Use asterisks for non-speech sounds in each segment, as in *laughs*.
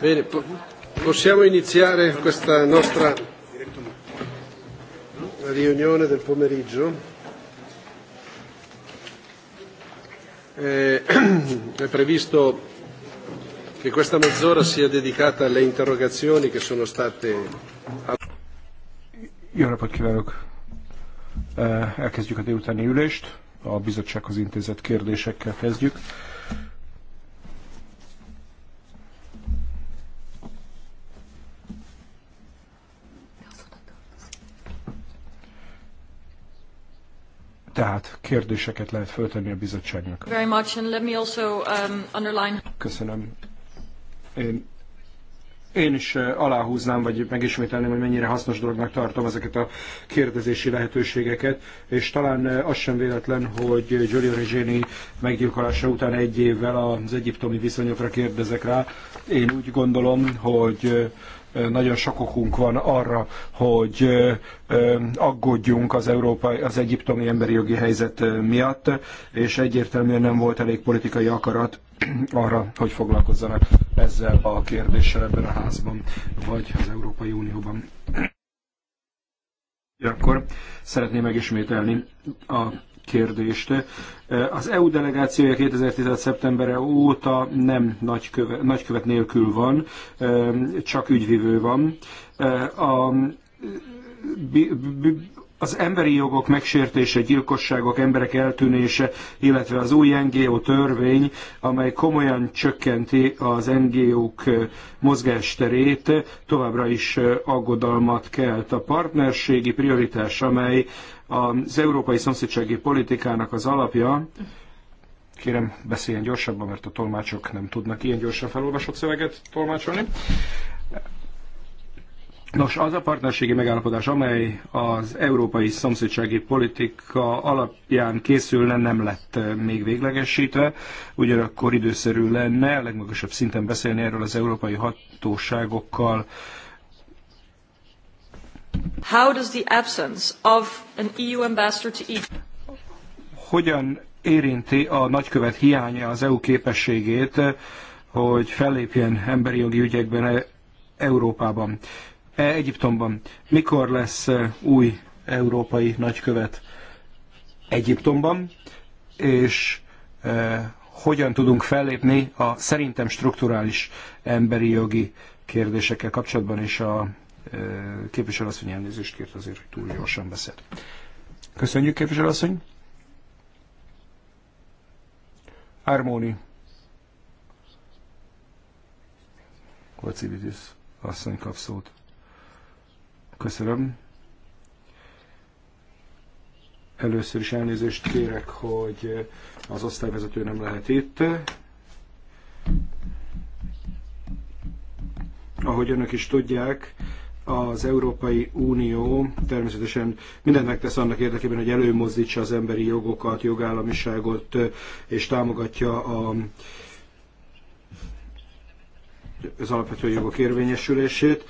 Bene, po- possiamo iniziare questa nostra riunione del pomeriggio. Eh, *clears throat* è previsto che questa mezz'ora sia dedicata alle interrogazioni che sono state. Jó napot kívánok! Eh, elkezdjük a délutáni ülést. A bizottsághoz intézett kérdésekkel kezdjük. tehát kérdéseket lehet föltenni a bizottságnak. Very much, and let me also, um, underline... Köszönöm. Én, én is uh, aláhúznám, vagy megismételném, hogy mennyire hasznos dolognak tartom ezeket a kérdezési lehetőségeket, és talán uh, az sem véletlen, hogy Giulio Regeni meggyilkolása után egy évvel az egyiptomi viszonyokra kérdezek rá. Én úgy gondolom, hogy uh, nagyon sok okunk van arra, hogy aggódjunk az, európai, az egyiptomi emberi jogi helyzet miatt, és egyértelműen nem volt elég politikai akarat *clears throat* arra, hogy foglalkozzanak ezzel a kérdéssel ebben a házban, vagy az Európai Unióban. *clears throat* Akkor szeretném megismételni a kérdést. Az EU delegációja 2017. szeptembere óta nem nagykövet, nagykövet nélkül van, csak ügyvivő van. A, az emberi jogok megsértése, gyilkosságok, emberek eltűnése, illetve az új NGO törvény, amely komolyan csökkenti az NGO-k mozgásterét, továbbra is aggodalmat kelt. A partnerségi prioritás, amely az európai szomszédsági politikának az alapja, kérem beszéljen gyorsabban, mert a tolmácsok nem tudnak ilyen gyorsan felolvasott szöveget tolmácsolni. Nos, az a partnerségi megállapodás, amely az európai szomszédsági politika alapján készülne, nem lett eh, még véglegesítve, ugyanakkor időszerű lenne legmagasabb szinten beszélni erről az európai hatóságokkal, hogyan érinti a nagykövet hiánya az EU képességét, hogy fellépjen emberi jogi ügyekben e- Európában, e- Egyiptomban? Mikor lesz e, új európai nagykövet Egyiptomban, és hogyan tudunk fellépni a szerintem strukturális emberi jogi kérdésekkel kapcsolatban és a Képviselőasszony elnézést kért azért, hogy túl gyorsan beszélt. Köszönjük, képviselőasszony. Ármóni. Kocididis asszony kap szót. Köszönöm. Először is elnézést kérek, hogy az osztályvezető nem lehet itt. Ahogy önök is tudják, az Európai Unió természetesen mindent megtesz annak érdekében, hogy előmozdítsa az emberi jogokat, jogállamiságot, és támogatja a, az alapvető jogok érvényesülését.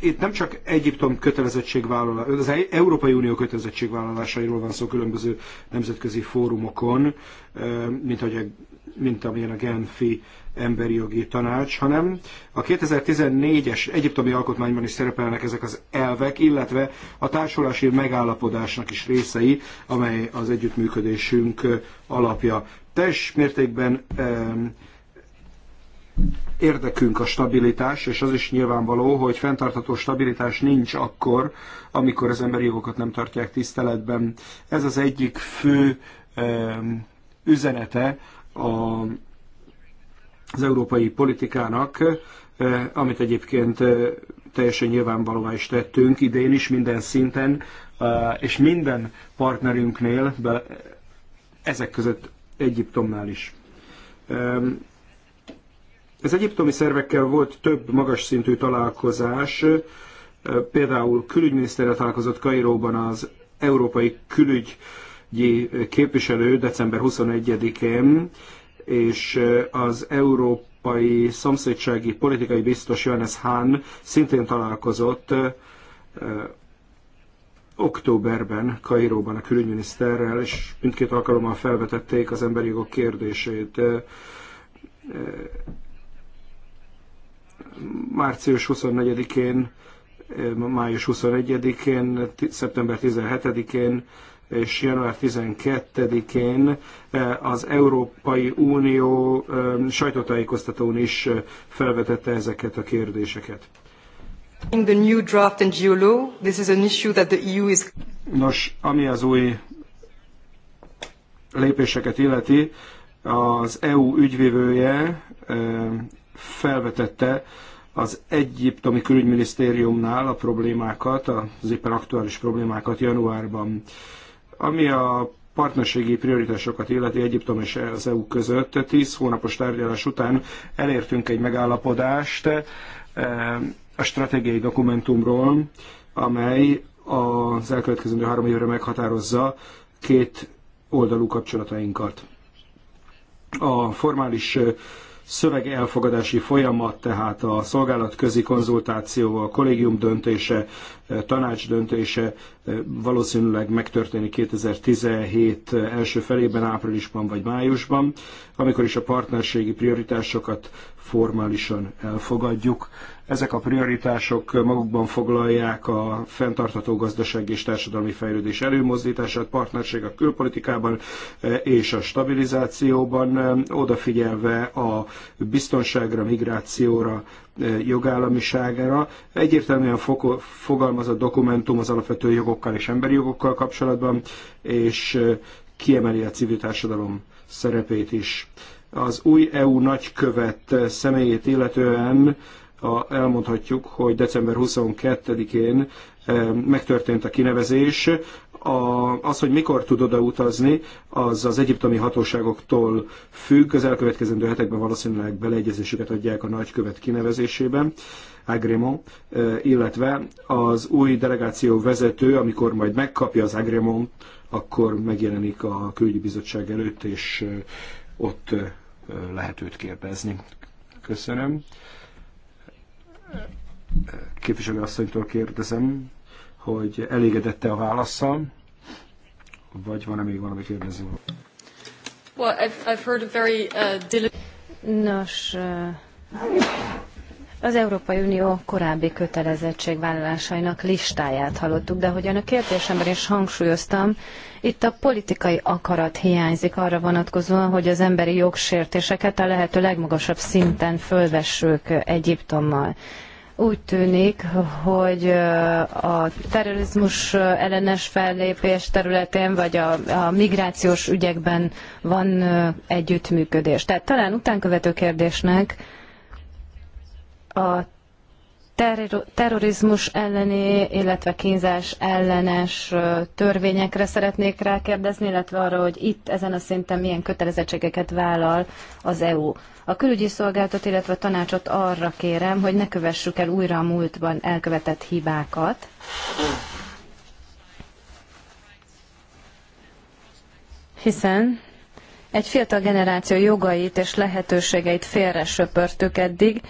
Itt nem csak Egyiptom kötelezettségvállalása, az e- Európai Unió kötelezettségvállalásairól van szó különböző nemzetközi fórumokon, mint, ahogy, mint amilyen a Genfi emberi jogi tanács, hanem a 2014-es egyiptomi alkotmányban is szerepelnek ezek az elvek, illetve a társulási megállapodásnak is részei, amely az együttműködésünk eh, alapja. Teljes mértékben eh, érdekünk a stabilitás, és az is nyilvánvaló, hogy fenntartható stabilitás nincs akkor, amikor az emberi jogokat nem tartják tiszteletben. Ez az egyik fő eh, üzenete a az európai politikának, eh, amit egyébként eh, teljesen nyilvánvalóvá is tettünk idén is minden szinten, eh, és minden partnerünknél, ezek között Egyiptomnál is. Ez egyiptomi szervekkel volt több magas szintű találkozás, például külügyminiszterrel találkozott Kairóban az európai külügyi képviselő december 21-én, és az európai szomszédsági politikai biztos Johannes Hahn szintén találkozott októberben Kairóban a külügyminiszterrel, és mindkét alkalommal felvetették az emberi jogok kérdését. Március 24-én, május 21-én, szeptember 17-én és január 12-én eh, az Európai Unió eh, sajtótájékoztatón is eh, felvetette ezeket a kérdéseket. In the new draft and GLO, this is an issue that the EU is... Nos, ami az új lépéseket illeti, az EU ügyvivője felvetette az egyiptomi külügyminisztériumnál a problémákat, az éppen aktuális problémákat januárban ami a partnerségi prioritásokat illeti Egyiptom és az EU között, 10 hónapos tárgyalás után elértünk egy megállapodást eh, a stratégiai dokumentumról, amely az elkövetkező három évre meghatározza két oldalú kapcsolatainkat. A formális eh, szövegelfogadási elfogadási folyamat, tehát a szolgálatközi konzultáció, a kollégium döntése, e, tanács döntése e, valószínűleg megtörténik 2017 első felében, áprilisban vagy májusban, amikor is a partnerségi prioritásokat formálisan elfogadjuk ezek a prioritások magukban foglalják a fenntartható gazdaság és társadalmi fejlődés előmozdítását, partnerség a külpolitikában eh, és a stabilizációban, eh, odafigyelve a biztonságra, migrációra, eh, jogállamiságára. Egyértelműen fogalmaz a dokumentum az alapvető jogokkal és emberi jogokkal kapcsolatban, és kiemeli a civil társadalom szerepét is. Az új EU nagykövet személyét illetően elmondhatjuk, hogy december 22-én e, megtörtént a kinevezés. A, az, hogy mikor tud odautazni, az az egyiptomi hatóságoktól függ. Az elkövetkezendő hetekben valószínűleg beleegyezésüket adják a nagykövet kinevezésében. Agremon, e, illetve az új delegáció vezető, amikor majd megkapja az Agremon, akkor megjelenik a külügyi bizottság előtt, és e, ott lehet őt kérdezni. Köszönöm képviselőasszonytól kérdezem, hogy elégedette a válaszsal, vagy van-e még valami kérdező? Well, I've, I've heard a very, uh, Nos, uh... Az Európai Unió korábbi kötelezettségvállalásainak listáját hallottuk, de ahogyan a kérdésemben is hangsúlyoztam, itt a politikai akarat hiányzik arra vonatkozóan, hogy az emberi jogsértéseket a lehető legmagasabb szinten fölvessük Egyiptommal. Úgy tűnik, hogy a terrorizmus ellenes fellépés területén, vagy a, a migrációs ügyekben van együttműködés. Tehát talán utánkövető kérdésnek, a terrorizmus elleni, illetve kínzás ellenes törvényekre szeretnék rákérdezni, illetve arra, hogy itt ezen a szinten milyen kötelezettségeket vállal az EU. A külügyi szolgáltat, illetve a tanácsot arra kérem, hogy ne kövessük el újra a múltban elkövetett hibákat. Hiszen egy fiatal generáció jogait és lehetőségeit félre söpörtük eddig,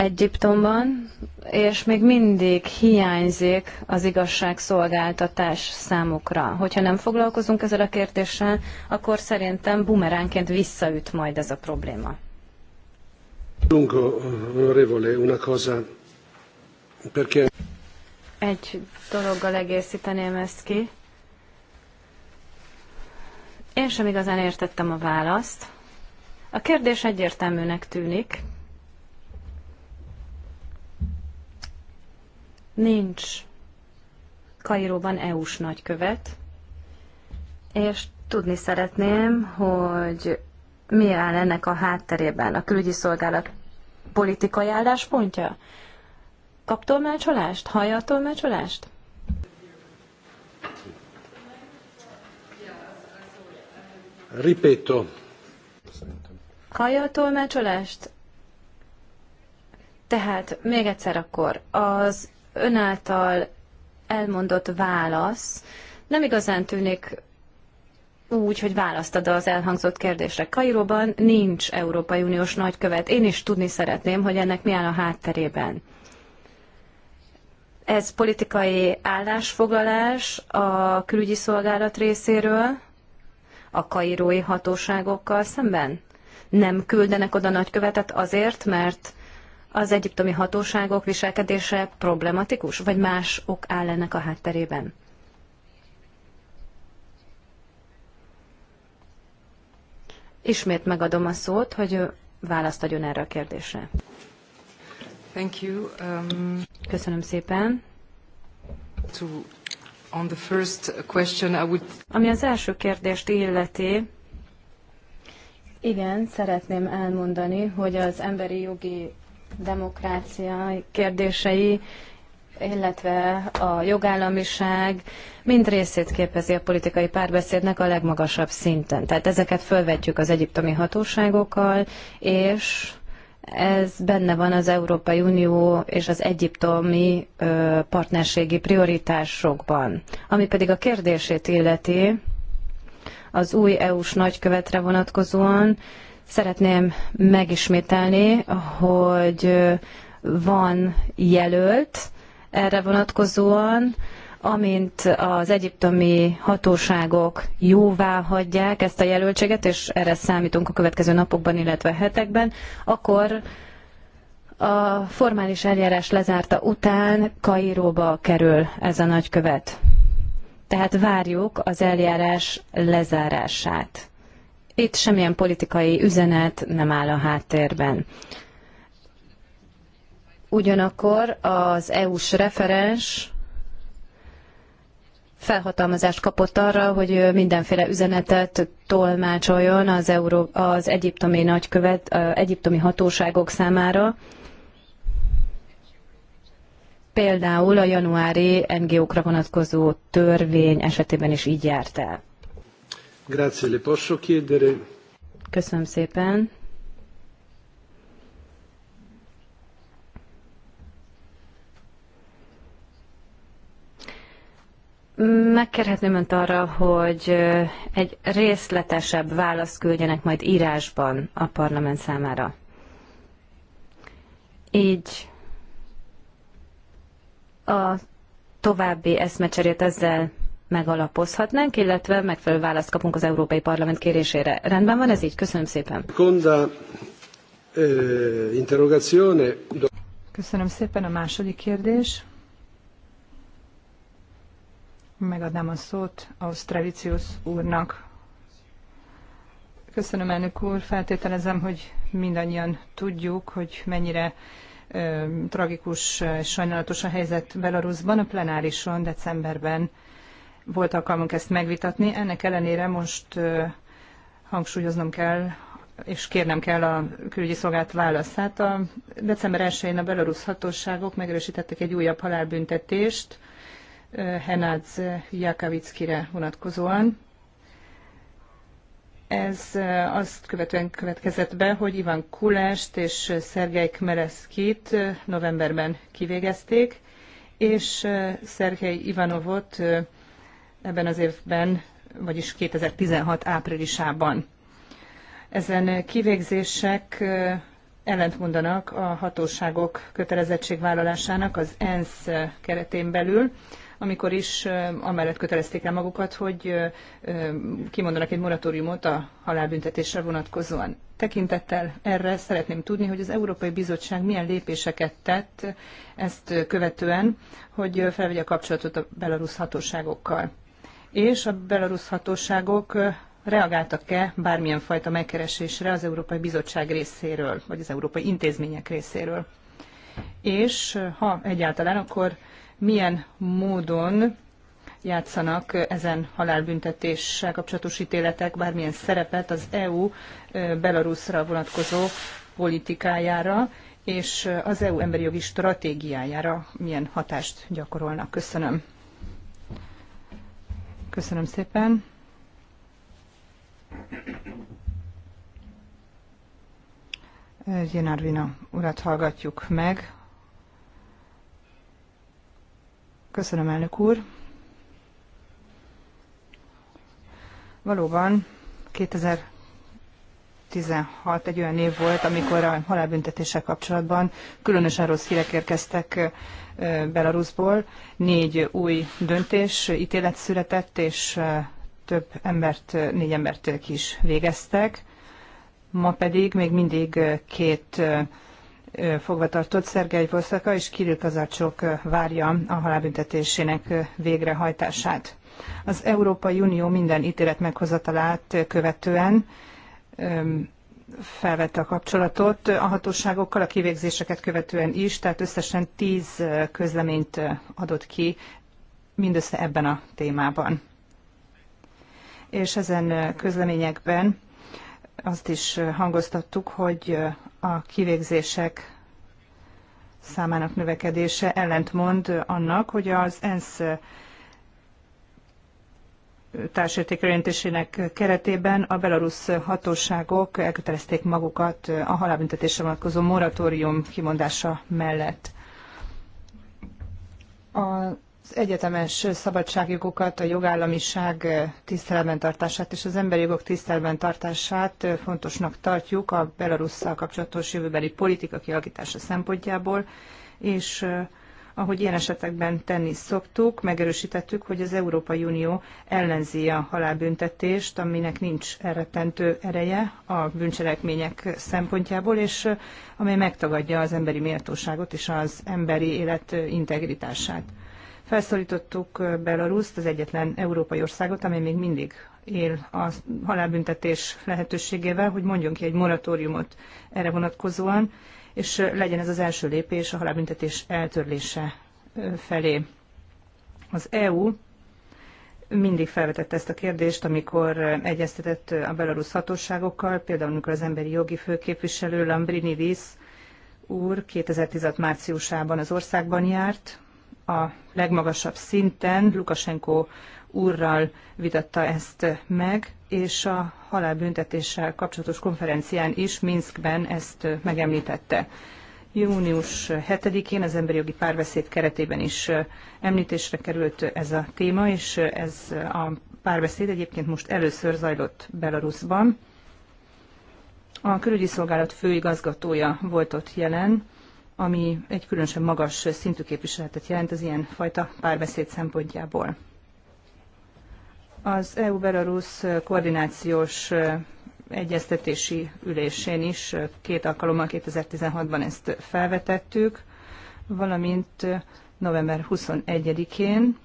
Egyiptomban, és még mindig hiányzik az igazságszolgáltatás számukra. Hogyha nem foglalkozunk ezzel a kérdéssel, akkor szerintem bumeránként visszaüt majd ez a probléma. Egy dologgal egészíteném ezt ki. Én sem igazán értettem a választ. A kérdés egyértelműnek tűnik, nincs Kairóban EU-s nagykövet, és tudni szeretném, hogy mi áll ennek a hátterében, a külügyi szolgálat politikai álláspontja? Kap tolmácsolást? Hallja a tolmácsolást? Ripeto. Hallja a tolmácsolást? Tehát még egyszer akkor, az ön által elmondott válasz nem igazán tűnik úgy, hogy választ ad az elhangzott kérdésre. Kairóban nincs Európai Uniós nagykövet. Én is tudni szeretném, hogy ennek mi áll a hátterében. Ez politikai állásfoglalás a külügyi szolgálat részéről a kairói hatóságokkal szemben? Nem küldenek oda nagykövetet azért, mert az egyiptomi hatóságok viselkedése problematikus, vagy más ok áll ennek a hátterében? Ismét megadom a szót, hogy választ adjon erre a kérdésre. Thank you. Um, Köszönöm szépen. To, on the first question, I would... Ami az első kérdést illeti, igen, szeretném elmondani, hogy az emberi jogi demokrácia kérdései, illetve a jogállamiság mind részét képezi a politikai párbeszédnek a legmagasabb szinten. Tehát ezeket fölvetjük az egyiptomi hatóságokkal, és ez benne van az Európai Unió és az egyiptomi partnerségi prioritásokban. Ami pedig a kérdését illeti, az új EU-s nagykövetre vonatkozóan, Szeretném megismételni, hogy van jelölt erre vonatkozóan, amint az egyiptomi hatóságok jóvá hagyják ezt a jelöltséget, és erre számítunk a következő napokban, illetve hetekben, akkor a formális eljárás lezárta után Kairóba kerül ez a nagykövet. Tehát várjuk az eljárás lezárását. Itt semmilyen politikai üzenet nem áll a háttérben. Ugyanakkor az EU-s referens felhatalmazást kapott arra, hogy mindenféle üzenetet tolmácsoljon az, Euró- az egyiptomi nagykövet, az egyiptomi hatóságok számára. Például a januári NGO-kra vonatkozó törvény esetében is így járt el. Grazie, le posso chiedere... Köszönöm szépen. Megkérhetném Önt arra, hogy egy részletesebb választ küldjenek majd írásban a parlament számára. Így a további eszmecserét ezzel megalapozhatnánk, illetve megfelelő választ kapunk az Európai Parlament kérésére. Rendben van ez így? Köszönöm szépen. Eh, Köszönöm szépen a második kérdés. Megadnám a szót Australicius úrnak. Köszönöm, elnök úr. Feltételezem, hogy mindannyian tudjuk, hogy mennyire ö, eh, tragikus, sajnálatos a helyzet Belarusban. A plenárison decemberben volt alkalmunk ezt megvitatni. Ennek ellenére most hangsúlyoznom kell, és kérnem kell a külügyi szolgált válaszát. A december 1-én a belarusz hatóságok megerősítettek egy újabb halálbüntetést Henadz Jakavickire vonatkozóan. Ez azt követően következett be, hogy Ivan Kulest és Szergej Kmereszkit novemberben kivégezték, és Szergej Ivanovot ebben az évben, vagyis 2016 áprilisában. Ezen kivégzések ellentmondanak a hatóságok kötelezettségvállalásának az ENSZ keretén belül, amikor is amellett kötelezték el magukat, hogy kimondanak egy moratóriumot a halálbüntetésre vonatkozóan. Tekintettel erre szeretném tudni, hogy az Európai Bizottság milyen lépéseket tett ezt követően, hogy felvegye a kapcsolatot a belarusz hatóságokkal és a belarusz hatóságok reagáltak-e bármilyen fajta megkeresésre az Európai Bizottság részéről, vagy az Európai Intézmények részéről. És ha egyáltalán, akkor milyen módon játszanak ezen halálbüntetéssel kapcsolatos ítéletek bármilyen szerepet az EU Belarusra vonatkozó politikájára, és az EU emberi jogi stratégiájára milyen hatást gyakorolnak. Köszönöm. Köszönöm szépen. Vina, urat hallgatjuk meg. Köszönöm, elnök úr. Valóban 2016 egy olyan év volt, amikor a halálbüntetéssel kapcsolatban különösen rossz hírek érkeztek Belarusból. Négy új döntés, ítélet született, és több embert, négy embert ki is végeztek. Ma pedig még mindig két fogvatartott Szergei Voszaka és Kirill Kazacsok várja a halálbüntetésének végrehajtását. Az Európai Unió minden ítélet meghozatalát követően felvette a kapcsolatot a hatóságokkal, a kivégzéseket követően is, tehát összesen tíz közleményt adott ki mindössze ebben a témában. És ezen közleményekben azt is hangoztattuk, hogy a kivégzések számának növekedése ellentmond annak, hogy az ENSZ társértékelőjelentésének keretében a belarusz hatóságok elkötelezték magukat a halálbüntetésre vonatkozó moratórium kimondása mellett. Az egyetemes szabadságjogokat, a jogállamiság tiszteletben tartását és az emberi jogok tiszteletben tartását fontosnak tartjuk a belarusszal kapcsolatos jövőbeli politika kialakítása szempontjából, és ahogy ilyen esetekben tenni szoktuk, megerősítettük, hogy az Európai Unió ellenzi a halálbüntetést, aminek nincs elrettentő ereje a bűncselekmények szempontjából, és amely megtagadja az emberi méltóságot és az emberi élet integritását. Felszólítottuk Belaruszt, az egyetlen európai országot, amely még mindig él a halálbüntetés lehetőségével, hogy mondjon ki egy moratóriumot erre vonatkozóan, és legyen ez az első lépés a halálbüntetés eltörlése felé. Az EU mindig felvetette ezt a kérdést, amikor egyeztetett a belarusz hatóságokkal, például amikor az emberi jogi főképviselő Visz úr 2016 márciusában az országban járt, a legmagasabb szinten Lukasenko úrral vitatta ezt meg, és a halálbüntetéssel kapcsolatos konferencián is Minskben ezt megemlítette. Június 7-én az emberi jogi párbeszéd keretében is említésre került ez a téma, és ez a párbeszéd egyébként most először zajlott Belarusban. A külügyi szolgálat főigazgatója volt ott jelen, ami egy különösen magas szintű képviseletet jelent az ilyen fajta párbeszéd szempontjából. Az EU-Belarus koordinációs egyeztetési ülésén is két alkalommal 2016-ban ezt felvetettük, valamint november 21-én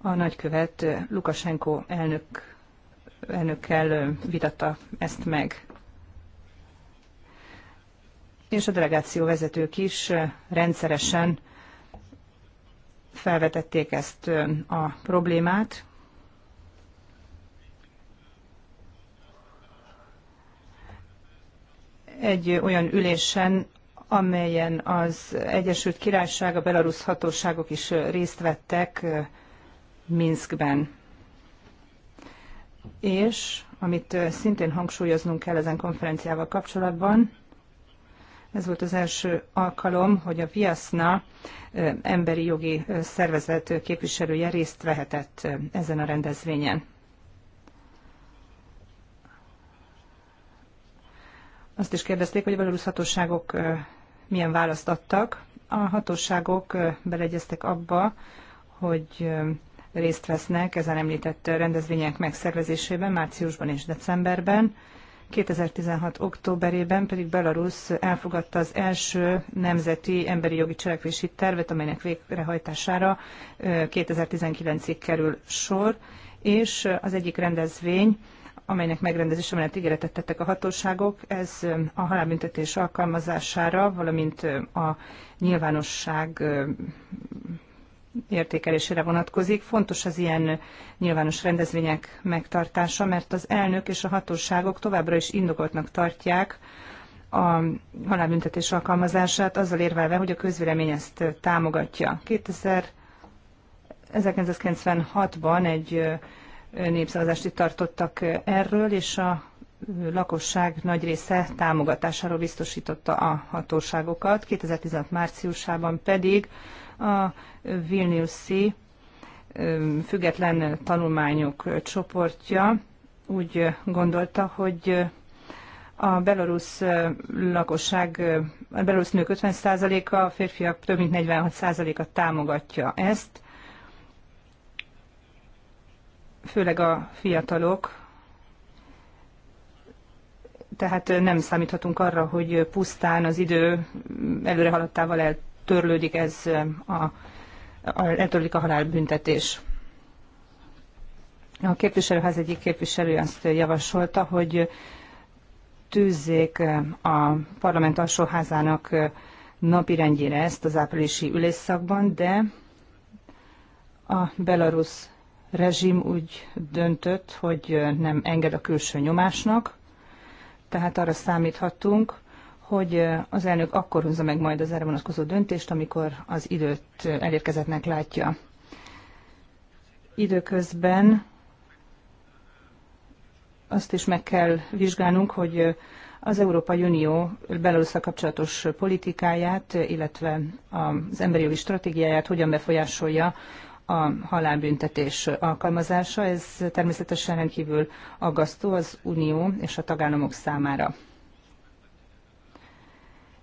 a nagykövet Lukasenko elnök, elnökkel vitatta ezt meg. És a delegáció vezetők is rendszeresen felvetették ezt a problémát. Egy olyan ülésen, amelyen az Egyesült Királyság, a belarusz hatóságok is részt vettek Minskben. És, amit szintén hangsúlyoznunk kell ezen konferenciával kapcsolatban, ez volt az első alkalom, hogy a Viaszna emberi jogi szervezet képviselője részt vehetett ezen a rendezvényen. Azt is kérdezték, hogy a belorusz hatóságok milyen választ adtak. A hatóságok beleegyeztek abba, hogy részt vesznek ezen említett rendezvények megszervezésében márciusban és decemberben. 2016. októberében pedig Belarus elfogadta az első nemzeti emberi jogi cselekvési tervet, amelynek végrehajtására 2019-ig kerül sor, és az egyik rendezvény, amelynek megrendezése mellett ígéretet tettek a hatóságok, ez a halálbüntetés alkalmazására, valamint a nyilvánosság értékelésére vonatkozik. Fontos az ilyen nyilvános rendezvények megtartása, mert az elnök és a hatóságok továbbra is indokoltnak tartják a halálbüntetés alkalmazását, azzal érvelve, hogy a közvélemény ezt támogatja. 2000 1996-ban egy népszavazást itt tartottak erről, és a lakosság nagy része támogatásáról biztosította a hatóságokat. 2016 márciusában pedig a Vilniuszi független tanulmányok csoportja úgy gondolta, hogy a belorusz lakosság, a belorusz nők 50%-a, a férfiak több mint 46%-a támogatja ezt. Főleg a fiatalok, tehát nem számíthatunk arra, hogy pusztán az idő előre haladtával el törlődik ez a, eltörlik a halálbüntetés. A képviselőház egyik képviselő azt javasolta, hogy tűzzék a parlament alsóházának napirendjére ezt az áprilisi ülésszakban, de a belarusz rezsim úgy döntött, hogy nem enged a külső nyomásnak, tehát arra számíthatunk, hogy az elnök akkor hozza meg majd az erre vonatkozó döntést, amikor az időt elérkezetnek látja. Időközben azt is meg kell vizsgálnunk, hogy az Európai Unió Belarusszal kapcsolatos politikáját, illetve az emberi jogi stratégiáját hogyan befolyásolja a halálbüntetés alkalmazása. Ez természetesen rendkívül aggasztó az Unió és a tagállamok számára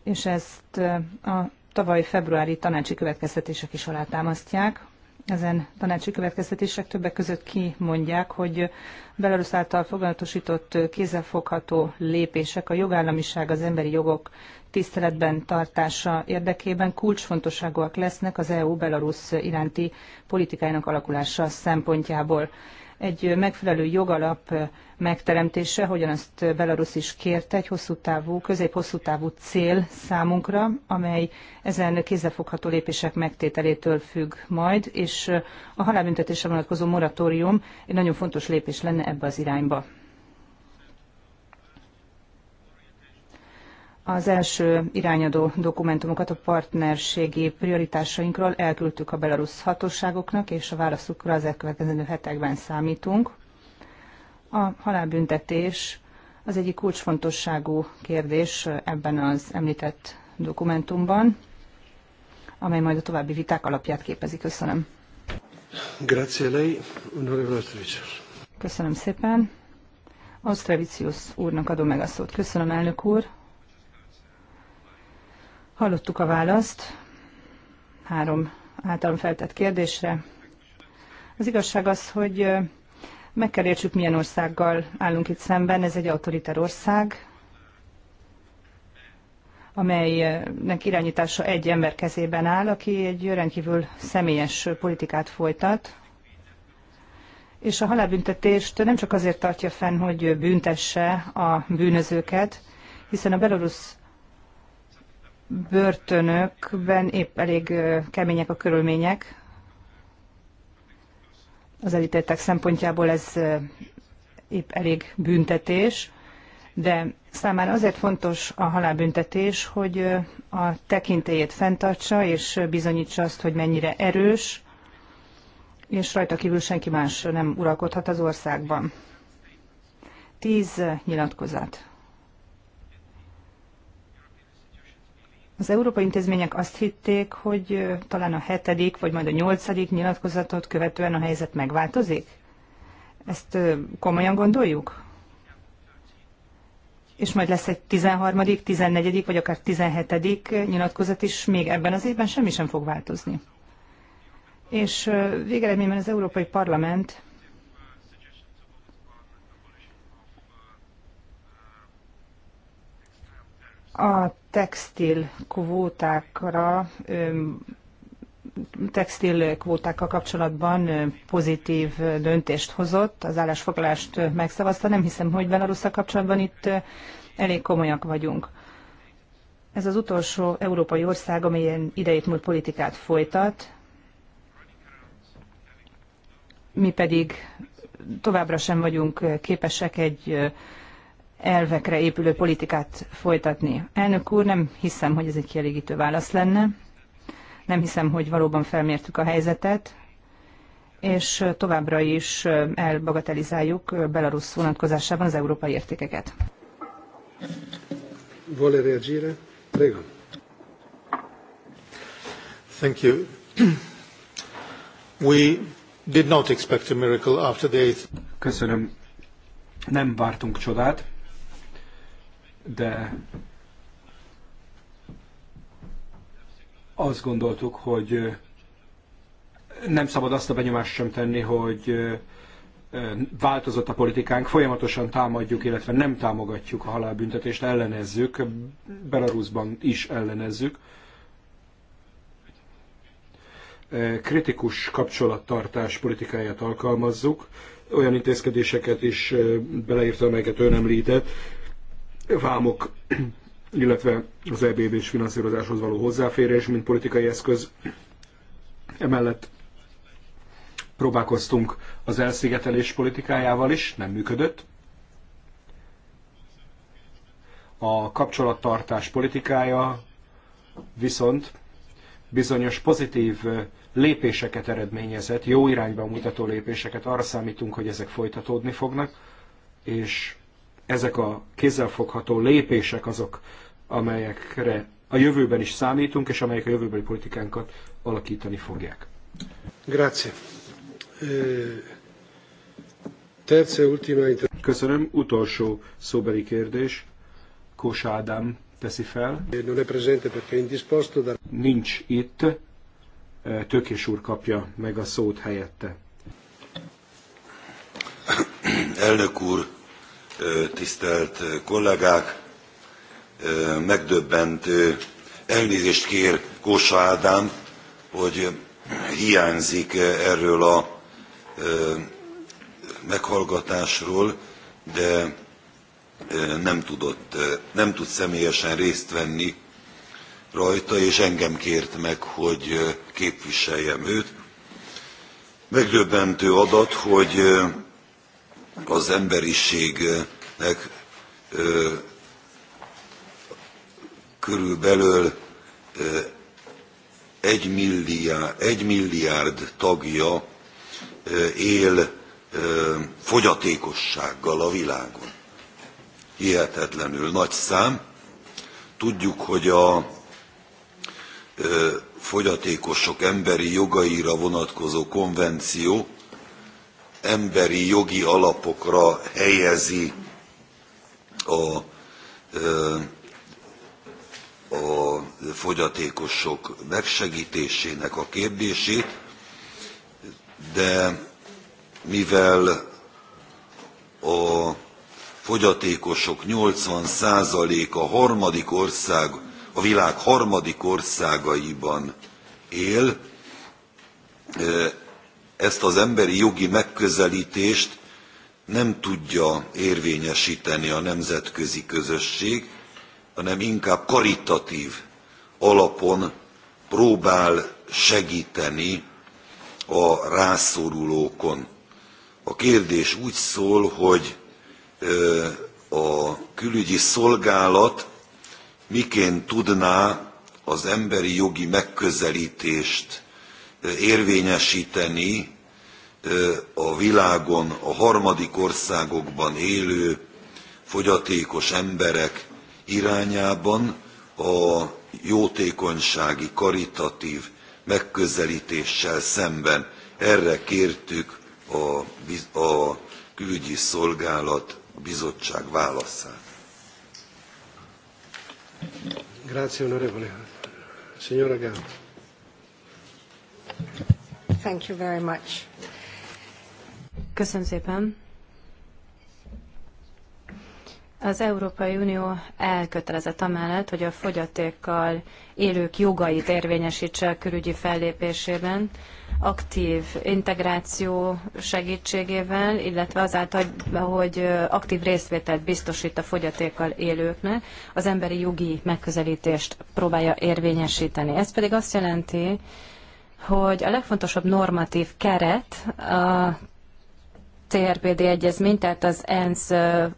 és ezt a tavaly februári tanácsi következtetések is alátámasztják. Ezen tanácsi következtetések többek között kimondják, hogy Belarus által foganatosított kézzelfogható lépések a jogállamiság, az emberi jogok tiszteletben tartása érdekében kulcsfontosságúak lesznek az EU-Belarus iránti politikájának alakulása szempontjából egy megfelelő jogalap megteremtése, hogyan ezt Belarus is kérte, egy hosszú távú, közép-hosszú távú cél számunkra, amely ezen kézzelfogható lépések megtételétől függ majd, és a halálbüntetésre vonatkozó moratórium egy nagyon fontos lépés lenne ebbe az irányba. Az első irányadó dokumentumokat a partnerségi prioritásainkról elküldtük a belarusz hatóságoknak, és a válaszukra az elkövetkező hetekben számítunk. A halálbüntetés az egyik kulcsfontosságú kérdés ebben az említett dokumentumban, amely majd a további viták alapját képezi. Köszönöm. Köszönöm szépen. Ausztravicius úrnak adom meg a szót. Köszönöm, elnök úr. Hallottuk a választ három általam feltett kérdésre. Az igazság az, hogy meg kell értsük, milyen országgal állunk itt szemben. Ez egy autoriter ország, amelynek irányítása egy ember kezében áll, aki egy rendkívül személyes politikát folytat, és a halálbüntetést nem csak azért tartja fenn, hogy büntesse a bűnözőket, hiszen a belorusz börtönökben épp elég kemények a körülmények. Az elítéltek szempontjából ez épp elég büntetés, de számára azért fontos a halálbüntetés, hogy a tekintélyét fenntartsa és bizonyítsa azt, hogy mennyire erős, és rajta kívül senki más nem uralkodhat az országban. Tíz nyilatkozat. Az európai intézmények azt hitték, hogy talán a hetedik, vagy majd a nyolcadik nyilatkozatot követően a helyzet megváltozik? Ezt komolyan gondoljuk? És majd lesz egy 13., 14. vagy akár 17. nyilatkozat is, még ebben az évben semmi sem fog változni. És végeredményben az Európai Parlament a textil kvótákra, textil kvótákkal kapcsolatban pozitív döntést hozott, az állásfoglalást megszavazta. Nem hiszem, hogy Belarusza kapcsolatban itt elég komolyak vagyunk. Ez az utolsó európai ország, amelyen idejét múlt politikát folytat, mi pedig továbbra sem vagyunk képesek egy elvekre épülő politikát folytatni. Elnök úr, nem hiszem, hogy ez egy kielégítő válasz lenne. Nem hiszem, hogy valóban felmértük a helyzetet, és továbbra is elbagatelizáljuk Belarus vonatkozásában az európai értékeket. Vuole reagire? Prego. Thank you. We did not expect a miracle after the eighth. Köszönöm. Nem vártunk csodát de azt gondoltuk, hogy nem szabad azt a benyomást sem tenni, hogy változott a politikánk, folyamatosan támadjuk, illetve nem támogatjuk a halálbüntetést, ellenezzük, Belarusban is ellenezzük. Kritikus kapcsolattartás politikáját alkalmazzuk, olyan intézkedéseket is beleírta, amelyeket ön említett, vámok, illetve az ebb és finanszírozáshoz való hozzáférés, mint politikai eszköz. Emellett próbálkoztunk az elszigetelés politikájával is, nem működött. A kapcsolattartás politikája viszont bizonyos pozitív lépéseket eredményezett, jó irányba mutató lépéseket, arra számítunk, hogy ezek folytatódni fognak, és ezek a kézzelfogható lépések azok, amelyekre a jövőben is számítunk, és amelyek a jövőbeli politikánkat alakítani fogják. Grazie. Terce ultima Köszönöm. Utolsó szóbeli kérdés. Kósa Ádám teszi fel. Eh, Nincs itt. Eh, Tökés úr kapja meg a szót helyette. Elnök úr, tisztelt kollégák! Megdöbbentő elnézést kér Kósa Ádám, hogy hiányzik erről a meghallgatásról, de nem, tudott, nem tud személyesen részt venni rajta, és engem kért meg, hogy képviseljem őt. Megdöbbentő adat, hogy az emberiségnek körülbelül egy milliárd, egy milliárd tagja él fogyatékossággal a világon. Hihetetlenül nagy szám. Tudjuk, hogy a fogyatékosok emberi jogaira vonatkozó konvenció emberi jogi alapokra helyezi a, a fogyatékosok megsegítésének a kérdését, de mivel a fogyatékosok 80%-a harmadik ország, a világ harmadik országaiban él, ezt az emberi jogi megközelítést nem tudja érvényesíteni a nemzetközi közösség, hanem inkább karitatív alapon próbál segíteni a rászorulókon. A kérdés úgy szól, hogy a külügyi szolgálat miként tudná az emberi jogi megközelítést érvényesíteni a világon a harmadik országokban élő fogyatékos emberek irányában a jótékonysági, karitatív megközelítéssel szemben. Erre kértük a, a külügyi szolgálat a bizottság válaszát. Thank you very much. Köszönöm szépen. Az Európai Unió elkötelezett amellett, hogy a fogyatékkal élők jogait érvényesítse a külügyi fellépésében, aktív integráció segítségével, illetve azáltal, hogy aktív részvételt biztosít a fogyatékkal élőknek, az emberi jogi megközelítést próbálja érvényesíteni. Ez pedig azt jelenti, hogy a legfontosabb normatív keret a CRPD egyezmény, tehát az ENSZ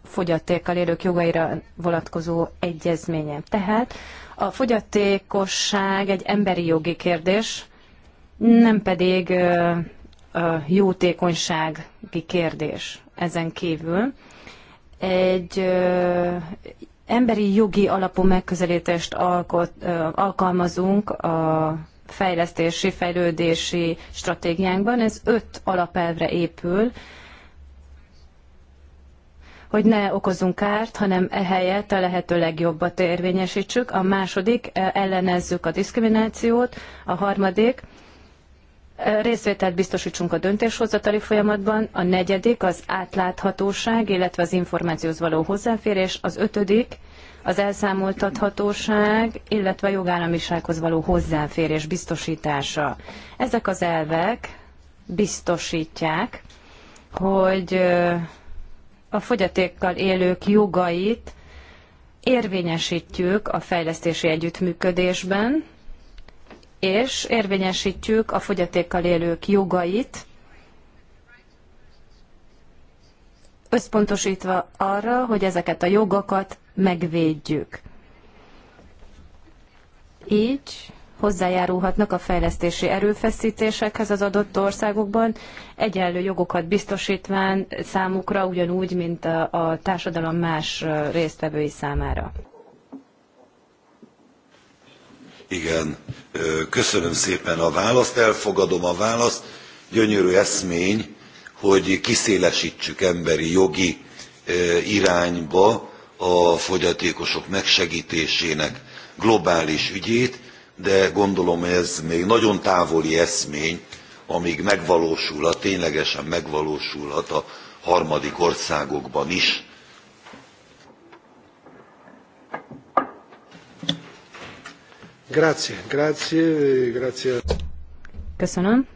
fogyatékkal élők jogaira vonatkozó egyezménye. Tehát a fogyatékosság egy emberi jogi kérdés, nem pedig a jótékonysági kérdés ezen kívül. Egy emberi jogi alapú megközelítést alkot, alkalmazunk a fejlesztési, fejlődési stratégiánkban. Ez öt alapelvre épül hogy ne okozunk kárt, hanem ehelyett a lehető legjobbat érvényesítsük. A második, eh, ellenezzük a diszkriminációt. A harmadik, eh, részvételt biztosítsunk a döntéshozatali folyamatban. A negyedik, az átláthatóság, illetve az információhoz való hozzáférés. Az ötödik, az elszámoltathatóság, illetve a jogállamisághoz való hozzáférés biztosítása. Ezek az elvek biztosítják, hogy eh, a fogyatékkal élők jogait érvényesítjük a fejlesztési együttműködésben, és érvényesítjük a fogyatékkal élők jogait, összpontosítva arra, hogy ezeket a jogokat megvédjük. Így hozzájárulhatnak a fejlesztési erőfeszítésekhez az adott országokban, egyenlő jogokat biztosítván számukra ugyanúgy, mint a, a társadalom más résztvevői számára. Igen, köszönöm szépen a választ, elfogadom a választ. Gyönyörű eszmény, hogy kiszélesítsük emberi jogi irányba a fogyatékosok megsegítésének globális ügyét, de gondolom ez még nagyon távoli eszmény, amíg megvalósul. A ténylegesen megvalósulhat a harmadik országokban is. Grazie, grazie, grazie. Köszönöm.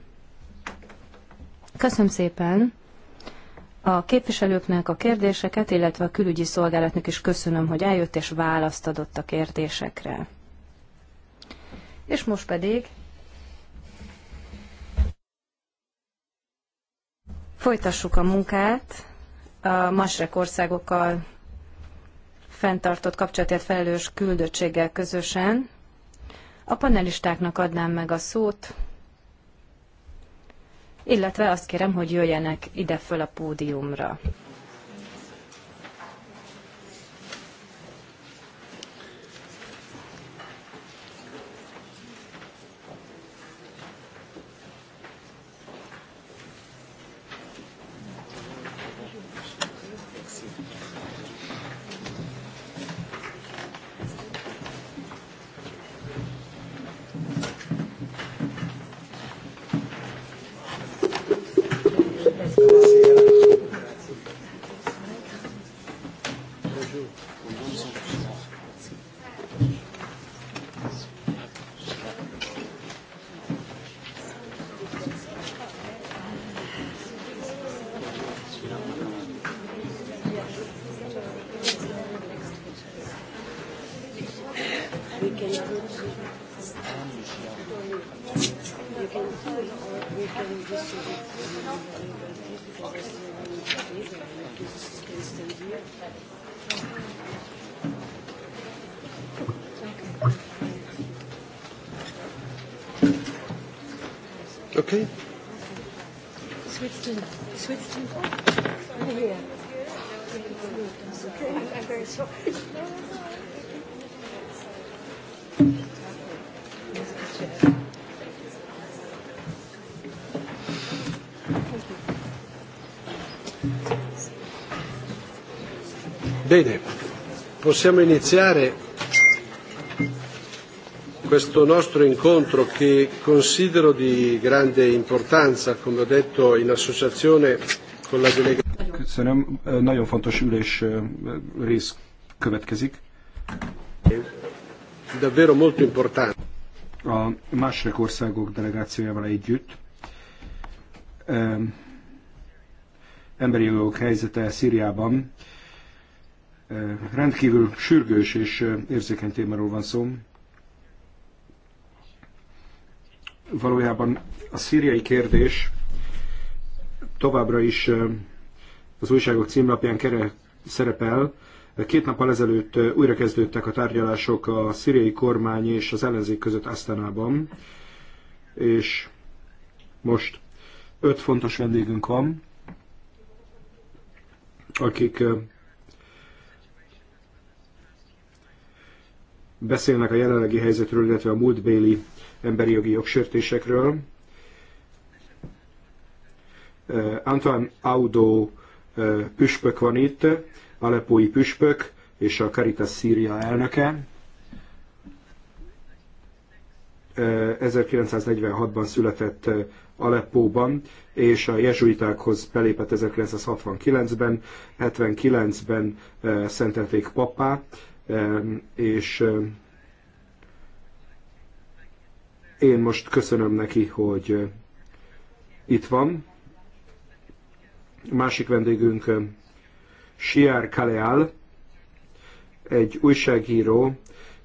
Köszönöm szépen a képviselőknek a kérdéseket, illetve a külügyi szolgálatnak is köszönöm, hogy eljött és választ adott a kérdésekre. És most pedig folytassuk a munkát a masrek országokkal fenntartott kapcsolatért felelős küldöttséggel közösen. A panelistáknak adnám meg a szót, illetve azt kérem, hogy jöjjenek ide föl a pódiumra. Bene, possiamo iniziare questo nostro incontro che considero di grande importanza, come ho detto, in associazione con la delegazione. nagyon fontos ülés eh, rész következik. Davvero molto importante. A másik országok delegációjával együtt eh, emberi jogok helyzete Szíriában Eh, rendkívül sürgős és eh, érzékeny témáról van szó. Valójában a szíriai kérdés továbbra is eh, az újságok címlapján kere szerepel. Két nappal ezelőtt újra kezdődtek a tárgyalások a szíriai kormány és az ellenzék között Asztanában, és most öt fontos vendégünk van, akik beszélnek a jelenlegi helyzetről, illetve a múltbéli emberi jogi jogsértésekről. Eh, Antoine Audo eh, püspök van itt, alepói püspök és a Caritas Szíria elnöke. 1946-ban eh, született Aleppóban, és a jezsuitákhoz belépett 1969-ben, 79-ben szentelték papá, és én most köszönöm neki, hogy itt van. Másik vendégünk Siár Kaleál, egy újságíró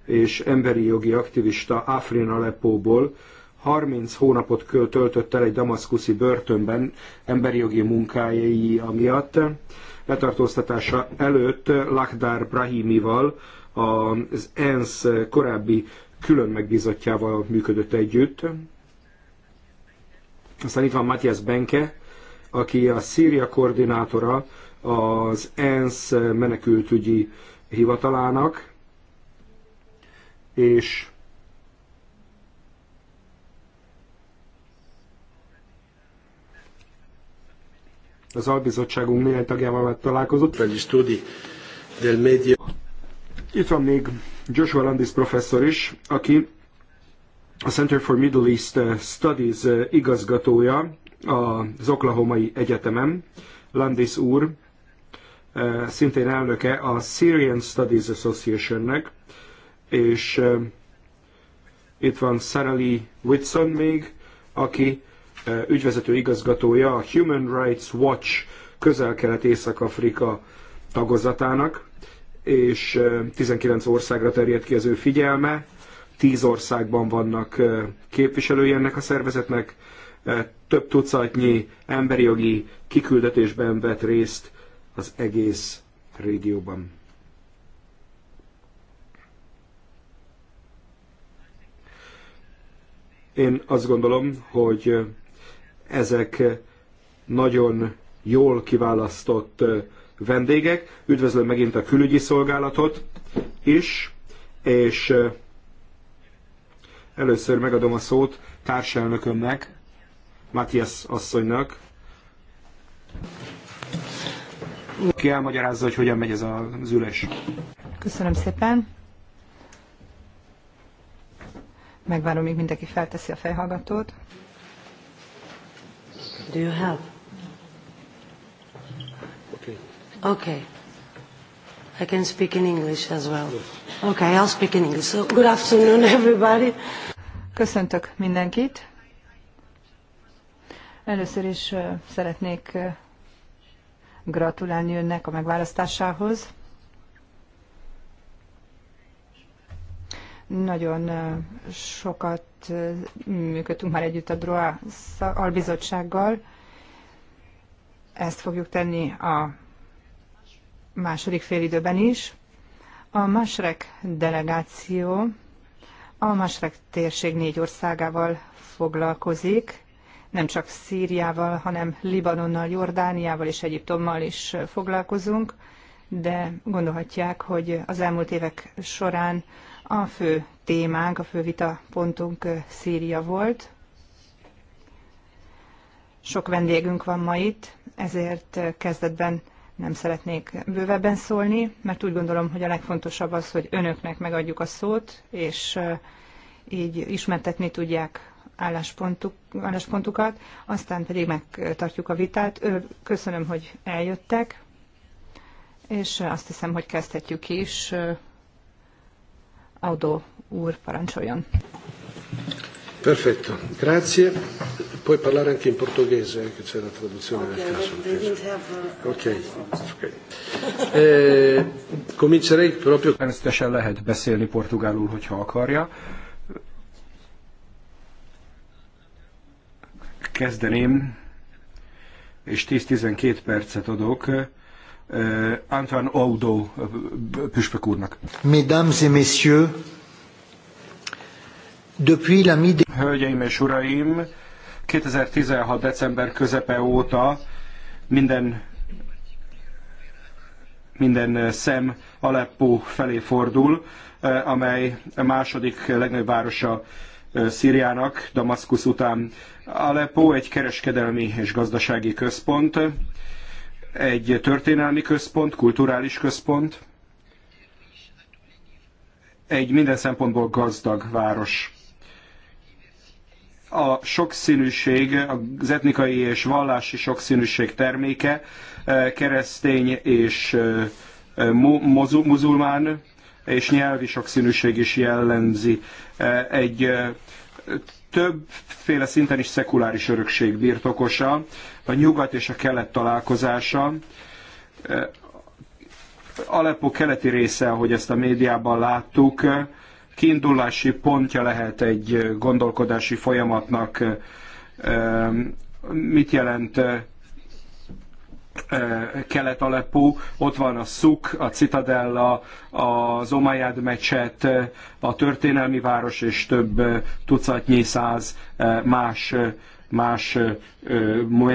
és emberi jogi aktivista Afrin Aleppóból, 30 hónapot töltött el egy damaszkuszi börtönben emberi jogi munkái miatt letartóztatása előtt Lakhdar Brahimival, az ENSZ korábbi külön megbízottjával működött együtt. Aztán itt van Matthias Benke, aki a Szíria koordinátora az ENSZ menekültügyi hivatalának, és az albizottságunk néhány tagjával már találkozott. Itt van még Joshua Landis professzor is, aki a Center for Middle East eh, Studies eh, igazgatója az Oklahomai Egyetemen. Landis úr eh, szintén elnöke a Syrian Studies Associationnek, és itt van Sarah Lee Whitson még, aki ügyvezető igazgatója a Human Rights Watch közel-kelet-észak-Afrika tagozatának, és 19 országra terjed ki az ő figyelme, 10 országban vannak képviselői ennek a szervezetnek, több tucatnyi emberi jogi kiküldetésben vett részt az egész régióban. Én azt gondolom, hogy ezek nagyon jól kiválasztott vendégek. Üdvözlöm megint a külügyi szolgálatot is, és először megadom a szót társelnökömnek, Matthias asszonynak, aki elmagyarázza, hogy hogyan megy ez az ülés. Köszönöm szépen. Megvárom, míg mindenki felteszi a fejhallgatót. Do you have? Okay. Okay. I can speak in English as well. Yes. Okay, I'll speak in English. So, good afternoon, *laughs* everybody. Köszöntök mindenkit. Először is szeretnék gratulálni önnek a megválasztásához. Nagyon sokat működtünk már együtt a DROA albizottsággal. Ezt fogjuk tenni a második félidőben is. A Masrek delegáció a Masrek térség négy országával foglalkozik, nem csak Szíriával, hanem Libanonnal, Jordániával és Egyiptommal is foglalkozunk, de gondolhatják, hogy az elmúlt évek során a fő témánk, a fő vita pontunk Szíria volt. Sok vendégünk van ma itt, ezért kezdetben nem szeretnék bővebben szólni, mert úgy gondolom, hogy a legfontosabb az, hogy önöknek megadjuk a szót, és így ismertetni tudják álláspontuk, álláspontukat, aztán pedig megtartjuk a vitát. Köszönöm, hogy eljöttek, és azt hiszem, hogy kezdhetjük is Audó úr parancsoljon. Perfetto, grazie. Puoi parlare anche in portoghese, che c'è la traduzione okay, del caso. Uh, ok, ok. Eh, comincerei proprio... Természetesen lehet beszélni portugálul, hogyha akarja. Kezdeném, és 10-12 percet adok Eh, Antoine Audó eh, püspök úrnak. Mesdames et messieurs, depuis la mi Hölgyeim és uraim, 2016. december közepe óta minden minden eh, szem Aleppo felé fordul, amely a második legnagyobb városa Szíriának, Damaszkusz után. Aleppo egy kereskedelmi és gazdasági központ, egy történelmi központ, kulturális központ, egy minden szempontból gazdag város. A sokszínűség, az etnikai és vallási sokszínűség terméke, eh, keresztény és eh, muzulmán, és nyelvi sokszínűség is jellemzi. Eh, egy többféle szinten is szekuláris örökség birtokosa, a nyugat és a kelet találkozása. Eh, Aleppo keleti része, ahogy ezt a médiában láttuk, kiindulási pontja lehet egy gondolkodási folyamatnak. Eh, mit jelent eh, Kelet-Aleppo, ott van a Szuk, a Citadella, az Omajad mecset, a történelmi város és több tucatnyi száz más más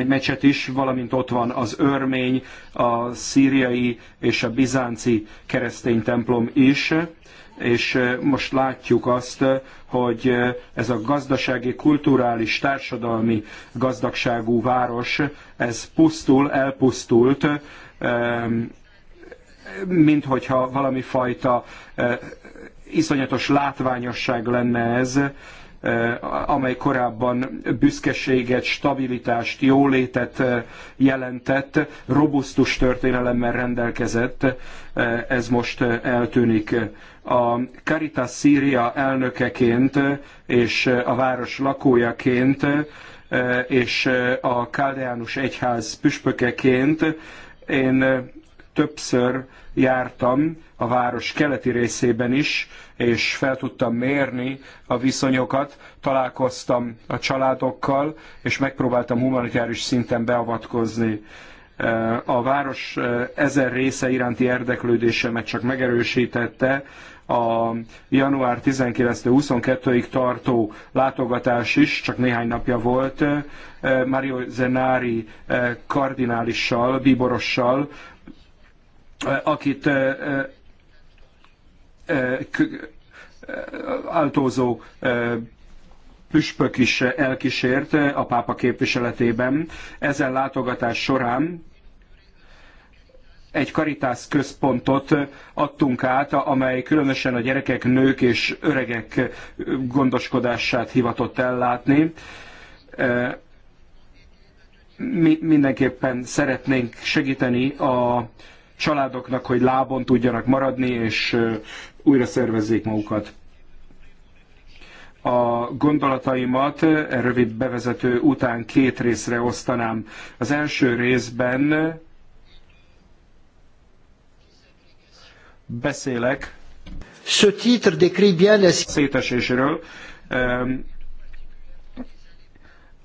mecset is, valamint ott van az örmény, a szíriai és a bizánci keresztény templom is, és most látjuk azt, hogy ez a gazdasági, kulturális, társadalmi gazdagságú város, ez pusztul, elpusztult, mint hogyha valami fajta iszonyatos látványosság lenne ez, Eh, amely korábban büszkeséget, stabilitást, jólétet eh, jelentett, robusztus történelemmel rendelkezett, eh, ez most eltűnik. A Caritas Szíria elnökeként és a város lakójaként és a Káldeánus Egyház püspökeként én többször jártam a város keleti részében is, és fel tudtam mérni a viszonyokat, találkoztam a családokkal, és megpróbáltam humanitárius szinten beavatkozni. Eh, a város eh, ezer része iránti érdeklődésemet csak megerősítette, a január 19-22-ig tartó látogatás is, csak néhány napja volt, eh, Mario Zenari kardinálissal, bíborossal, Eh, akit áltózó eh, eh, püspök is elkísért a pápa képviseletében. Ezen látogatás során egy karitász központot adtunk át, amely különösen a gyerekek, nők és öregek gondoskodását hivatott ellátni. Mi mindenképpen szeretnénk segíteni a családoknak, hogy lábon tudjanak maradni, és újra szervezzék magukat. A gondolataimat e rövid bevezető után két részre osztanám. Az első részben beszélek Ce titre décrit bien les... széteséséről,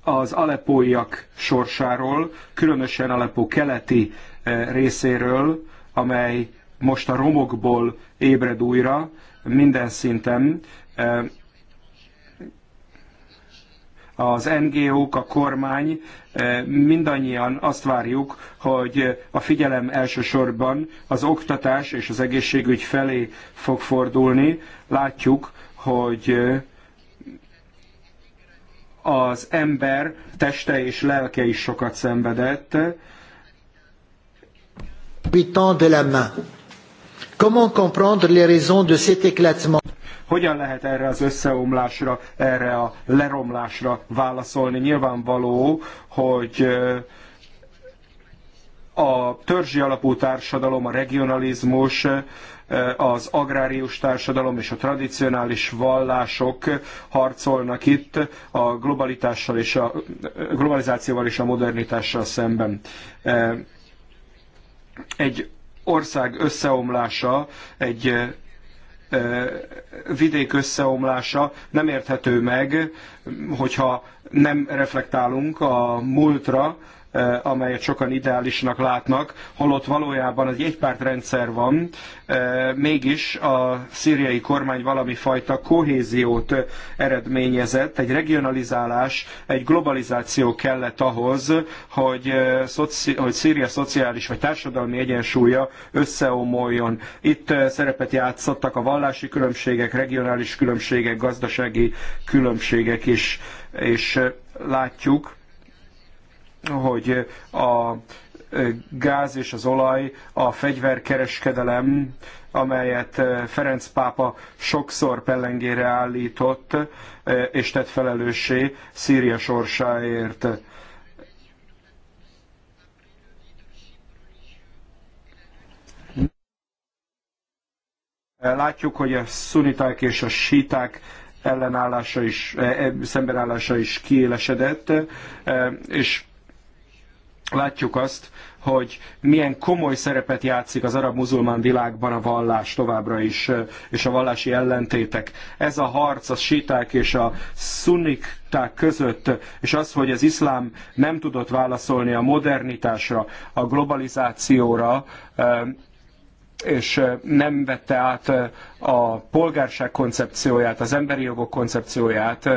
az Alepóiak sorsáról, különösen Alepó keleti E, részéről, amely most a romokból ébred újra minden szinten. E, az NGO-k, a kormány, e, mindannyian azt várjuk, hogy a figyelem elsősorban az oktatás és az egészségügy felé fog fordulni. Látjuk, hogy az ember teste és lelke is sokat szenvedett, butant de la main. Comment comprendre les raisons de cet éclatement? Hogyan lehet erre az összeomlásra, erre a leromlásra válaszolni? Nyilvánvaló, hogy a törzsi alapú társadalom, a regionalizmus, az agrárius társadalom és a tradicionális vallások harcolnak itt a globalitással és a globalizációval és a modernitással szemben egy ország összeomlása, egy vidék összeomlása nem érthető meg, hogyha nem reflektálunk a múltra, Eh, amelyet sokan ideálisnak látnak, holott valójában egy egypártrendszer van, eh, mégis a szíriai kormány valami fajta kohéziót eredményezett, egy regionalizálás, egy globalizáció kellett ahhoz, hogy, eh, hogy Szíria szociális vagy társadalmi egyensúlya összeomoljon. Itt szerepet játszottak a vallási különbségek, regionális különbségek, gazdasági különbségek is, és látjuk, hogy a gáz és az olaj, a fegyverkereskedelem, amelyet Ferenc pápa sokszor pellengére állított és tett felelőssé Szíria sorsáért. Látjuk, hogy a szuniták és a síták ellenállása is, szembenállása is kiélesedett, és látjuk azt, hogy milyen komoly szerepet játszik az arab-muzulmán világban a vallás továbbra is, és a vallási ellentétek. Ez a harc a síták és a szunniták között, és az, hogy az iszlám nem tudott válaszolni a modernitásra, a globalizációra, és nem vette át a polgárság koncepcióját, az emberi jogok koncepcióját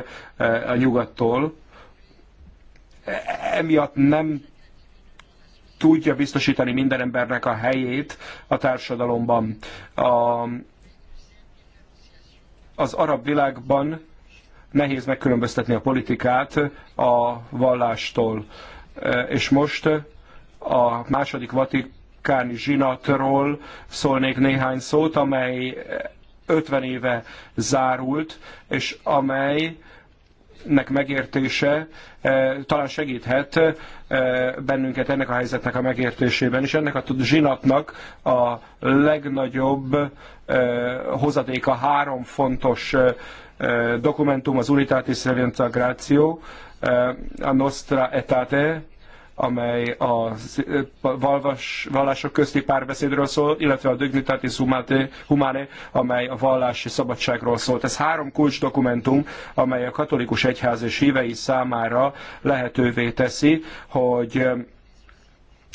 a nyugattól, e, emiatt nem tudja biztosítani minden embernek a helyét a társadalomban. A, az arab világban nehéz megkülönböztetni a politikát a vallástól. És most a második vatikáni zsinatról szólnék néhány szót, amely 50 éve zárult, és amely nek megértése eh, talán segíthet eh, bennünket ennek a helyzetnek a megértésében, és ennek a zsinatnak a legnagyobb eh, hozadéka három fontos dokumentum, az Unitatis Reintegratio, a Nostra Etate, amely a valvas, vallások közti párbeszédről szól, illetve a Dignitatis Humane, amely a vallási szabadságról szólt. Ez három kulcs dokumentum, amely a katolikus egyház és hívei számára lehetővé teszi, hogy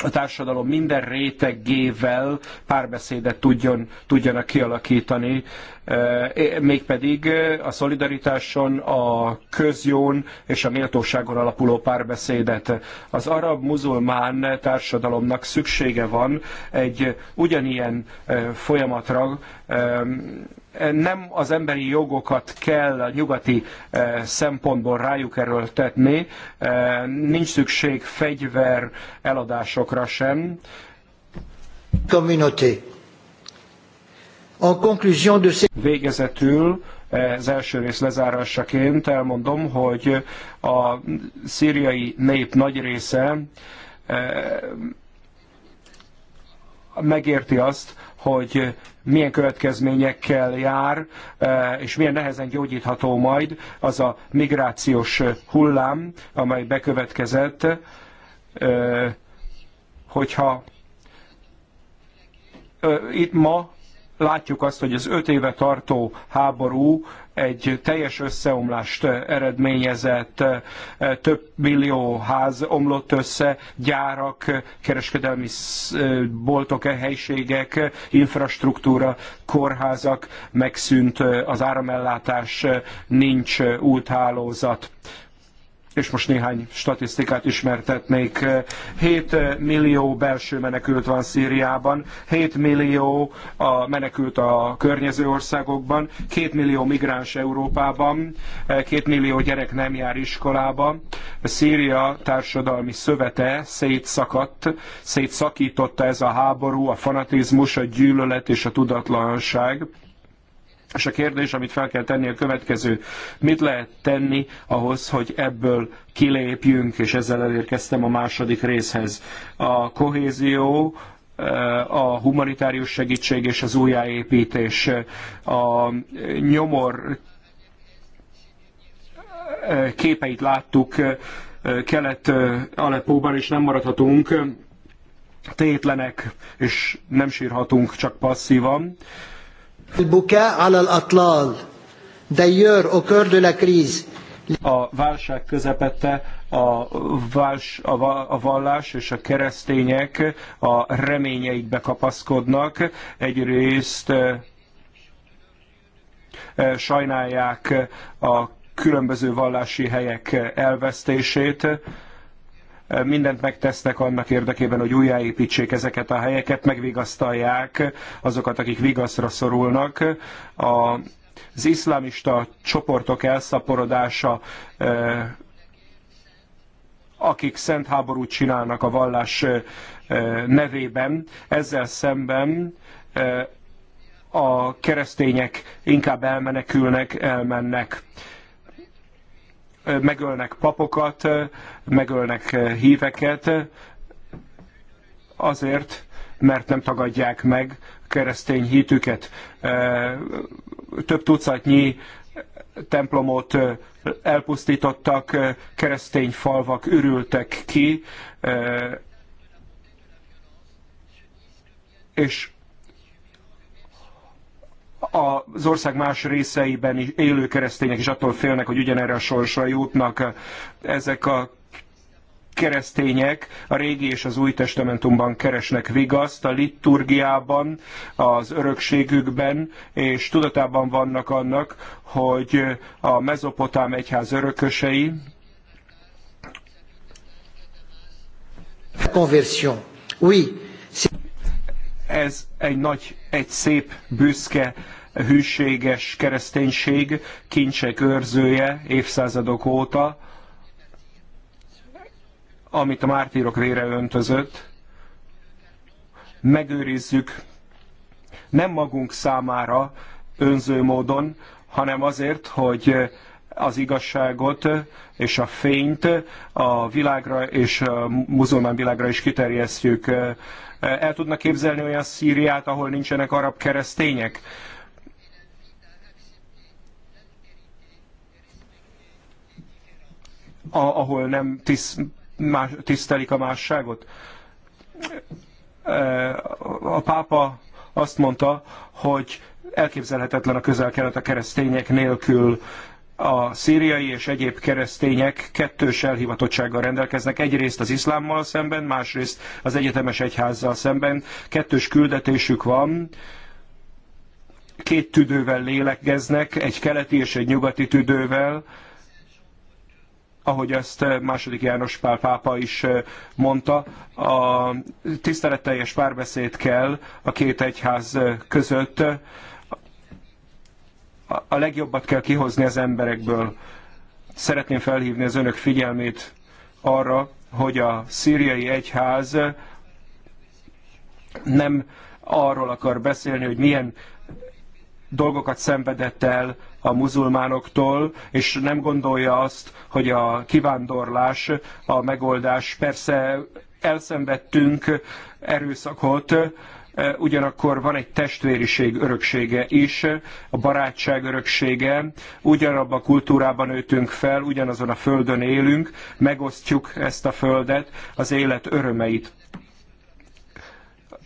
a társadalom minden rétegével párbeszédet tudjon, tudjanak kialakítani Eh, mégpedig eh, a szolidaritáson, a közjón és a méltóságon alapuló párbeszédet. Az arab-muzulmán társadalomnak szüksége van egy ugyanilyen eh, folyamatra, nem az emberi jogokat kell a nyugati szempontból rájuk erőltetni, nincs szükség fegyver eladásokra sem. Végezetül az első rész lezárásaként elmondom, hogy a szíriai nép nagy része eh, megérti azt, hogy milyen következményekkel jár, eh, és milyen nehezen gyógyítható majd az a migrációs hullám, amely bekövetkezett, eh, hogyha itt ma látjuk azt, hogy az öt éve tartó háború egy teljes összeomlást eredményezett, több millió ház omlott össze, gyárak, kereskedelmi boltok, helységek, infrastruktúra, kórházak, megszűnt az áramellátás, nincs úthálózat és most néhány statisztikát ismertetnék. 7 millió belső menekült van Szíriában, 7 millió a menekült a környező országokban, 2 millió migráns Európában, 2 millió gyerek nem jár iskolába. A Szíria társadalmi szövete szétszakadt, szétszakította ez a háború, a fanatizmus, a gyűlölet és a tudatlanság és a kérdés, amit fel kell tenni a következő, mit lehet tenni ahhoz, hogy ebből kilépjünk, és ezzel elérkeztem a második részhez. A kohézió, eh, a humanitárius segítség és az újjáépítés, a nyomor eh, képeit láttuk eh, Kelet-Aleppóban, és nem maradhatunk tétlenek, és nem sírhatunk csak passzívan. A válság közepette a, vás, a vallás és a keresztények a reményeikbe kapaszkodnak. Egyrészt eh, eh, sajnálják a különböző vallási helyek elvesztését, mindent megtesznek annak érdekében, hogy újjáépítsék ezeket a helyeket, megvigasztalják azokat, akik vigaszra szorulnak. A az iszlámista csoportok elszaporodása, akik szent háborút csinálnak a vallás nevében, ezzel szemben a keresztények inkább elmenekülnek, elmennek, megölnek papokat, megölnek eh, híveket azért, mert nem tagadják meg keresztény hitüket. Eh, több tucatnyi templomot eh, elpusztítottak, keresztény falvak ürültek ki, és az ország más részeiben élő keresztények is attól félnek, hogy ugyanerre a sorsra jutnak ezek a keresztények a régi és az új testamentumban keresnek vigaszt, a liturgiában, az örökségükben, és tudatában vannak annak, hogy a mezopotám egyház örökösei, Conversion. Oui. Ez egy nagy, egy szép, büszke, hűséges kereszténység, kincsek őrzője évszázadok óta amit a mártírok vére öntözött, megőrizzük nem magunk számára önző módon, hanem azért, hogy az igazságot és a fényt a világra és a muzulmán világra is kiterjesztjük. El tudnak képzelni olyan Szíriát, ahol nincsenek arab keresztények? ahol nem tisz, más, tisztelik a másságot. A pápa azt mondta, hogy elképzelhetetlen a közel-kelet a keresztények nélkül a szíriai és egyéb keresztények kettős elhivatottsággal rendelkeznek, egyrészt az iszlámmal szemben, másrészt az egyetemes egyházzal szemben. Kettős küldetésük van, két tüdővel lélegeznek, egy keleti és egy nyugati tüdővel, ahogy ezt eh, második János Pál pápa is eh, mondta, a tiszteletteljes párbeszéd kell a két egyház eh, között. A legjobbat kell kihozni az emberekből. Szeretném felhívni az önök figyelmét arra, hogy a szíriai egyház nem arról akar beszélni, hogy milyen dolgokat szenvedett el a muzulmánoktól, és nem gondolja azt, hogy a kivándorlás a megoldás. Persze elszenvedtünk erőszakot, ugyanakkor van egy testvériség öröksége is, a barátság öröksége, ugyanabban a kultúrában nőtünk fel, ugyanazon a földön élünk, megosztjuk ezt a földet, az élet örömeit.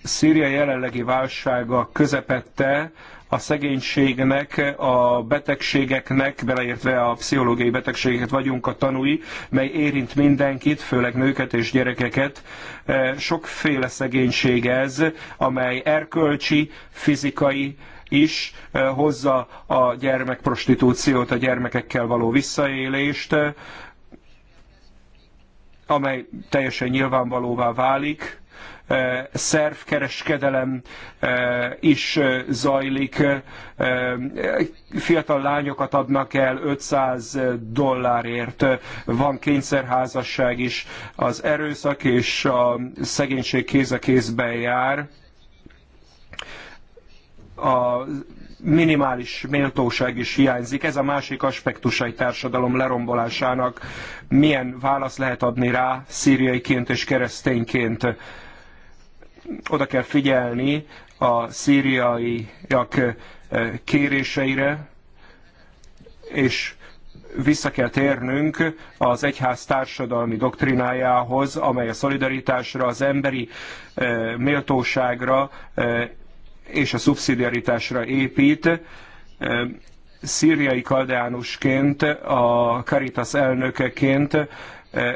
Szíria jelenlegi válsága közepette a szegénységnek, a betegségeknek, beleértve a pszichológiai betegségeket vagyunk a tanúi, mely érint mindenkit, főleg nőket és gyerekeket. E, sokféle szegénység ez, amely erkölcsi, fizikai, is e, hozza a gyermekprostitúciót, a gyermekekkel való visszaélést, e, amely teljesen nyilvánvalóvá válik, szervkereskedelem is zajlik, fiatal lányokat adnak el 500 dollárért, van kényszerházasság is, az erőszak és a szegénység kéz a kézben jár. A minimális méltóság is hiányzik. Ez a másik aspektus egy társadalom lerombolásának. Milyen válasz lehet adni rá szíriaiként és keresztényként? oda kell figyelni a szíriaiak kéréseire, és vissza kell térnünk az egyház társadalmi doktrinájához, amely a szolidaritásra, az emberi méltóságra és a szubszidiaritásra épít. Szíriai kaldeánusként, a Caritas elnökeként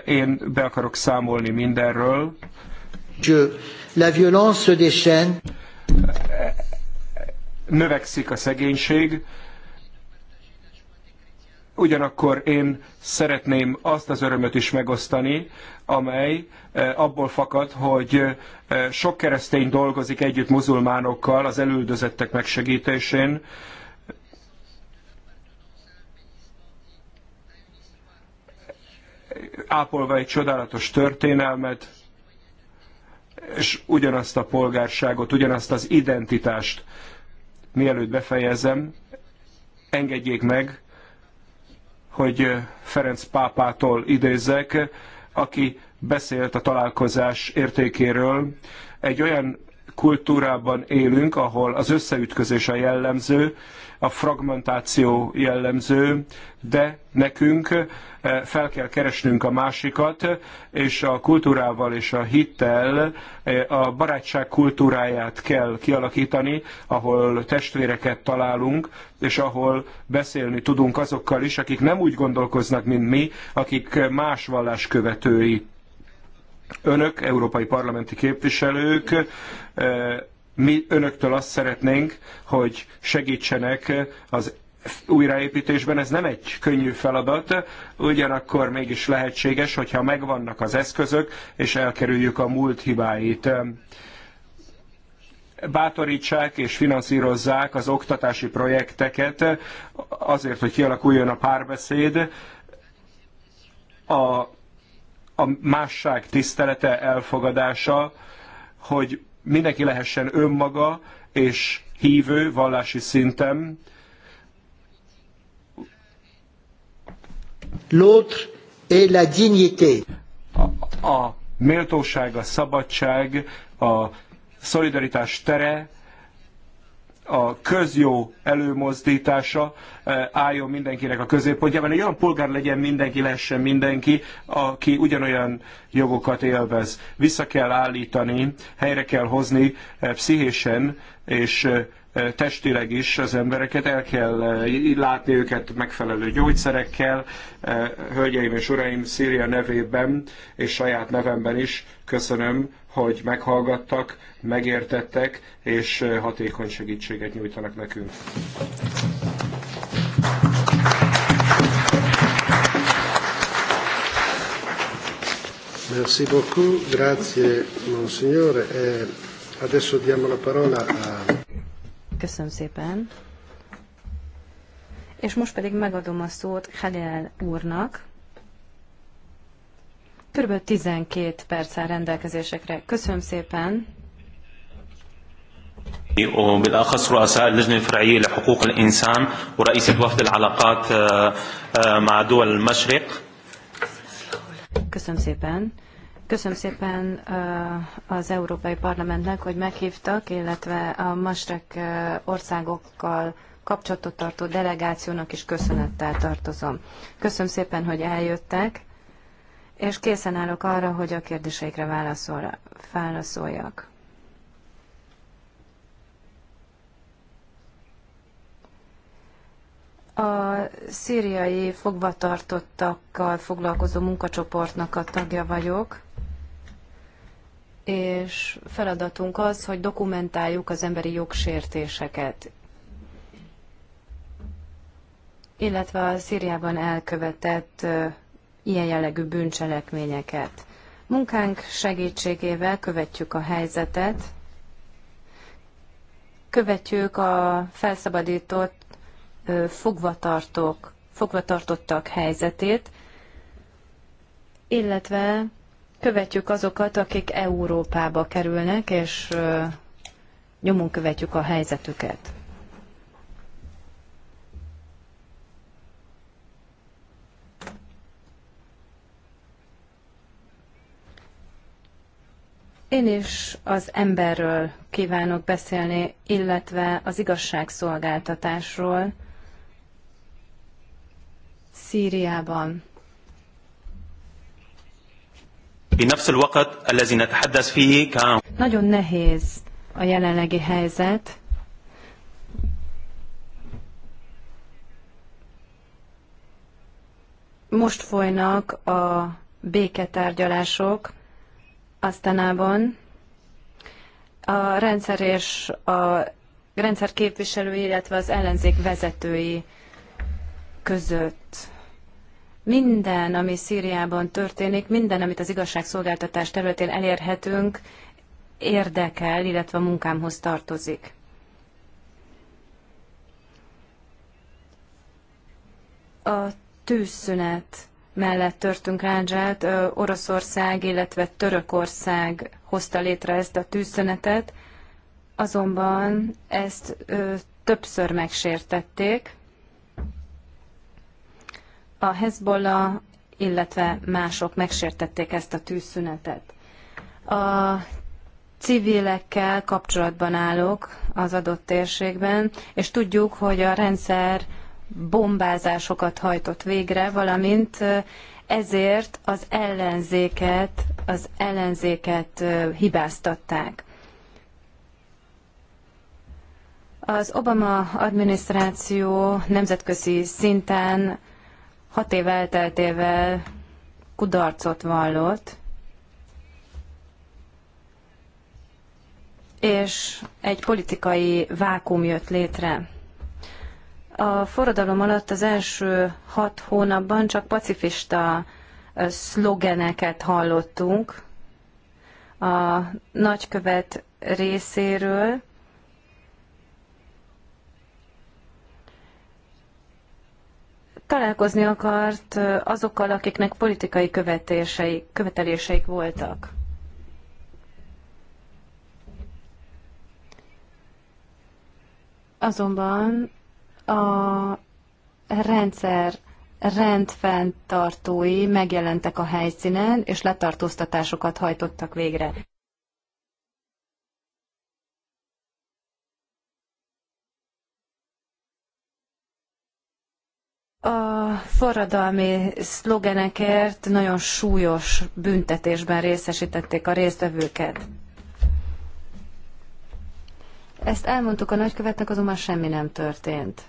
én be akarok számolni mindenről, La violence se déchaîne. Növekszik a szegénység, ugyanakkor én szeretném azt az örömöt is megosztani, amely eh, abból fakad, hogy eh, sok keresztény dolgozik együtt muzulmánokkal az elüldözettek megsegítésén. ápolva egy csodálatos történelmet, és ugyanazt a polgárságot, ugyanazt az identitást. Mielőtt befejezem, engedjék meg, hogy Ferenc pápától idézzek, aki beszélt a találkozás értékéről. Egy olyan kultúrában élünk, ahol az összeütközés a jellemző, a fragmentáció jellemző, de nekünk eh, fel kell keresnünk a másikat, és a kultúrával és a hittel eh, a barátság kultúráját kell kialakítani, ahol testvéreket találunk, és ahol beszélni tudunk azokkal is, akik nem úgy gondolkoznak, mint mi, akik más vallás követői önök, európai parlamenti képviselők, eh, mi önöktől azt szeretnénk, hogy segítsenek az újraépítésben ez nem egy könnyű feladat, ugyanakkor mégis lehetséges, hogyha megvannak az eszközök, és elkerüljük a múlt hibáit. Bátorítsák és finanszírozzák az oktatási projekteket azért, hogy kialakuljon a párbeszéd. A a másság tisztelete, elfogadása, hogy mindenki lehessen önmaga és hívő vallási szinten. L'autre et la dignité. A, a méltóság, a szabadság, a szolidaritás tere, a közjó előmozdítása eh, álljon mindenkinek a középpontjában. Egy olyan polgár legyen mindenki, lehessen mindenki, aki ugyanolyan jogokat élvez. Vissza kell állítani, helyre kell hozni eh, pszichésen és eh, testileg is az embereket, el kell látni őket megfelelő gyógyszerekkel. Hölgyeim és uraim, Szíria nevében és saját nevemben is köszönöm hogy meghallgattak, megértettek, és eh, hatékony segítséget nyújtanak nekünk. Merci beaucoup, grazie Monsignore. Eh, adesso diamo la parola a... Köszönöm szépen. És most pedig megadom a szót Helel úrnak, Körülbelül 12 perc áll rendelkezésekre. Köszönöm szépen. وبالاخص رؤساء اللجنه الفرعيه لحقوق الانسان ورئيسه وفد العلاقات مع دول المشرق. Köszönöm szépen. Köszönöm szépen uh, az Európai Parlamentnek, hogy meghívtak, illetve a Masrek uh, országokkal kapcsolatot tartó delegációnak is köszönettel tartozom. Köszönöm szépen, hogy eljöttek és készen állok arra, hogy a kérdéseikre válaszol, válaszoljak. A szíriai fogvatartottakkal foglalkozó munkacsoportnak a tagja vagyok, és feladatunk az, hogy dokumentáljuk az emberi jogsértéseket, illetve a Szíriában elkövetett ilyen jellegű bűncselekményeket. Munkánk segítségével követjük a helyzetet, követjük a felszabadított fogvatartók, fogvatartottak helyzetét, illetve követjük azokat, akik Európába kerülnek, és nyomon követjük a helyzetüket. Én is az emberről kívánok beszélni, illetve az igazságszolgáltatásról Szíriában. Nagyon nehéz a jelenlegi helyzet. Most folynak a béketárgyalások, Aztánában a rendszer és a rendszer képviselői, illetve az ellenzék vezetői között minden, ami Szíriában történik, minden, amit az igazságszolgáltatás területén elérhetünk, érdekel, illetve a munkámhoz tartozik. A tűzszünet mellett törtünk láncsát, Oroszország, illetve Törökország hozta létre ezt a tűzszünetet, azonban ezt ö, többször megsértették. A Hezbollah, illetve mások megsértették ezt a tűzszünetet. A civilekkel kapcsolatban állok az adott térségben, és tudjuk, hogy a rendszer bombázásokat hajtott végre, valamint ezért az ellenzéket, az ellenzéket hibáztatták. Az Obama adminisztráció nemzetközi szinten hat év elteltével kudarcot vallott, és egy politikai vákum jött létre. A forradalom alatt az első hat hónapban csak pacifista szlogeneket hallottunk a nagykövet részéről, találkozni akart azokkal, akiknek politikai követéseik, követeléseik voltak. Azonban a rendszer rendfenntartói megjelentek a helyszínen, és letartóztatásokat hajtottak végre. A forradalmi szlogenekért nagyon súlyos büntetésben részesítették a résztvevőket. Ezt elmondtuk a nagykövetnek, azonban semmi nem történt.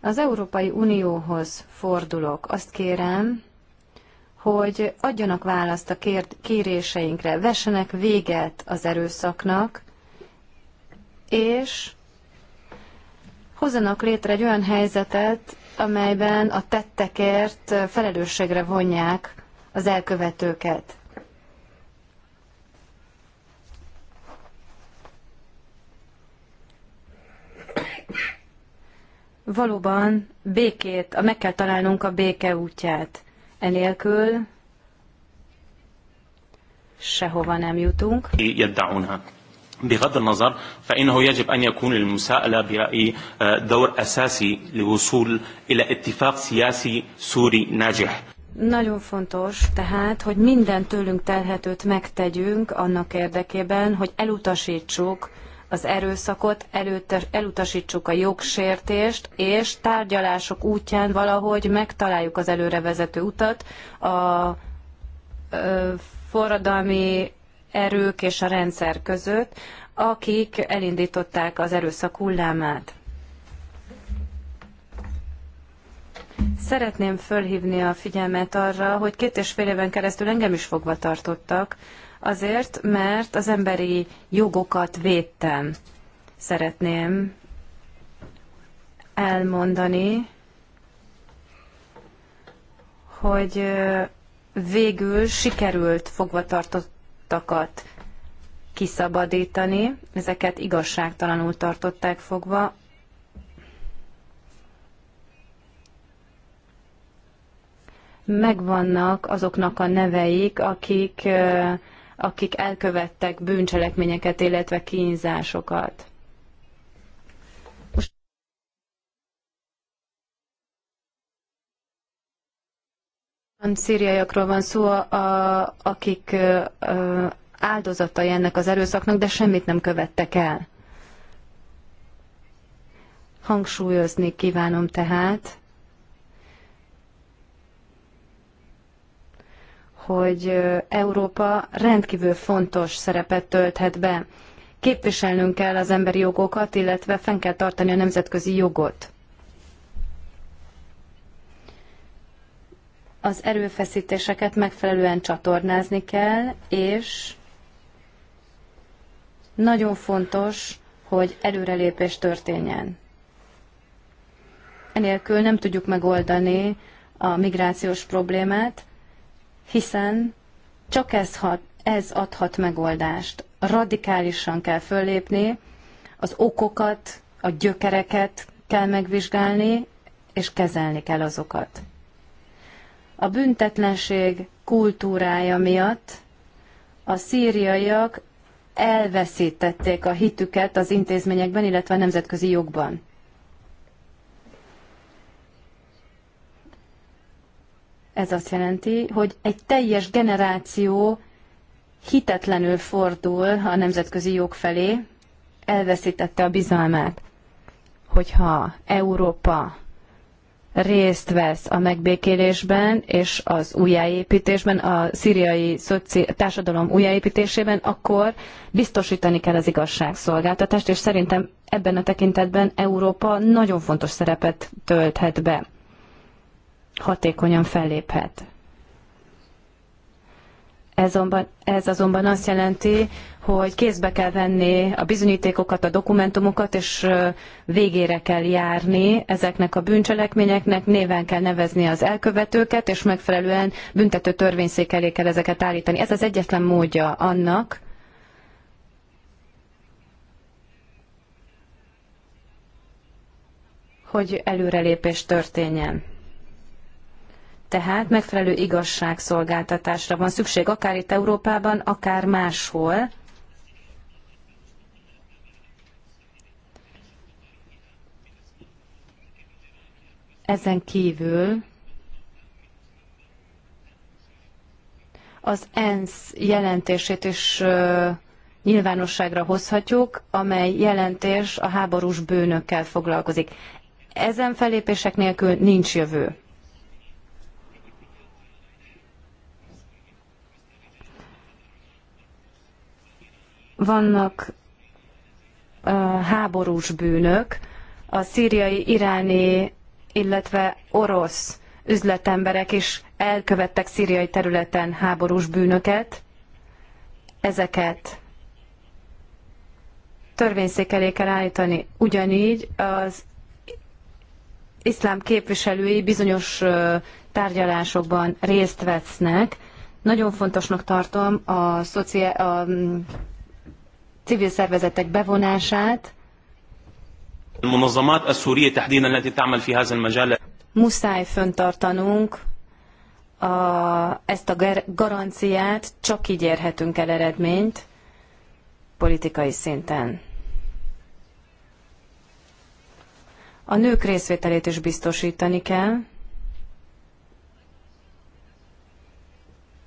Az Európai Unióhoz fordulok. Azt kérem, hogy adjanak választ a kér- kéréseinkre, vessenek véget az erőszaknak, és hozzanak létre egy olyan helyzetet, amelyben a tettekért felelősségre vonják az elkövetőket. valóban békét, a meg kell találnunk a béke útját. Enélkül sehova nem jutunk. بغض النظر فإنه يجب أن يكون للمساءلة برأيي دور أساسي للوصول إلى اتفاق سياسي سوري ناجح Nagyon fontos tehát, hogy minden tőlünk telhetőt megtegyünk annak érdekében, hogy elutasítsuk az erőszakot, előtes, elutasítsuk a jogsértést, és tárgyalások útján valahogy megtaláljuk az előrevezető utat a forradalmi erők és a rendszer között, akik elindították az erőszak hullámát. Szeretném fölhívni a figyelmet arra, hogy két és fél éven keresztül engem is fogva tartottak, Azért, mert az emberi jogokat védtem. Szeretném elmondani, hogy végül sikerült fogvatartottakat kiszabadítani, ezeket igazságtalanul tartották fogva. Megvannak azoknak a neveik, akik akik elkövettek bűncselekményeket, illetve kínzásokat. Szíriaiakról van szó, a, akik a, áldozatai ennek az erőszaknak, de semmit nem követtek el. Hangsúlyozni kívánom tehát, hogy Európa rendkívül fontos szerepet tölthet be. Képviselnünk kell az emberi jogokat, illetve fenn kell tartani a nemzetközi jogot. Az erőfeszítéseket megfelelően csatornázni kell, és nagyon fontos, hogy előrelépés történjen. Enélkül nem tudjuk megoldani a migrációs problémát, hiszen csak ez, hat, ez adhat megoldást. Radikálisan kell föllépni, az okokat, a gyökereket kell megvizsgálni, és kezelni kell azokat. A büntetlenség kultúrája miatt a szíriaiak elveszítették a hitüket az intézményekben, illetve a nemzetközi jogban. Ez azt jelenti, hogy egy teljes generáció hitetlenül fordul a nemzetközi jog felé, elveszítette a bizalmát, hogyha Európa részt vesz a megbékélésben és az újjáépítésben, a szíriai társadalom újjáépítésében, akkor biztosítani kell az igazságszolgáltatást, és szerintem ebben a tekintetben Európa nagyon fontos szerepet tölthet be hatékonyan felléphet. Ez, onban, ez azonban azt jelenti, hogy kézbe kell venni a bizonyítékokat, a dokumentumokat, és végére kell járni ezeknek a bűncselekményeknek, néven kell nevezni az elkövetőket, és megfelelően büntető törvényszék elé kell ezeket állítani. Ez az egyetlen módja annak, hogy előrelépés történjen. Tehát megfelelő igazságszolgáltatásra van szükség, akár itt Európában, akár máshol. Ezen kívül az ENSZ jelentését is nyilvánosságra hozhatjuk, amely jelentés a háborús bőnökkel foglalkozik. Ezen felépések nélkül nincs jövő. Vannak háborús bűnök, a szíriai, iráni, illetve orosz üzletemberek is elkövettek szíriai területen háborús bűnöket. Ezeket törvényszék elé kell állítani. Ugyanígy az iszlám képviselői bizonyos tárgyalásokban részt vesznek. Nagyon fontosnak tartom a, szociál a mm, civil szervezetek bevonását. muszáj föntartanunk a, ezt a garanciát, csak így érhetünk el eredményt politikai szinten. A nők részvételét is biztosítani kell.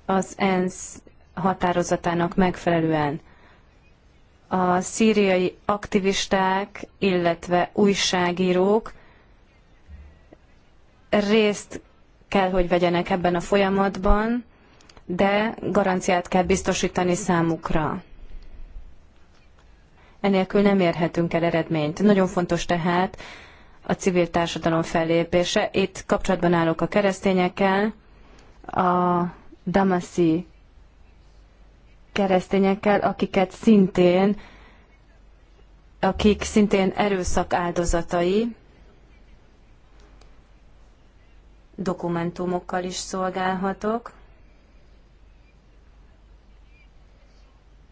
Az ENSZ határozatának megfelelően a szíriai aktivisták, illetve újságírók részt kell, hogy vegyenek ebben a folyamatban, de garanciát kell biztosítani számukra. Enélkül nem érhetünk el eredményt. Nagyon fontos tehát a civil társadalom fellépése. Itt kapcsolatban állok a keresztényekkel, a Damaszi keresztényekkel, akiket szintén, akik szintén erőszak áldozatai, dokumentumokkal is szolgálhatok.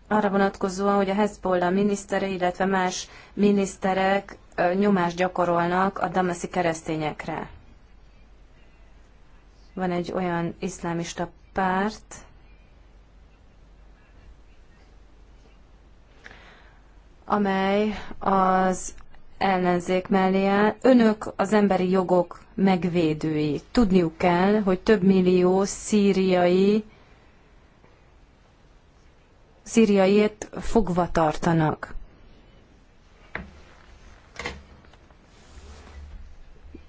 Arra vonatkozóan, hogy a Hezbollah minisztere, illetve más miniszterek nyomást gyakorolnak a damaszi keresztényekre. Van egy olyan iszlámista párt, amely az ellenzék mellé áll. Önök az emberi jogok megvédői. Tudniuk kell, hogy több millió szíriai szíriaiért fogva tartanak.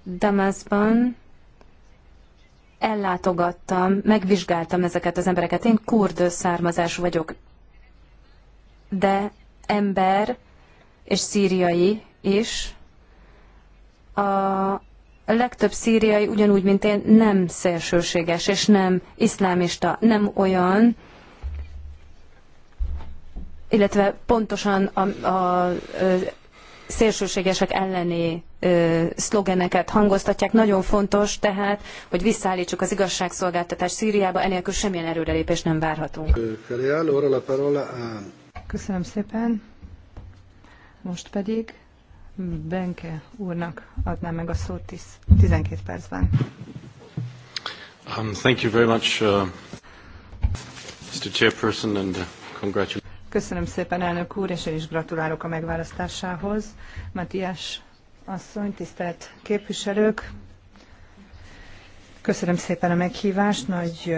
Damaszban ellátogattam, megvizsgáltam ezeket az embereket. Én kurd származású vagyok, de ember és szíriai is. A legtöbb szíriai ugyanúgy, mint én, nem szélsőséges és nem iszlámista, nem olyan, illetve pontosan a, a, a szélsőségesek elleni ö, szlogeneket hangoztatják. Nagyon fontos tehát, hogy visszaállítsuk az igazságszolgáltatást Szíriába, enélkül semmilyen erőrelépés nem várhatunk. Köszönöm szépen. Most pedig Benke úrnak adnám meg a szót 10, 12 percben. Um, thank you very much, uh, Mr. Chairperson, and uh, congratulations. Köszönöm szépen, elnök úr, és én is gratulálok a megválasztásához. Matthias asszony, tisztelt képviselők, köszönöm szépen a meghívást, nagy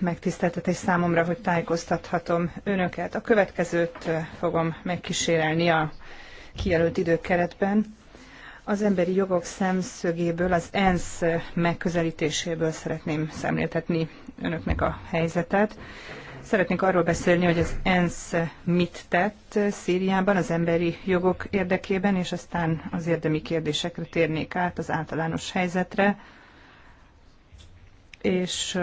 megtiszteltetés számomra, hogy tájékoztathatom önöket. A következőt fogom megkísérelni a kijelölt időkeretben. Az emberi jogok szemszögéből, az ENSZ megközelítéséből szeretném szemléltetni önöknek a helyzetet. Szeretnék arról beszélni, hogy az ENSZ mit tett Szíriában az emberi jogok érdekében, és aztán az érdemi kérdésekre térnék át, az általános helyzetre, és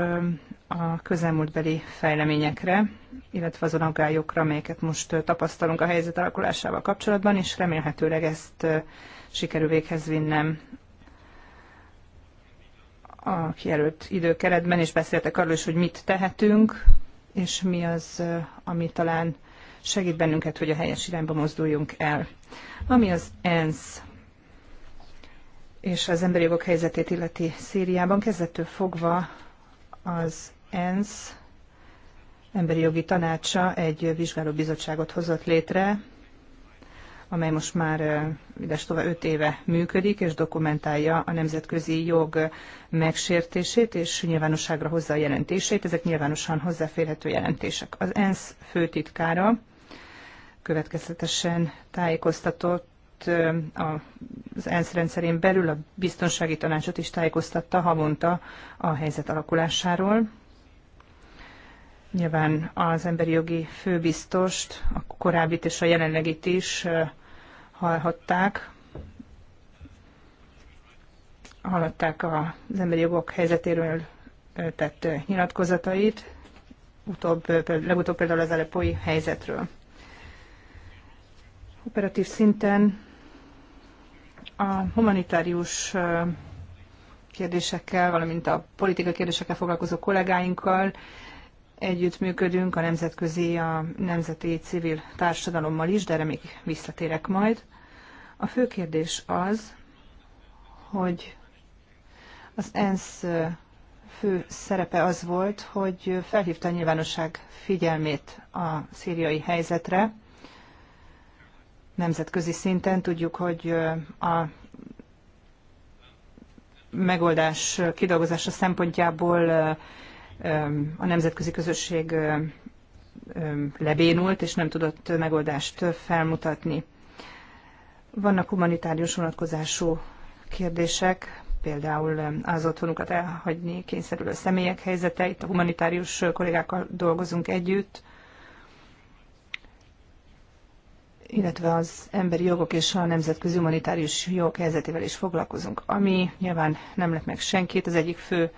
a közelmúltbeli fejleményekre, illetve azon aggályokra, amelyeket most tapasztalunk a helyzet alakulásával kapcsolatban, és remélhetőleg ezt sikerül véghez vinnem a kijelölt időkeretben, és beszéltek arról is, hogy mit tehetünk, és mi az, ami talán segít bennünket, hogy a helyes irányba mozduljunk el. Ami az ENSZ és az emberi jogok helyzetét illeti Szíriában, kezdettől fogva az ENSZ emberi jogi tanácsa egy vizsgálóbizottságot hozott létre, amely most már idestova öt éve működik, és dokumentálja a nemzetközi jog megsértését és nyilvánosságra hozza a jelentését. Ezek nyilvánosan hozzáférhető jelentések. Az ENSZ főtitkára következetesen tájékoztatott az ENSZ rendszerén belül a biztonsági tanácsot is tájékoztatta havonta a helyzet alakulásáról Nyilván az emberi jogi főbiztost, a korábbit és a jelenlegit is hallhatták. Hallották az emberi jogok helyzetéről tett nyilatkozatait, utóbb, legutóbb például az alepói helyzetről. Operatív szinten a humanitárius kérdésekkel, valamint a politikai kérdésekkel foglalkozó kollégáinkkal Együttműködünk a nemzetközi, a nemzeti civil társadalommal is, de erre még visszatérek majd. A fő kérdés az, hogy az ENSZ fő szerepe az volt, hogy felhívta a nyilvánosság figyelmét a szíriai helyzetre. Nemzetközi szinten tudjuk, hogy a megoldás kidolgozása szempontjából a nemzetközi közösség lebénult, és nem tudott megoldást felmutatni. Vannak humanitárius vonatkozású kérdések, például az otthonukat elhagyni kényszerülő személyek helyzete. Itt a humanitárius kollégákkal dolgozunk együtt, illetve az emberi jogok és a nemzetközi humanitárius jog helyzetével is foglalkozunk, ami nyilván nem lett meg senkit. Az egyik fő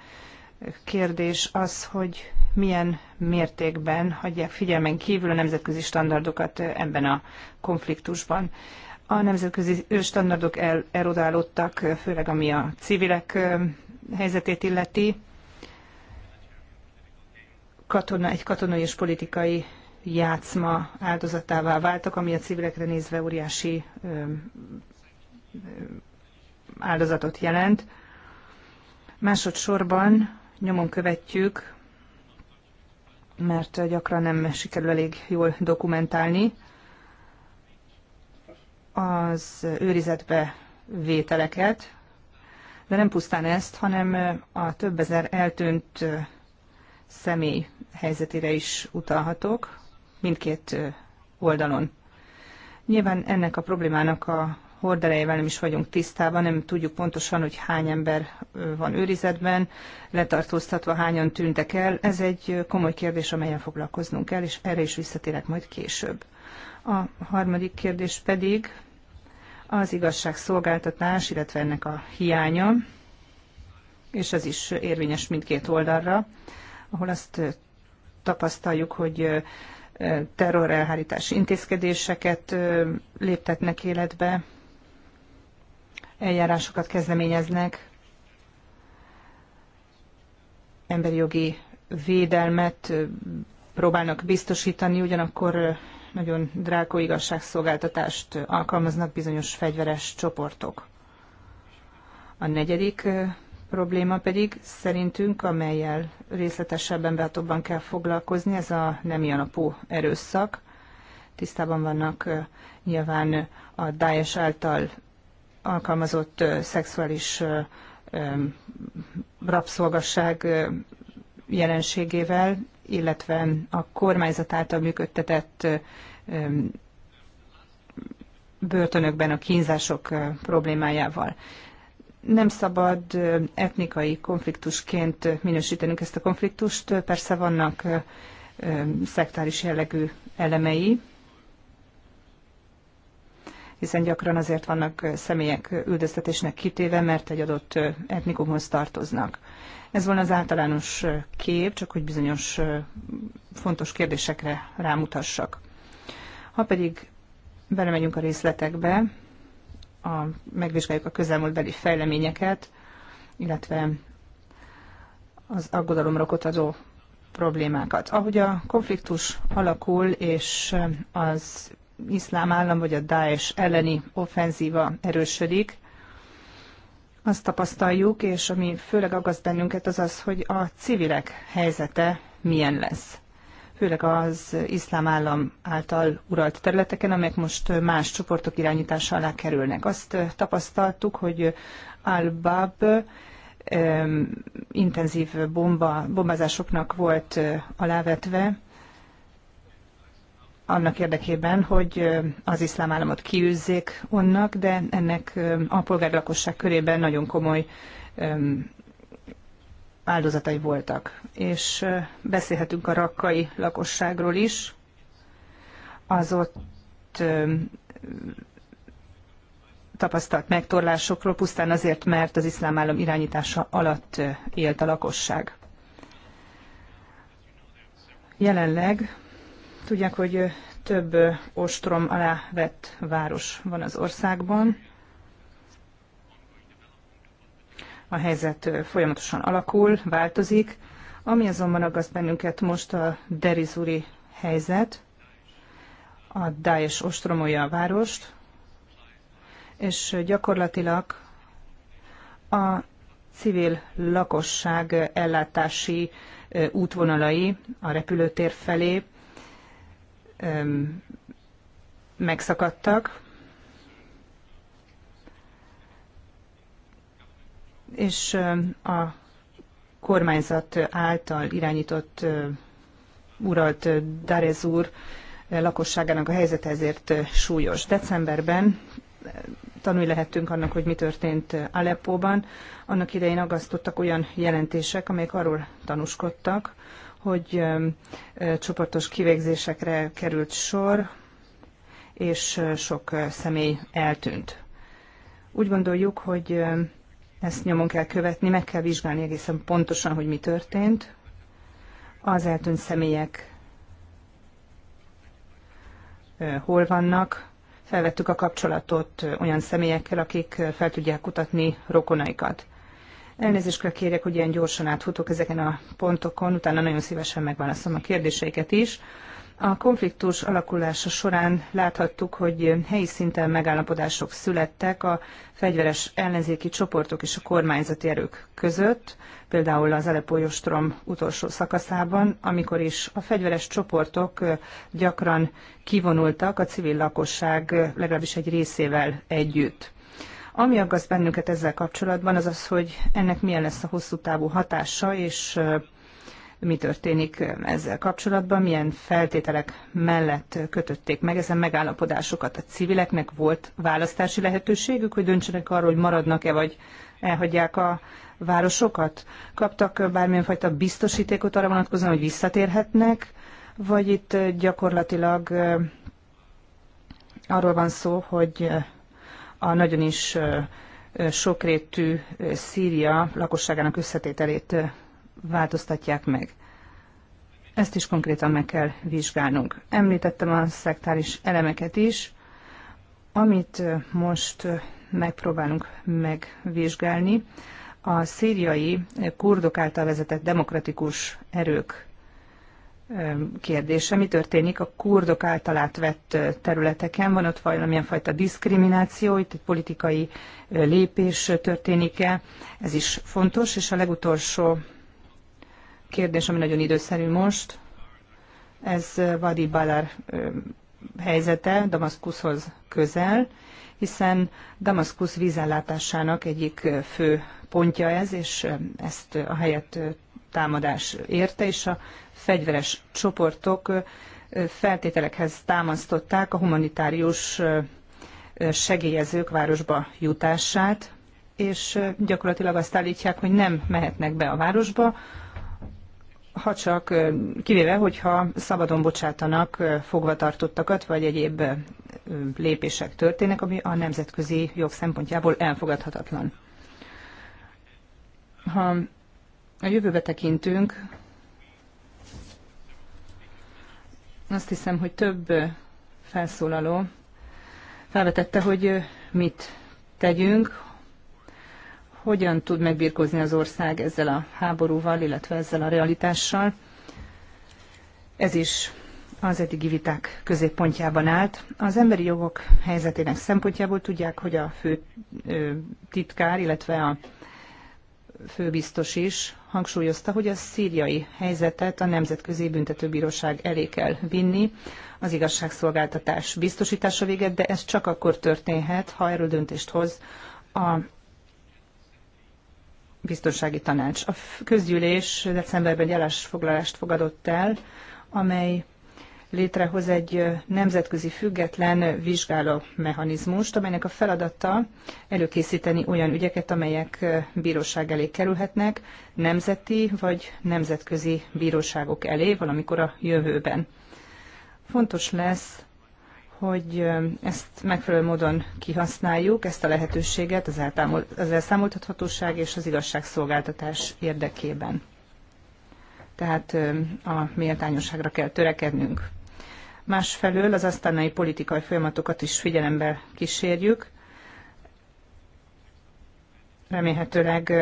kérdés az, hogy milyen mértékben hagyják figyelmen kívül a nemzetközi standardokat ebben a konfliktusban. A nemzetközi standardok el, erodálódtak, főleg ami a civilek helyzetét illeti. Katona, egy katonai és politikai játszma áldozatává váltak, ami a civilekre nézve óriási ö, ö, áldozatot jelent. Másodszorban nyomon követjük, mert gyakran nem sikerül elég jól dokumentálni az őrizetbe vételeket, de nem pusztán ezt, hanem a több ezer eltűnt személy helyzetére is utalhatok mindkét oldalon. Nyilván ennek a problémának a horderejével nem is vagyunk tisztában, nem tudjuk pontosan, hogy hány ember van őrizetben, letartóztatva hányan tűntek el. Ez egy komoly kérdés, amelyen foglalkoznunk kell, és erre is visszatérek majd később. A harmadik kérdés pedig az igazságszolgáltatás, illetve ennek a hiánya, és ez is érvényes mindkét oldalra, ahol azt tapasztaljuk, hogy terrorelhárítási intézkedéseket léptetnek életbe, eljárásokat kezdeményeznek, emberi jogi védelmet próbálnak biztosítani, ugyanakkor nagyon drágó igazságszolgáltatást alkalmaznak bizonyos fegyveres csoportok. A negyedik probléma pedig szerintünk, amelyel részletesebben, beatobban kell foglalkozni, ez a nemi alapú erőszak. Tisztában vannak nyilván a Daesh által alkalmazott szexuális rabszolgasság jelenségével, illetve a kormányzat által működtetett börtönökben a kínzások problémájával. Nem szabad etnikai konfliktusként minősítenünk ezt a konfliktust. Persze vannak szektáris jellegű elemei hiszen gyakran azért vannak személyek üldöztetésnek kitéve, mert egy adott etnikumhoz tartoznak. Ez volna az általános kép, csak hogy bizonyos fontos kérdésekre rámutassak. Ha pedig belemegyünk a részletekbe, a, megvizsgáljuk a közelmúltbeli fejleményeket, illetve az aggodalomra adó problémákat. Ahogy a konfliktus alakul, és az iszlám állam vagy a Daesh elleni offenzíva erősödik, azt tapasztaljuk, és ami főleg aggaszt bennünket, az az, hogy a civilek helyzete milyen lesz. Főleg az iszlám állam által uralt területeken, amelyek most más csoportok irányítása alá kerülnek. Azt tapasztaltuk, hogy Al-Bab intenzív bomba, bombázásoknak volt alávetve, annak érdekében, hogy az iszlám államot kiűzzék onnak, de ennek a polgári lakosság körében nagyon komoly áldozatai voltak. És beszélhetünk a rakkai lakosságról is. Az ott tapasztalt megtorlásokról, pusztán azért, mert az iszlám állam irányítása alatt élt a lakosság. Jelenleg Tudják, hogy több ostrom alá vett város van az országban. A helyzet folyamatosan alakul, változik. Ami azonban aggaszt bennünket most a derizuri helyzet, a Daesh ostromolja a várost, és gyakorlatilag a civil lakosság ellátási útvonalai a repülőtér felé öm, megszakadtak, és a kormányzat által irányított uralt Darez lakosságának a helyzete ezért súlyos. Decemberben tanulni lehettünk annak, hogy mi történt Aleppóban. Annak idején agasztottak olyan jelentések, amelyek arról tanúskodtak, hogy csoportos kivégzésekre került sor, és sok személy eltűnt. Úgy gondoljuk, hogy ezt nyomon kell követni, meg kell vizsgálni egészen pontosan, hogy mi történt. Az eltűnt személyek hol vannak, felvettük a kapcsolatot olyan személyekkel, akik fel tudják kutatni rokonaikat. Elnézést kérek, hogy ilyen gyorsan áthutok ezeken a pontokon, utána nagyon szívesen megválaszolom a kérdéseiket is. A konfliktus alakulása során láthattuk, hogy helyi szinten megállapodások születtek a fegyveres ellenzéki csoportok és a kormányzati erők között, például az Aleppo utolsó szakaszában, amikor is a fegyveres csoportok gyakran kivonultak a civil lakosság legalábbis egy részével együtt. Ami aggaszt bennünket ezzel kapcsolatban, az az, hogy ennek milyen lesz a hosszú távú hatása, és mi történik ezzel kapcsolatban, milyen feltételek mellett kötötték meg ezen megállapodásokat a civileknek, volt választási lehetőségük, hogy döntsenek arról, hogy maradnak-e vagy elhagyják a városokat? Kaptak bármilyen fajta biztosítékot arra vonatkozóan, hogy visszatérhetnek, vagy itt gyakorlatilag arról van szó, hogy a nagyon is sokrétű Szíria lakosságának összetételét változtatják meg. Ezt is konkrétan meg kell vizsgálnunk. Említettem a szektáris elemeket is, amit most megpróbálunk megvizsgálni. A szíriai kurdok által vezetett demokratikus erők kérdése. Mi történik a kurdok által átvett területeken? Van ott valamilyen fajta diszkrimináció, itt egy politikai lépés történik-e? Ez is fontos. És a legutolsó kérdés, ami nagyon időszerű most, ez Vadi Balar helyzete, Damaszkuszhoz közel, hiszen Damaszkusz vízellátásának egyik fő pontja ez, és ezt a helyet támadás érte, és a fegyveres csoportok feltételekhez támasztották a humanitárius segélyezők városba jutását, és gyakorlatilag azt állítják, hogy nem mehetnek be a városba, ha csak kivéve, hogyha szabadon bocsátanak fogvatartottakat, vagy egyéb lépések történnek, ami a nemzetközi jog szempontjából elfogadhatatlan. Ha a jövőbe tekintünk, Azt hiszem, hogy több felszólaló felvetette, hogy mit tegyünk, hogyan tud megbirkózni az ország ezzel a háborúval, illetve ezzel a realitással. Ez is az eddigi viták középpontjában állt. Az emberi jogok helyzetének szempontjából tudják, hogy a fő titkár, illetve a főbiztos is hangsúlyozta, hogy a szíriai helyzetet a Nemzetközi Büntetőbíróság elé kell vinni az igazságszolgáltatás biztosítása véget, de ez csak akkor történhet, ha erről döntést hoz a biztonsági tanács. A közgyűlés decemberben egy állásfoglalást fogadott el, amely létrehoz egy nemzetközi független vizsgáló mechanizmust, amelynek a feladata előkészíteni olyan ügyeket, amelyek bíróság elé kerülhetnek, nemzeti vagy nemzetközi bíróságok elé, valamikor a jövőben. Fontos lesz, hogy ezt megfelelő módon kihasználjuk, ezt a lehetőséget az, eltámol, az elszámoltathatóság és az igazságszolgáltatás érdekében. Tehát a méltányosságra kell törekednünk másfelől az asztánai politikai folyamatokat is figyelembe kísérjük. Remélhetőleg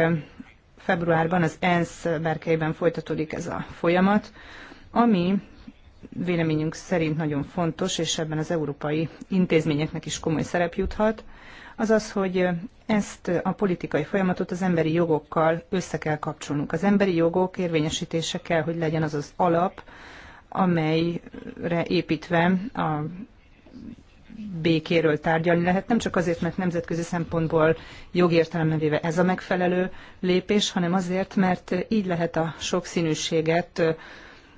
februárban az ENSZ berkeiben folytatódik ez a folyamat, ami véleményünk szerint nagyon fontos, és ebben az európai intézményeknek is komoly szerep juthat, az az, hogy ezt a politikai folyamatot az emberi jogokkal össze kell kapcsolnunk. Az emberi jogok érvényesítése kell, hogy legyen az az alap, amelyre építve a békéről tárgyalni lehet, nem csak azért, mert nemzetközi szempontból jogértelemben véve ez a megfelelő lépés, hanem azért, mert így lehet a sokszínűséget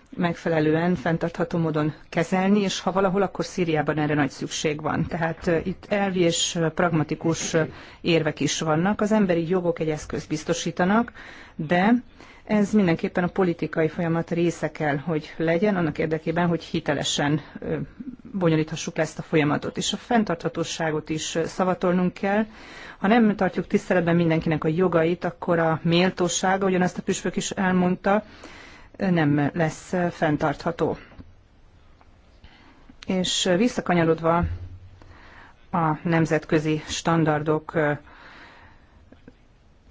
megfelelően, fenntartható módon kezelni, és ha valahol, akkor Szíriában erre nagy szükség van. Tehát itt elvi és pragmatikus érvek is vannak. Az emberi jogok egy eszközt biztosítanak, de ez mindenképpen a politikai folyamat része kell, hogy legyen, annak érdekében, hogy hitelesen bonyolíthassuk ezt a folyamatot. És a fenntarthatóságot is szavatolnunk kell. Ha nem tartjuk tiszteletben mindenkinek a jogait, akkor a méltósága, ugyan ezt a püspök is elmondta, nem lesz fenntartható. És visszakanyarodva a nemzetközi standardok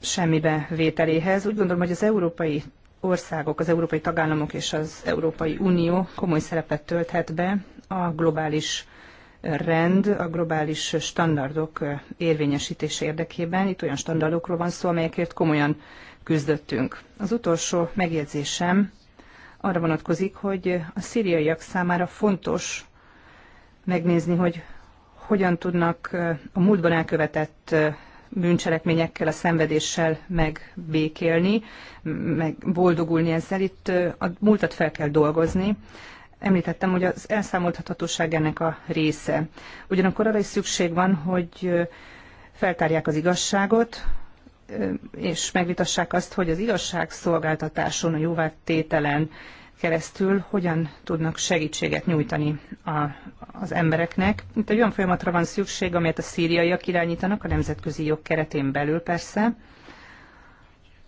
semmibe vételéhez. Úgy gondolom, hogy az európai országok, az európai tagállamok és az Európai Unió komoly szerepet tölthet be a globális rend, a globális standardok érvényesítése érdekében. Itt olyan standardokról van szó, amelyekért komolyan küzdöttünk. Az utolsó megjegyzésem arra vonatkozik, hogy a szíriaiak számára fontos megnézni, hogy hogyan tudnak a múltban elkövetett bűncselekményekkel, a szenvedéssel megbékélni, meg boldogulni ezzel. Itt a múltat fel kell dolgozni. Említettem, hogy az elszámoltathatóság ennek a része. Ugyanakkor arra is szükség van, hogy feltárják az igazságot, és megvitassák azt, hogy az igazságszolgáltatáson, a tételen keresztül hogyan tudnak segítséget nyújtani a, az embereknek. Itt egy olyan folyamatra van szükség, amelyet a szíriaiak irányítanak, a nemzetközi jog keretén belül persze,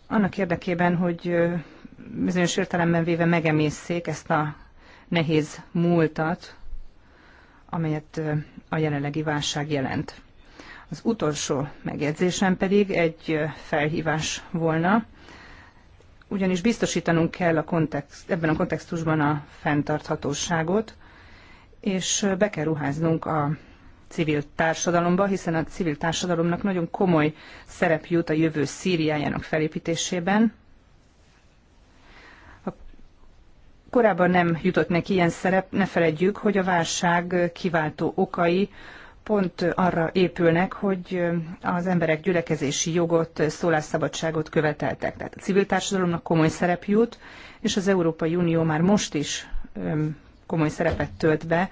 annak érdekében, hogy bizonyos értelemben véve megemészszék ezt a nehéz múltat, amelyet a jelenlegi válság jelent. Az utolsó megjegyzésem pedig egy felhívás volna ugyanis biztosítanunk kell a kontext, ebben a kontextusban a fenntarthatóságot, és be kell ruháznunk a civil társadalomba, hiszen a civil társadalomnak nagyon komoly szerep jut a jövő Szíriájának felépítésében. A korábban nem jutott neki ilyen szerep, ne feledjük, hogy a válság kiváltó okai pont arra épülnek, hogy az emberek gyülekezési jogot, szólásszabadságot követeltek. Tehát a civil társadalomnak komoly szerep jut, és az Európai Unió már most is komoly szerepet tölt be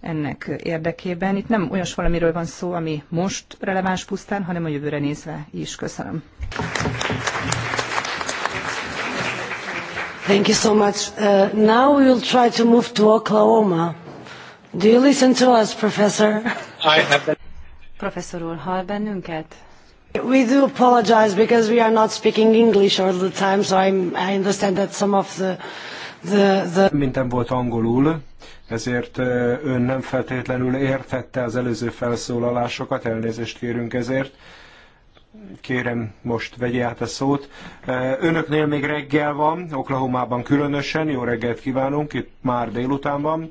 ennek érdekében. Itt nem olyas valamiről van szó, ami most releváns pusztán, hanem a jövőre nézve is. Köszönöm. Thank you so much. Uh, now will try to move to Oklahoma. Do you listen to us, professor? I have been... Professzor úr, hall bennünket? We do apologize because we are not speaking English all the time, so I'm, I understand that some of the, the, the... Minden volt angolul, ezért ön nem feltétlenül értette az előző felszólalásokat, elnézést kérünk ezért. Kérem, most vegye át a szót. Önöknél még reggel van, Oklahomában különösen, jó reggelt kívánunk, itt már délután van.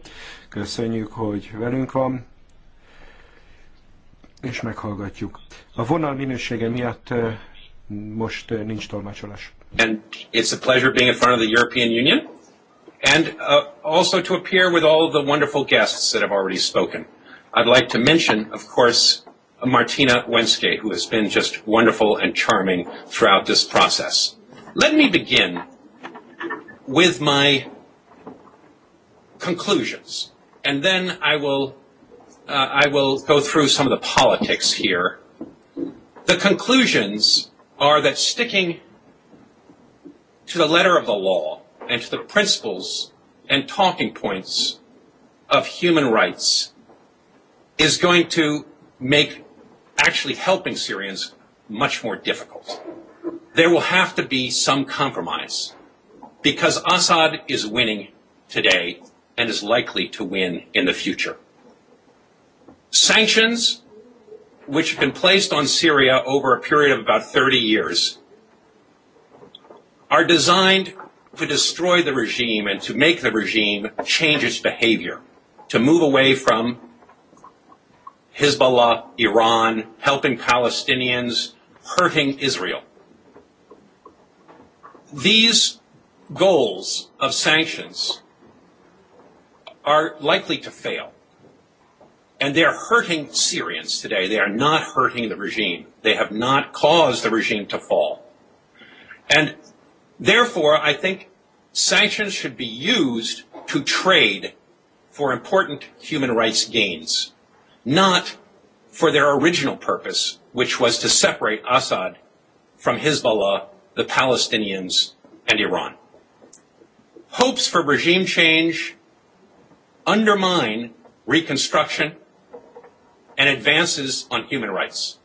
Köszönjük, hogy velünk van, és meghallgatjuk. A vonal minősége miatt most nincs tolmácsolás. And it's a pleasure being in front of the European Union and uh, also to appear with all of the wonderful guests that have already spoken. I'd like to mention, of course, Martina Wenske, who has been just wonderful and charming throughout this process. Let me begin with my conclusions and then I will, uh, I will go through some of the politics here. The conclusions are that sticking to the letter of the law and to the principles and talking points of human rights is going to make actually helping Syrians much more difficult. There will have to be some compromise because Assad is winning today and is likely to win in the future. Sanctions, which have been placed on Syria over a period of about 30 years, are designed to destroy the regime and to make the regime change its behavior, to move away from Hezbollah, Iran, helping Palestinians, hurting Israel. These goals of sanctions are likely to fail. And they're hurting Syrians today. They are not hurting the regime. They have not caused the regime to fall. And therefore, I think sanctions should be used to trade for important human rights gains, not for their original purpose, which was to separate Assad from Hezbollah, the Palestinians, and Iran. Hopes for regime change undermine reconstruction and advances on human rights.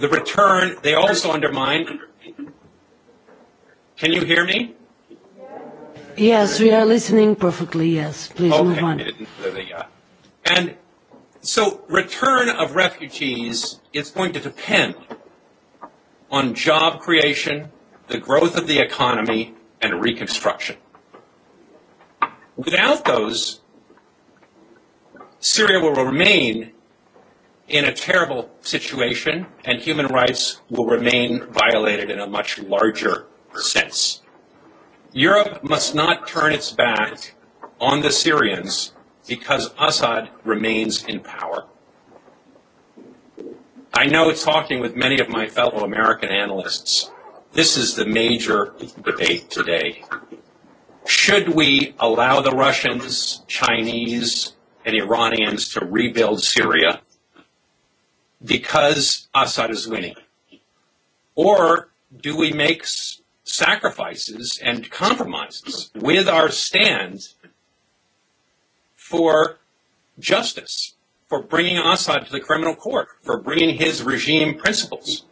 The return, they also undermine. Can you hear me? Yes, we are listening perfectly. Yes, please okay. move on. And so, return of refugees is going to depend on job creation, the growth of the economy, and reconstruction. Without those, Syria will remain in a terrible situation and human rights will remain violated in a much larger sense. Europe must not turn its back on the Syrians because Assad remains in power. I know talking with many of my fellow American analysts, this is the major debate today. Should we allow the Russians, Chinese, and Iranians to rebuild Syria because Assad is winning? Or do we make sacrifices and compromises with our stand for justice, for bringing Assad to the criminal court, for bringing his regime principles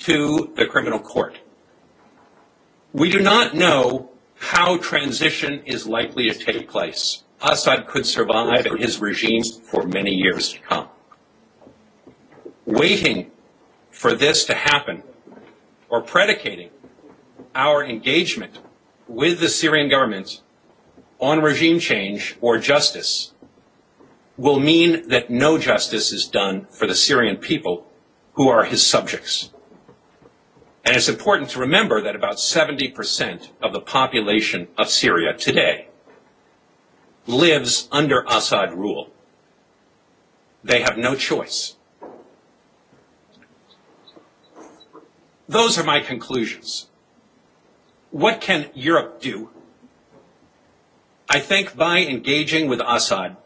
to the criminal court? We do not know how transition is likely to take place. Assad could survive in his regime for many years to come. Waiting for this to happen or predicating our engagement with the Syrian government on regime change or justice will mean that no justice is done for the Syrian people who are his subjects. And it's important to remember that about 70% of the population of Syria today lives under Assad rule. They have no choice. Those are my conclusions. What can Europe do? I think by engaging with Assad,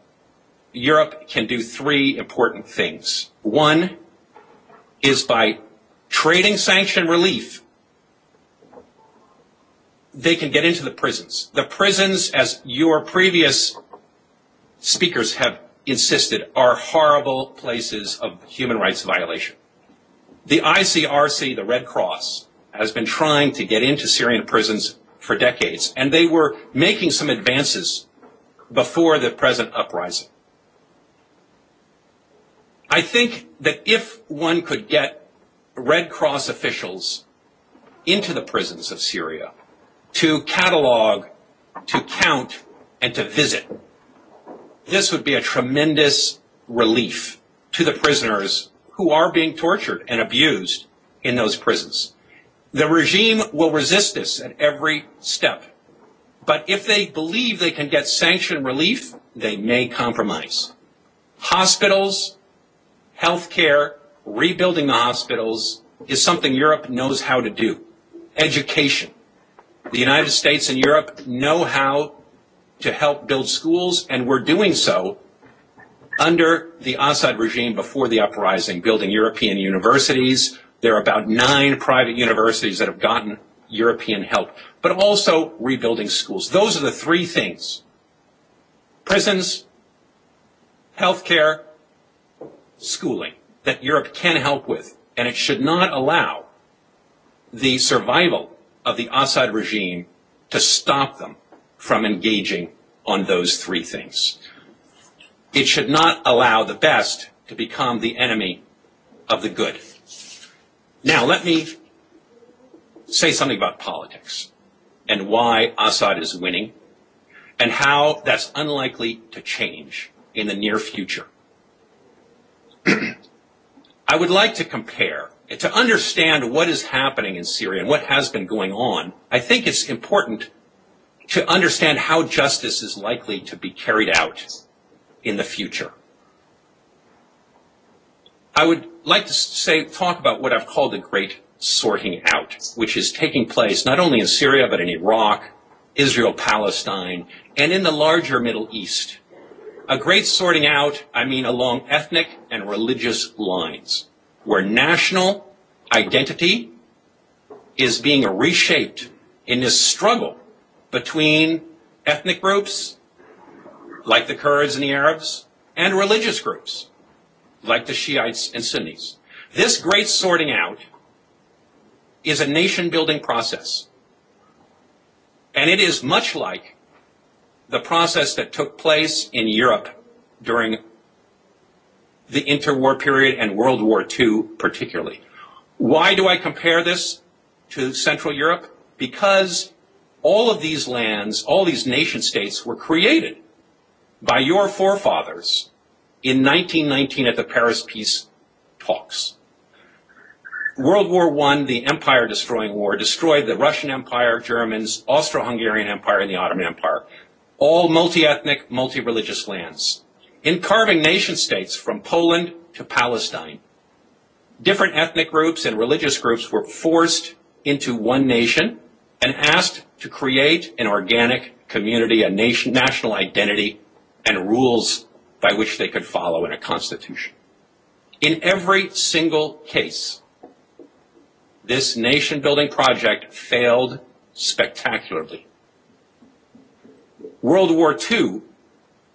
Europe can do three important things. One is by trading sanction relief, they can get into the prisons. The prisons, as your previous speakers have insisted, are horrible places of human rights violation. The ICRC, the Red Cross, has been trying to get into Syrian prisons for decades, and they were making some advances before the present uprising. I think that if one could get Red Cross officials into the prisons of Syria to catalog, to count, and to visit. This would be a tremendous relief to the prisoners who are being tortured and abused in those prisons. The regime will resist this at every step. But if they believe they can get sanction relief, they may compromise. Hospitals, health care, rebuilding the hospitals is something Europe knows how to do. Education. The United States and Europe know how to help build schools, and we're doing so under the Assad regime before the uprising, building European universities. There are about nine private universities that have gotten European help, but also rebuilding schools. Those are the three things prisons, healthcare, schooling that Europe can help with, and it should not allow the survival of the Assad regime to stop them from engaging on those three things. It should not allow the best to become the enemy of the good. Now, let me say something about politics and why Assad is winning and how that's unlikely to change in the near future. *clears throat* I would like to compare to understand what is happening in Syria and what has been going on. I think it's important to understand how justice is likely to be carried out in the future. I would like to say, talk about what I've called the great sorting out, which is taking place not only in Syria, but in Iraq, Israel, Palestine, and in the larger Middle East. A great sorting out, I mean, along ethnic and religious lines, where national identity is being reshaped in this struggle between ethnic groups, like the Kurds and the Arabs, and religious groups, like the Shiites and Sunnis. This great sorting out is a nation building process. And it is much like the process that took place in Europe during the interwar period and World War II particularly. Why do I compare this to Central Europe? Because all of these lands, all these nation states were created by your forefathers in 1919 at the Paris peace talks. World War I, the empire destroying war, destroyed the Russian Empire, Germans, Austro-Hungarian Empire, and the Ottoman Empire all multi-ethnic, multi-religious lands, in carving nation states from Poland to Palestine. Different ethnic groups and religious groups were forced into one nation and asked to create an organic community, a nation, national identity, and rules by which they could follow in a constitution. In every single case, this nation building project failed spectacularly. World War II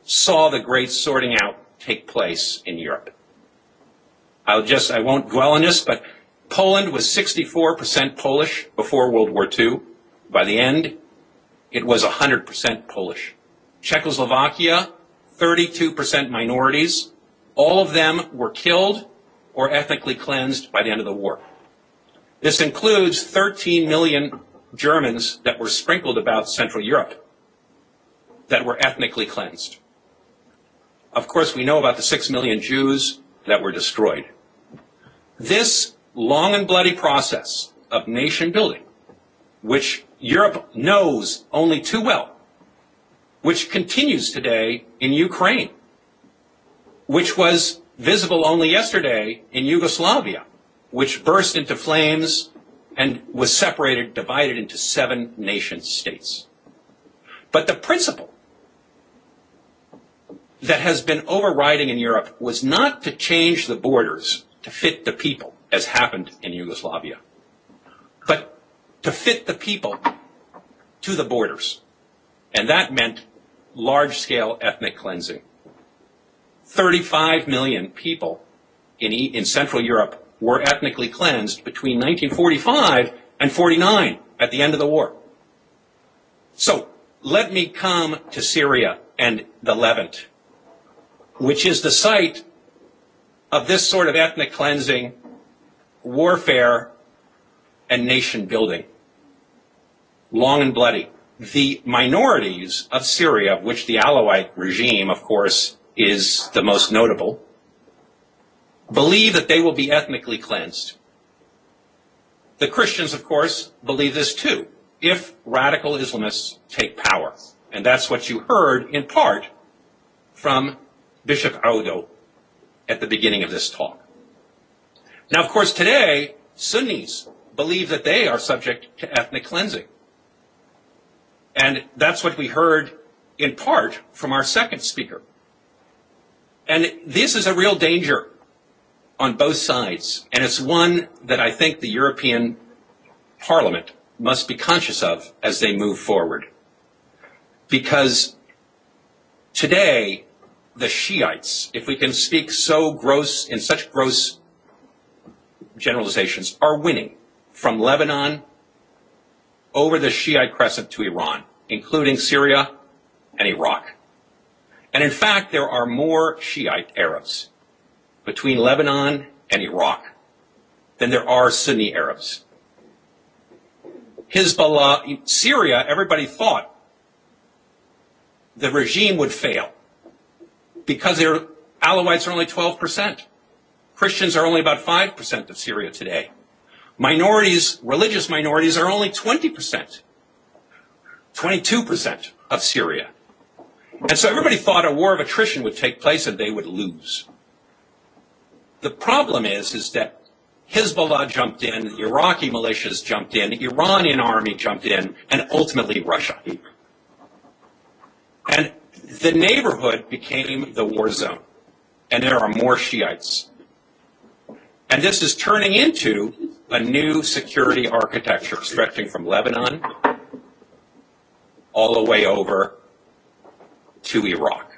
saw the great sorting out take place in Europe. I'll just, I won't dwell on this, but Poland was 64% Polish before World War II. By the end, it was 100% Polish. Czechoslovakia, 32% minorities. All of them were killed or ethnically cleansed by the end of the war. This includes 13 million Germans that were sprinkled about Central Europe that were ethnically cleansed. Of course, we know about the six million Jews that were destroyed. This long and bloody process of nation building, which Europe knows only too well, which continues today in Ukraine, which was visible only yesterday in Yugoslavia, which burst into flames and was separated, divided into seven nation states. But the principle that has been overriding in Europe was not to change the borders to fit the people, as happened in Yugoslavia, but to fit the people to the borders. And that meant large scale ethnic cleansing. 35 million people in, e- in Central Europe were ethnically cleansed between 1945 and 49 at the end of the war. So let me come to Syria and the Levant which is the site of this sort of ethnic cleansing, warfare, and nation building. Long and bloody. The minorities of Syria, of which the Alawite regime, of course, is the most notable, believe that they will be ethnically cleansed. The Christians, of course, believe this too, if radical Islamists take power. And that's what you heard in part from Bishop Audo at the beginning of this talk. Now, of course, today, Sunnis believe that they are subject to ethnic cleansing. And that's what we heard in part from our second speaker. And this is a real danger on both sides. And it's one that I think the European Parliament must be conscious of as they move forward. Because today, the Shiites, if we can speak so gross, in such gross generalizations, are winning from Lebanon over the Shiite crescent to Iran, including Syria and Iraq. And in fact, there are more Shiite Arabs between Lebanon and Iraq than there are Sunni Arabs. Hezbollah, Syria, everybody thought the regime would fail because they're, Alawites are only 12%. Christians are only about 5% of Syria today. Minorities, religious minorities, are only 20%, 22% of Syria. And so everybody thought a war of attrition would take place and they would lose. The problem is, is that Hezbollah jumped in, Iraqi militias jumped in, Iranian army jumped in, and ultimately Russia. And the neighborhood became the war zone, and there are more Shiites. And this is turning into a new security architecture stretching from Lebanon all the way over to Iraq.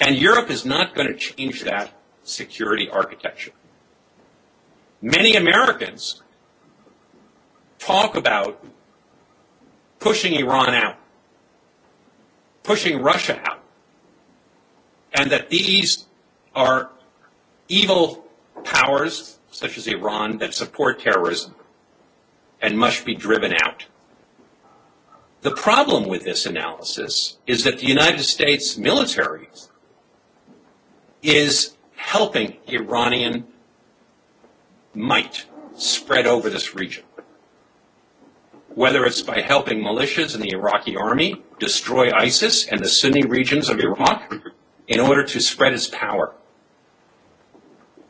And Europe is not going to change that security architecture. Many Americans talk about pushing Iran out pushing Russia out, and that these are evil powers such as Iran that support terrorism and must be driven out. The problem with this analysis is that the United States military is helping Iranian might spread over this region whether it's by helping militias in the Iraqi army destroy ISIS and the Sunni regions of Iraq in order to spread its power.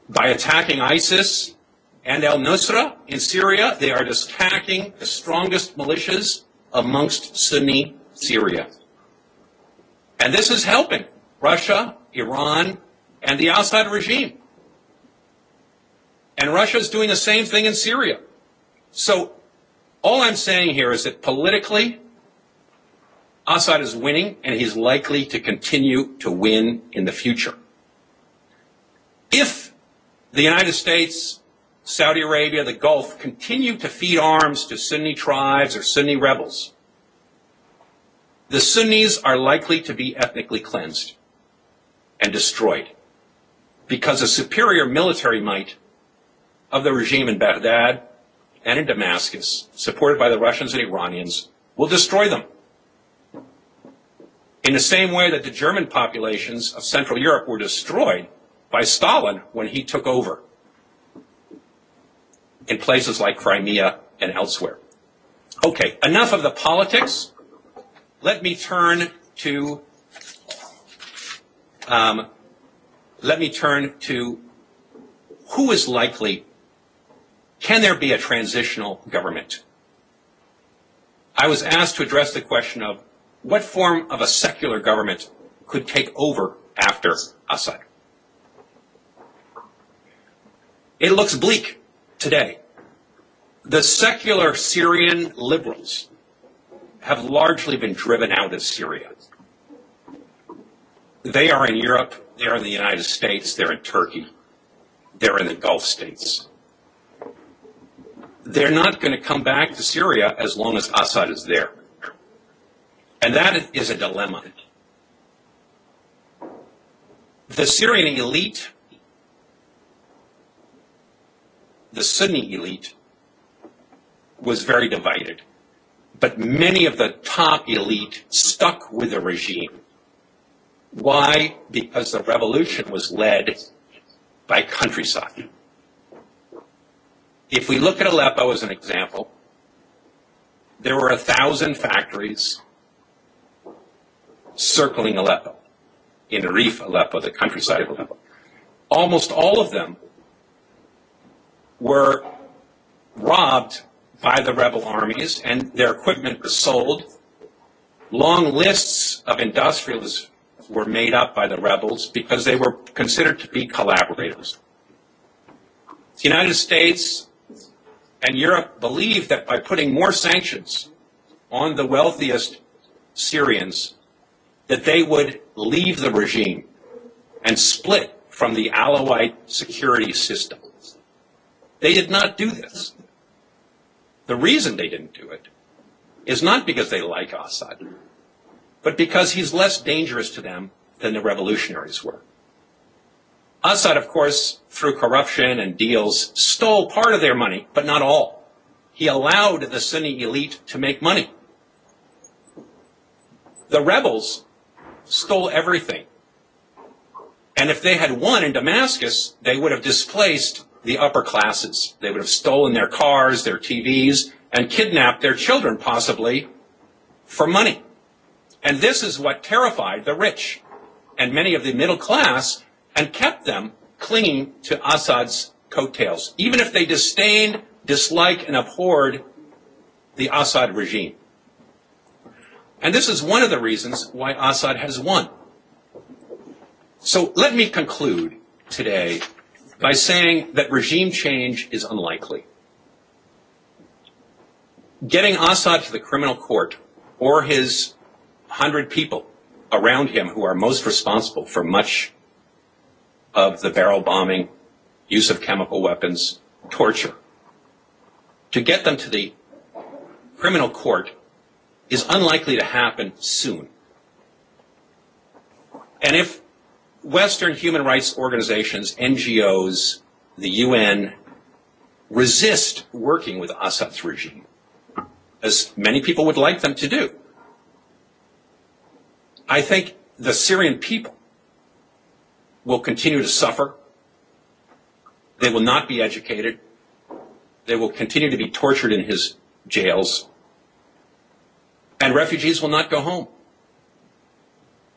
By attacking ISIS and al Nusra in Syria, they are attacking the strongest militias amongst Sunni Syria. And this is helping Russia, Iran, and the Assad regime. And Russia is doing the same thing in Syria. So All I'm saying here is that politically, Assad is winning and he's likely to continue to win in the future. If the United States, Saudi Arabia, the Gulf continue to feed arms to Sunni tribes or Sunni rebels, the Sunnis are likely to be ethnically cleansed and destroyed because the superior military might of the regime in Baghdad and in Damascus, supported by the Russians and Iranians, will destroy them. In the same way that the German populations of Central Europe were destroyed by Stalin when he took over in places like Crimea and elsewhere. Okay, enough of the politics. Let me turn to um, let me turn to who is likely Can there be a transitional government? I was asked to address the question of what form of a secular government could take over after Assad. It looks bleak today. The secular Syrian liberals have largely been driven out of Syria. They are in Europe, they are in the United States, they're in Turkey, they're in the Gulf states they're not going to come back to Syria as long as Assad is there. And that is a dilemma. The Syrian elite, the Sunni elite, was very divided. But many of the top elite stuck with the regime. Why? Because the revolution was led by countryside. If we look at Aleppo as an example, there were a thousand factories circling Aleppo, in Arif Aleppo, the countryside of Aleppo. Almost all of them were robbed by the rebel armies and their equipment was sold. Long lists of industrialists were made up by the rebels because they were considered to be collaborators. The United States and Europe believed that by putting more sanctions on the wealthiest Syrians, that they would leave the regime and split from the Alawite security system. They did not do this. The reason they didn't do it is not because they like Assad, but because he's less dangerous to them than the revolutionaries were. Assad, of course, through corruption and deals, stole part of their money, but not all. He allowed the Sunni elite to make money. The rebels stole everything. And if they had won in Damascus, they would have displaced the upper classes. They would have stolen their cars, their TVs, and kidnapped their children, possibly, for money. And this is what terrified the rich and many of the middle class and kept them clinging to Assad's coattails, even if they disdained, disliked, and abhorred the Assad regime. And this is one of the reasons why Assad has won. So let me conclude today by saying that regime change is unlikely. Getting Assad to the criminal court or his hundred people around him who are most responsible for much of the barrel bombing, use of chemical weapons, torture. To get them to the criminal court is unlikely to happen soon. And if Western human rights organizations, NGOs, the UN resist working with Assad's regime, as many people would like them to do, I think the Syrian people will continue to suffer. They will not be educated. They will continue to be tortured in his jails. And refugees will not go home.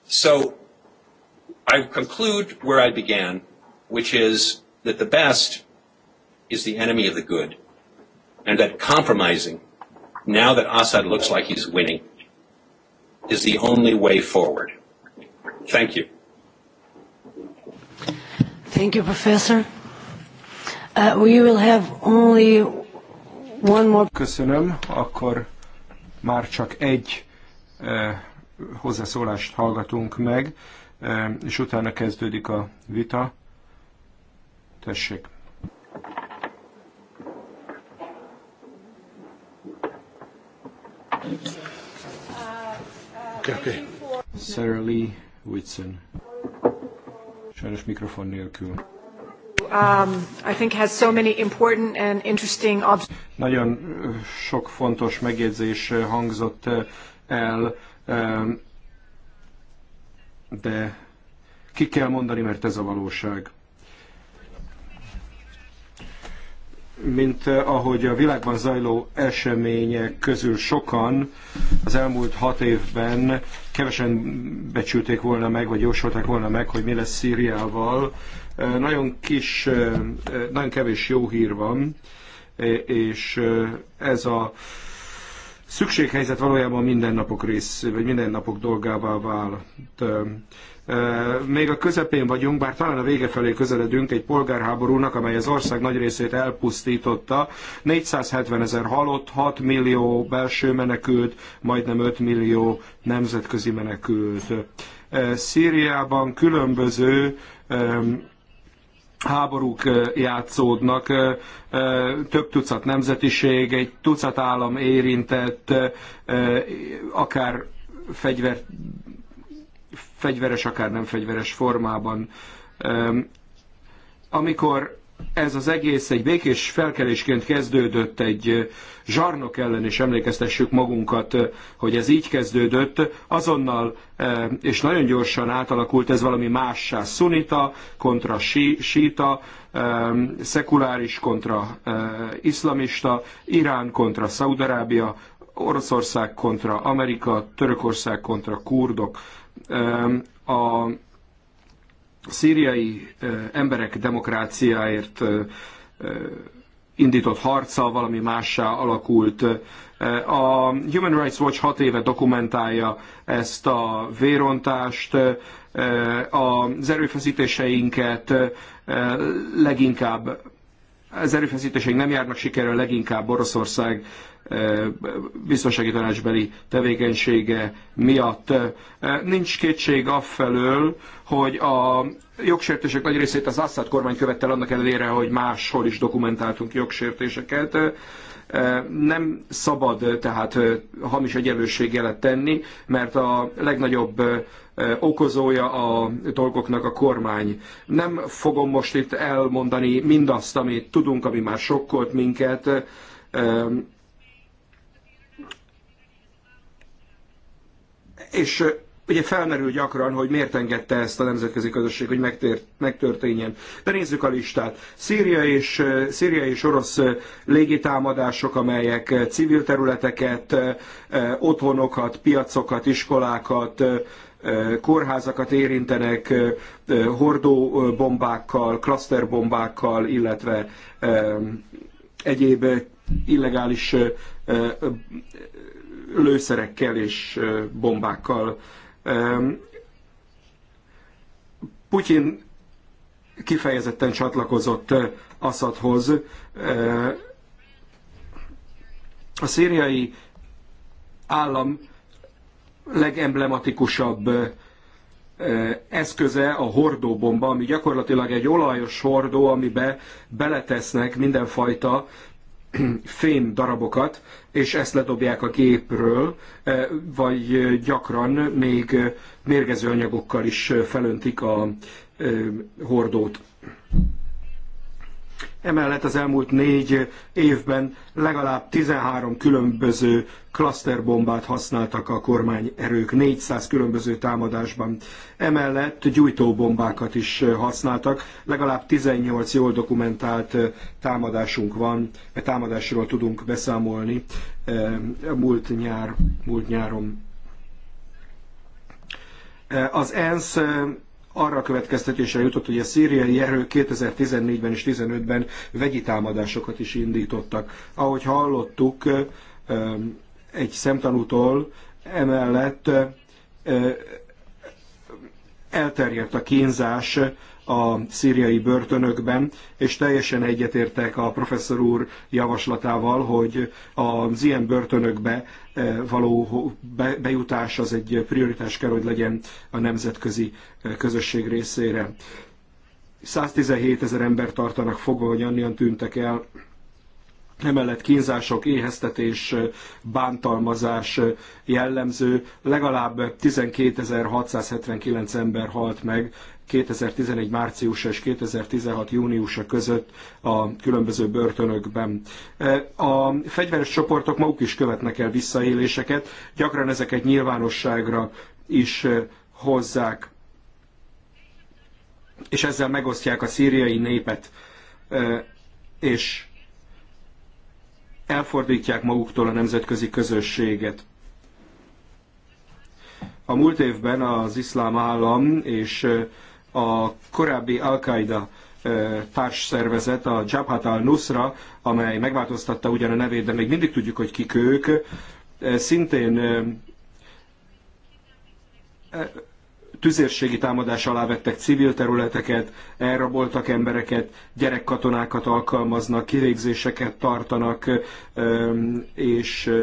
So I conclude where I began, which is that the best is the enemy of the good, and that compromising, now that Assad looks like he's winning, is the only way forward. Thank you. Thank you, Professor. Uh, we will have only one more... Köszönöm, akkor már csak egy uh, hozzászólást hallgatunk meg, uh, és utána kezdődik a vita. Tessék. Okay. Sarah Lee Whitson. Sajnos mikrofon nélkül. Um, I think has so many important and interesting Nagyon sok fontos megjegyzés hangzott el, de ki kell mondani, mert ez a valóság. mint eh, ahogy a világban zajló események közül sokan az elmúlt hat évben kevesen becsülték volna meg, vagy jósolták volna meg, hogy mi lesz Szíriával. Eh, nagyon kis, eh, nagyon kevés jó hír van, és ez a szükséghelyzet valójában mindennapok rész, vagy mindennapok dolgává vált. Még a közepén vagyunk, bár talán a vége felé közeledünk egy polgárháborúnak, amely az ország nagy részét elpusztította. 470 ezer halott, 6 millió belső menekült, majdnem 5 millió nemzetközi menekült. Szíriában különböző háborúk játszódnak, több tucat nemzetiség, egy tucat állam érintett, akár fegyvert fegyveres, akár nem fegyveres formában. Amikor ez az egész egy békés felkelésként kezdődött, egy zsarnok ellen és emlékeztessük magunkat, hogy ez így kezdődött, azonnal és nagyon gyorsan átalakult ez valami mássá, szunita kontra síta, szekuláris kontra iszlamista, Irán kontra Szaudarábia, Oroszország kontra Amerika, Törökország kontra kurdok, a szíriai emberek demokráciáért indított harca valami mássá alakult. A Human Rights Watch hat éve dokumentálja ezt a vérontást, az erőfeszítéseinket leginkább az erőfeszítések nem járnak sikerrel, leginkább Oroszország eh, biztonsági tanácsbeli tevékenysége miatt. Eh, nincs kétség affelől, hogy a jogsértések nagy részét az Assad kormány követte annak ellenére, hogy máshol is dokumentáltunk jogsértéseket. Eh, nem szabad tehát hamis egyenlősségjelet tenni, mert a legnagyobb okozója a dolgoknak a kormány. Nem fogom most itt elmondani mindazt, amit tudunk, ami már sokkolt minket. És ugye felmerül gyakran, hogy miért engedte ezt a nemzetközi közösség, hogy megtörténjen. De nézzük a listát. Szíria és, Szíria és orosz légitámadások, amelyek civil területeket, otthonokat, piacokat, iskolákat, kórházakat érintenek hordóbombákkal, klaszterbombákkal, illetve egyéb illegális lőszerekkel és bombákkal. Putyin kifejezetten csatlakozott Assadhoz. A szíriai állam legemblematikusabb eszköze a hordóbomba, ami gyakorlatilag egy olajos hordó, amibe beletesznek mindenfajta fém darabokat, és ezt ledobják a gépről, vagy gyakran még mérgező anyagokkal is felöntik a hordót. Emellett az elmúlt négy évben legalább 13 különböző klaszterbombát használtak a kormányerők 400 különböző támadásban. Emellett gyújtóbombákat is használtak, legalább 18 jól dokumentált támadásunk van, vagy e támadásról tudunk beszámolni e, múlt, nyár, múlt nyáron. E, az ENSZ arra a következtetésre jutott, hogy a szíriai erők 2014-ben és 2015-ben vegyi támadásokat is indítottak. Ahogy hallottuk egy szemtanútól, emellett elterjedt a kínzás a szíriai börtönökben, és teljesen egyetértek a professzor úr javaslatával, hogy az ilyen börtönökbe eh, való bejutás az egy prioritás kell, hogy legyen a nemzetközi eh, közösség részére. 117 ezer ember tartanak fogva, hogy annyian tűntek el, Emellett kínzások, éheztetés, eh, bántalmazás jellemző. Legalább 12.679 ember halt meg 2011 márciusa és 2016 júniusa között a különböző börtönökben. E, a fegyveres csoportok maguk is követnek el visszaéléseket, gyakran ezeket nyilvánosságra is e, hozzák, és ezzel megosztják a szíriai népet, e, és elfordítják maguktól a nemzetközi közösséget. A múlt évben az iszlám állam és a korábbi Al-Qaeda társszervezet, a Jabhat al-Nusra, amely megváltoztatta ugyan a nevét, de még mindig tudjuk, hogy kik ők, szintén tüzérségi támadás alá vettek civil területeket, elraboltak embereket, gyerekkatonákat alkalmaznak, kivégzéseket tartanak, és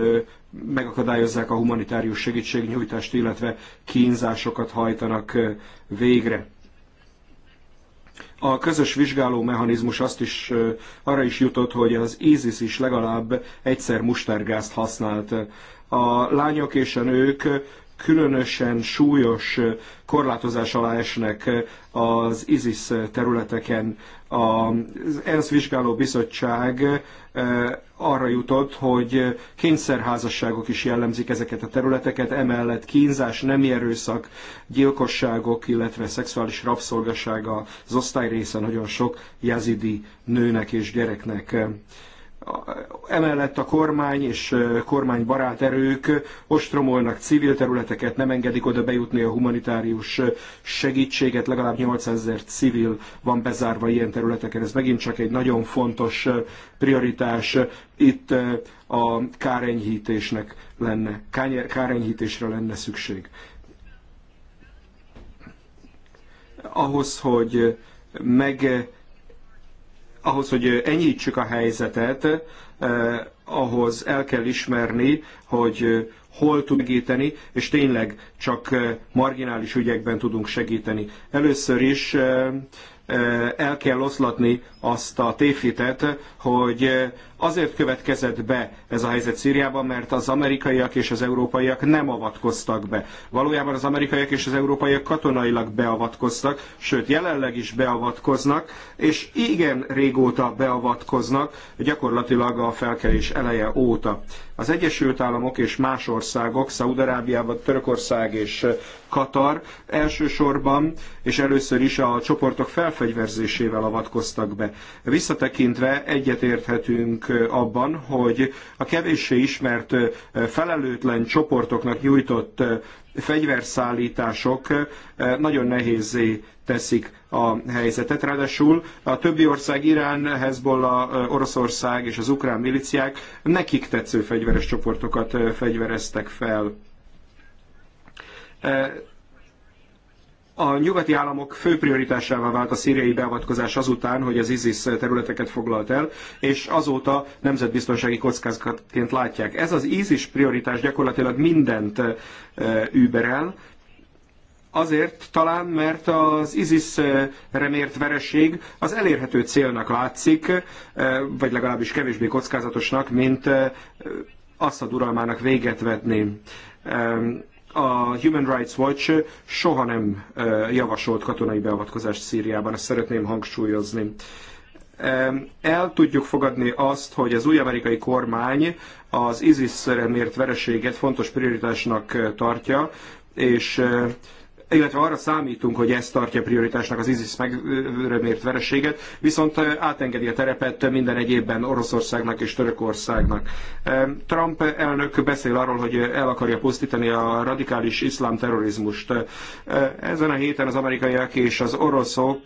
megakadályozzák a humanitárius segítségnyújtást, illetve kínzásokat hajtanak végre. A közös vizsgáló mechanizmus azt is arra is jutott, hogy az ISIS is legalább egyszer mustárgázt használt. A lányok és a nők különösen súlyos korlátozás alá esnek az ISIS területeken. Az ENSZ vizsgáló bizottság arra jutott, hogy kényszerházasságok is jellemzik ezeket a területeket, emellett kínzás, nemi erőszak, gyilkosságok, illetve szexuális rabszolgaság az osztály része nagyon sok jazidi nőnek és gyereknek. Emellett a kormány és kormánybarát erők ostromolnak civil területeket, nem engedik oda bejutni a humanitárius segítséget, legalább 800 ezer civil van bezárva ilyen területeken. Ez megint csak egy nagyon fontos prioritás. Itt a kárenyhítésnek lenne, kárenyhítésre lenne szükség. Ahhoz, hogy meg ahhoz, hogy enyhítsük a helyzetet, ahhoz el kell ismerni, hogy hol tud segíteni, és tényleg csak marginális ügyekben tudunk segíteni. Először is el kell oszlatni azt a tévhitet, hogy azért következett be ez a helyzet Szíriában, mert az amerikaiak és az európaiak nem avatkoztak be. Valójában az amerikaiak és az európaiak katonailag beavatkoztak, sőt jelenleg is beavatkoznak, és igen régóta beavatkoznak, gyakorlatilag a felkelés eleje óta. Az Egyesült Államok és más országok, Szaudarábiában, Törökország és Katar elsősorban és először is a csoportok felfegyverzésével avatkoztak be. Visszatekintve egyetérthetünk abban, hogy a kevéssé ismert felelőtlen csoportoknak nyújtott fegyverszállítások nagyon nehézé teszik a helyzetet. Ráadásul a többi ország, Irán, Hezbollah, Oroszország és az ukrán miliciák nekik tetsző fegyveres csoportokat fegyvereztek fel a nyugati államok fő prioritásává vált a szíriai beavatkozás azután, hogy az ISIS területeket foglalt el, és azóta nemzetbiztonsági kockázatként látják. Ez az ISIS prioritás gyakorlatilag mindent e, überel, Azért talán, mert az ISIS-re mért vereség az elérhető célnak látszik, e, vagy legalábbis kevésbé kockázatosnak, mint e, Assad uralmának véget vetni a Human Rights Watch soha nem javasolt katonai beavatkozást Szíriában, ezt szeretném hangsúlyozni. El tudjuk fogadni azt, hogy az új amerikai kormány az ISIS-re mért vereséget fontos prioritásnak tartja, és illetve arra számítunk, hogy ezt tartja prioritásnak az ISIS megrömért vereséget, viszont átengedi a terepet minden egyébben Oroszországnak és Törökországnak. Trump elnök beszél arról, hogy el akarja pusztítani a radikális iszlám terrorizmust. Ezen a héten az amerikaiak és az oroszok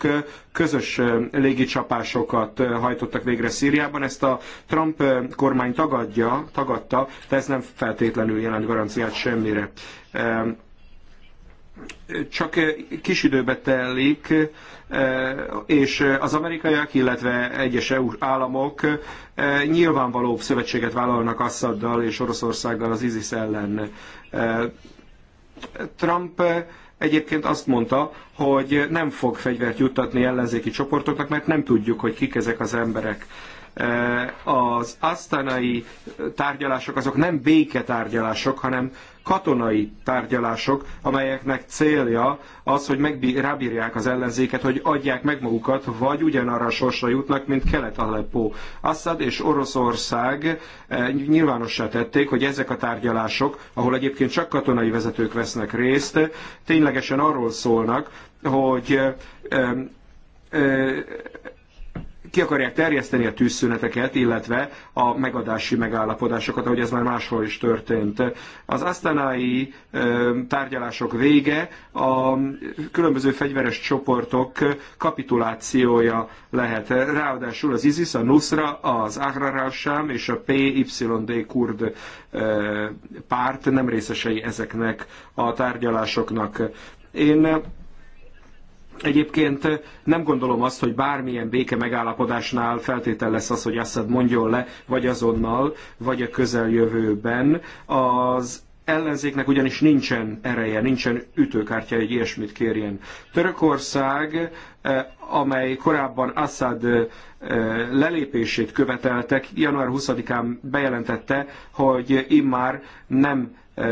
közös légicsapásokat hajtottak végre Szíriában. Ezt a Trump kormány tagadja, tagadta, de ez nem feltétlenül jelent garanciát semmire csak eh, kis időbe telik, eh, és az amerikaiak, illetve egyes EU államok eh, nyilvánvalóbb szövetséget vállalnak Assaddal és Oroszországgal az ISIS ellen. Trump egyébként azt mondta, hogy nem fog fegyvert juttatni ellenzéki csoportoknak, mert nem tudjuk, hogy kik ezek az emberek. Eh, az asztanai tárgyalások azok nem béketárgyalások, hanem katonai tárgyalások, amelyeknek célja az, hogy megbí- rábírják az ellenzéket, hogy adják meg magukat, vagy ugyanarra a sorsra jutnak, mint Kelet-Aleppo. Assad és Oroszország eh, nyilvánossá tették, hogy ezek a tárgyalások, ahol egyébként csak katonai vezetők vesznek részt, ténylegesen arról szólnak, hogy eh, ki akarják terjeszteni a tűzszüneteket, illetve a megadási megállapodásokat, ahogy ez már máshol is történt. Az asztanái tárgyalások vége a különböző fegyveres csoportok kapitulációja lehet. Ráadásul az ISIS, a Nusra, az Ahrarásám és a PYD kurd párt nem részesei ezeknek a tárgyalásoknak. Én Egyébként nem gondolom azt, hogy bármilyen béke megállapodásnál feltétel lesz az, hogy Assad mondjon le, vagy azonnal, vagy a közeljövőben. Az ellenzéknek ugyanis nincsen ereje, nincsen ütőkártya, hogy ilyesmit kérjen. Törökország, eh, amely korábban Assad eh, lelépését követeltek, január 20-án bejelentette, hogy immár nem eh,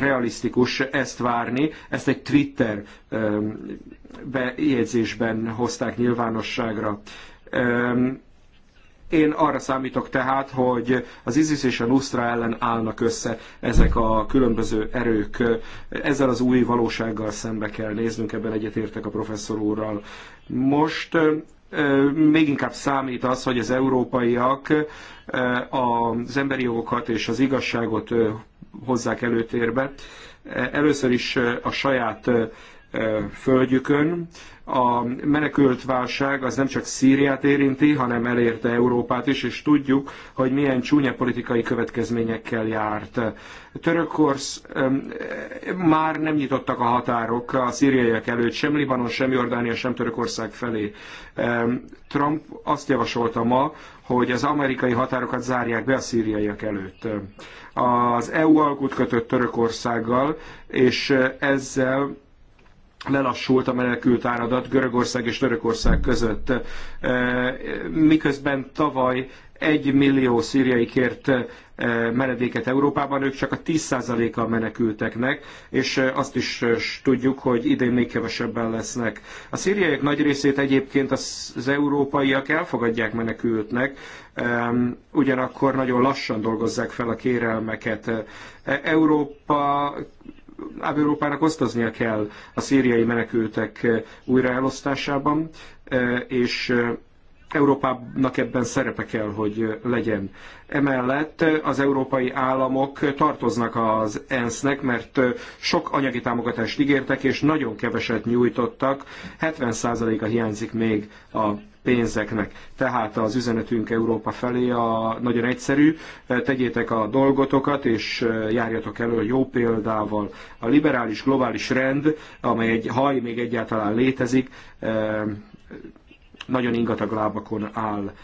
realisztikus ezt várni. Ezt egy Twitter bejegyzésben hozták nyilvánosságra. Én arra számítok tehát, hogy az ISIS és a Nusra ellen állnak össze ezek a különböző erők. Ezzel az új valósággal szembe kell néznünk, ebben egyetértek a professzor úrral. Most még inkább számít az, hogy az európaiak az emberi jogokat és az igazságot hozzák előtérbe. Először is a saját földjükön. A menekült válság az nem csak Szíriát érinti, hanem elérte Európát is, és tudjuk, hogy milyen csúnya politikai következményekkel járt. Törökkorsz már nem nyitottak a határok a szíriaiak előtt, sem Libanon, sem Jordánia, sem Törökország felé. Trump azt javasolta ma, hogy az amerikai határokat zárják be a szíriaiak előtt. Az EU alkut kötött Törökországgal, és ezzel lelassult a menekült áradat Görögország és Törökország között. E, miközben tavaly egy millió szíriai kért e, menedéket Európában, ők csak a 10%-a a menekülteknek, és e, azt is tudjuk, hogy idén még kevesebben lesznek. A szíriaiak nagy részét egyébként az európaiak elfogadják menekültnek, ugyanakkor nagyon lassan dolgozzák fel a kérelmeket. Európa Európának osztoznia kell a szíriai menekültek újraelosztásában, e, és e, Európának ebben szerepe kell, hogy legyen. Emellett az európai államok tartoznak az ENSZ-nek, mert sok anyagi támogatást ígértek, és nagyon keveset nyújtottak. 70%-a hiányzik még a pénzeknek. Tehát az üzenetünk Európa felé a, nagyon egyszerű, tegyétek a dolgotokat, és járjatok elő jó példával. A liberális globális rend, amely egy haj még egyáltalán létezik, nagyon ingatag lábakon áll.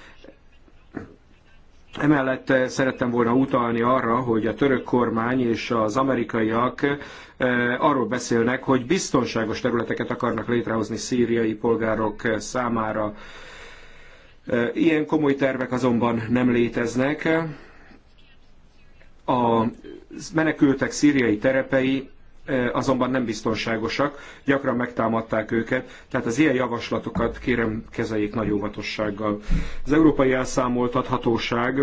Emellett szerettem volna utalni arra, hogy a török kormány és az amerikaiak arról beszélnek, hogy biztonságos területeket akarnak létrehozni szíriai polgárok számára. Ilyen komoly tervek azonban nem léteznek. A menekültek szíriai terepei azonban nem biztonságosak, gyakran megtámadták őket, tehát az ilyen javaslatokat kérem kezeljék nagy óvatossággal. Az Európai Elszámoltathatóság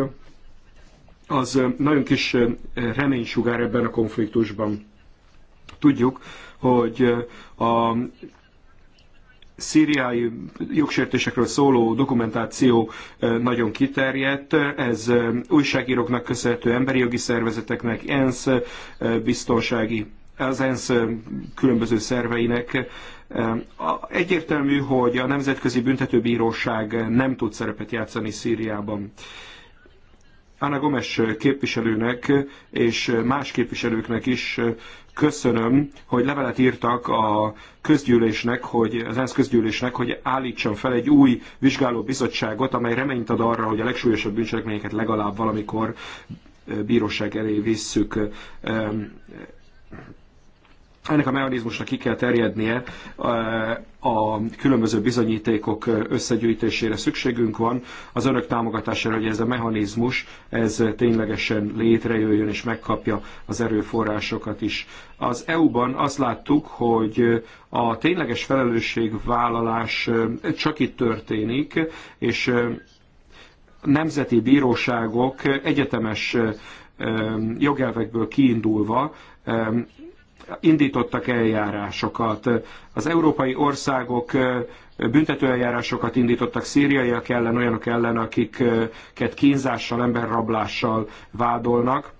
az nagyon kis reménysugár ebben a konfliktusban. Tudjuk, hogy a szíriai jogsértésekről szóló dokumentáció nagyon kiterjedt. Ez újságíróknak köszönhető emberi jogi szervezeteknek, ENSZ biztonsági, az ENSZ különböző szerveinek. Egyértelmű, hogy a Nemzetközi Büntetőbíróság nem tud szerepet játszani Szíriában. Ana Gomes képviselőnek és más képviselőknek is köszönöm, hogy levelet írtak a közgyűlésnek, hogy az ENSZ közgyűlésnek, hogy állítson fel egy új vizsgáló bizottságot, amely reményt ad arra, hogy a legsúlyosabb bűncselekményeket legalább valamikor bíróság elé visszük ennek a mechanizmusnak ki kell terjednie a különböző bizonyítékok összegyűjtésére szükségünk van. Az önök támogatására, hogy ez a mechanizmus, ez ténylegesen létrejöjjön és megkapja az erőforrásokat is. Az EU-ban azt láttuk, hogy a tényleges felelősségvállalás csak itt történik, és nemzeti bíróságok egyetemes jogelvekből kiindulva indítottak eljárásokat. Az európai országok büntetőeljárásokat indítottak szíriaiak ellen, olyanok ellen, akiket kínzással, emberrablással vádolnak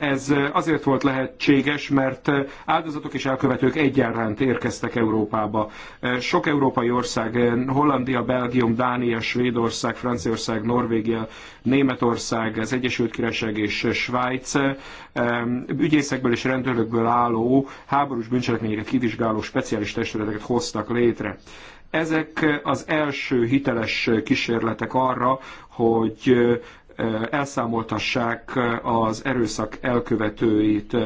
ez azért volt lehetséges, mert áldozatok és elkövetők egyaránt érkeztek Európába. Sok európai ország, Hollandia, Belgium, Dánia, Svédország, Franciaország, Norvégia, Németország, az Egyesült Királyság és Svájc ügyészekből és rendőrökből álló háborús bűncselekményeket kivizsgáló speciális testületeket hoztak létre. Ezek az első hiteles kísérletek arra, hogy elszámoltassák az erőszak elkövetőit.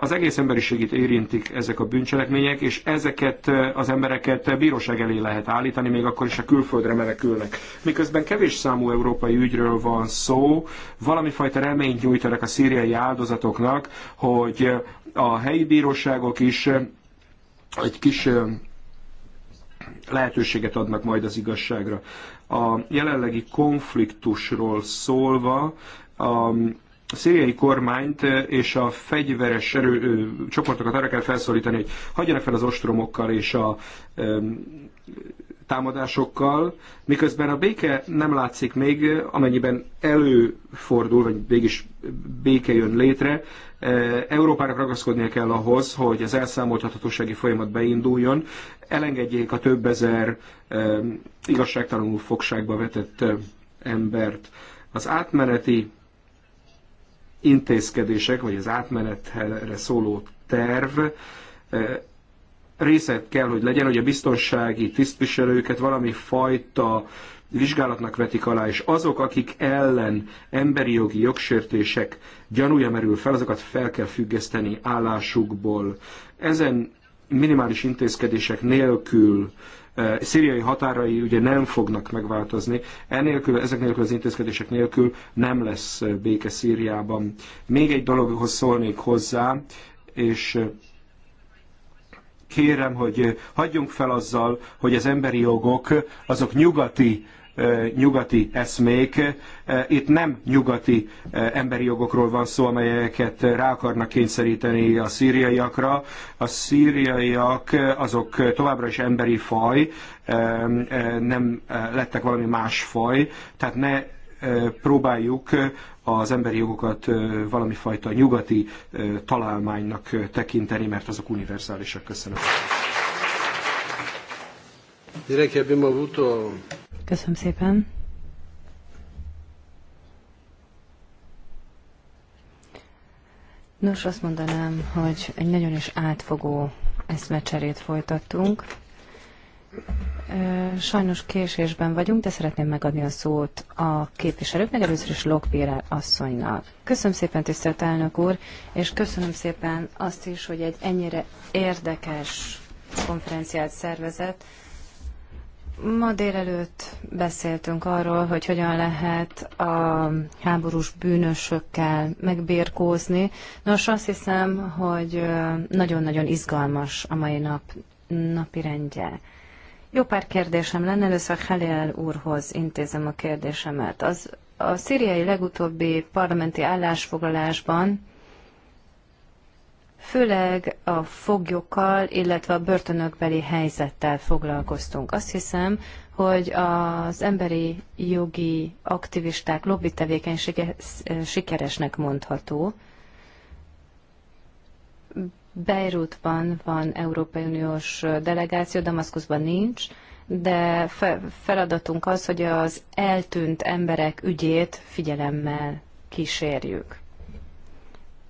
Az egész emberiségét érintik ezek a bűncselekmények, és ezeket az embereket bíróság elé lehet állítani, még akkor is a külföldre menekülnek. Miközben kevés számú európai ügyről van szó, valami fajta reményt nyújtanak a szíriai áldozatoknak, hogy a helyi bíróságok is egy kis lehetőséget adnak majd az igazságra. A jelenlegi konfliktusról szólva, a szíriai kormányt és a fegyveres erő, csoportokat arra kell felszólítani, hogy hagyjanak fel az ostromokkal és a támadásokkal, miközben a béke nem látszik még, amennyiben előfordul, vagy mégis béke jön létre, eh, Európának ragaszkodnia kell ahhoz, hogy az elszámoltathatósági folyamat beinduljon, elengedjék a több ezer eh, igazságtalanul fogságba vetett eh, embert. Az átmeneti intézkedések, vagy az átmenetre szóló terv része kell, hogy legyen, hogy a biztonsági tisztviselőket valami fajta vizsgálatnak vetik alá, és azok, akik ellen emberi jogi jogsértések gyanúja merül fel, azokat fel kell függeszteni állásukból. Ezen minimális intézkedések nélkül eh, szíriai határai ugye nem fognak megváltozni. Enélkül, ezek nélkül az intézkedések nélkül nem lesz eh, béke Szíriában. Még egy dologhoz szólnék hozzá, és eh, kérem, hogy hagyjunk fel azzal, hogy az emberi jogok azok nyugati nyugati eszmék. Itt nem nyugati emberi jogokról van szó, amelyeket rá akarnak kényszeríteni a szíriaiakra. A szíriaiak azok továbbra is emberi faj, nem lettek valami más faj, tehát ne próbáljuk az emberi jogokat valami fajta nyugati találmánynak tekinteni, mert azok univerzálisak. Köszönöm. Köszönöm szépen. Nos, azt mondanám, hogy egy nagyon is átfogó eszmecserét folytattunk. Sajnos késésben vagyunk, de szeretném megadni a szót a képviselőknek, először is Lokpérer asszonynak. Köszönöm szépen, tisztelt elnök úr, és köszönöm szépen azt is, hogy egy ennyire érdekes konferenciát szervezett. Ma délelőtt beszéltünk arról, hogy hogyan lehet a háborús bűnösökkel megbírkózni. Nos, azt hiszem, hogy nagyon-nagyon izgalmas a mai nap napirendje. Jó pár kérdésem lenne, először Halil úrhoz intézem a kérdésemet. Az, a szíriai legutóbbi parlamenti állásfoglalásban főleg a foglyokkal, illetve a börtönökbeli helyzettel foglalkoztunk. Azt hiszem, hogy az emberi jogi aktivisták lobby tevékenysége sikeresnek mondható. Beirutban van Európai Uniós delegáció, Damaszkuszban nincs, de fe, feladatunk az, hogy az eltűnt emberek ügyét figyelemmel kísérjük.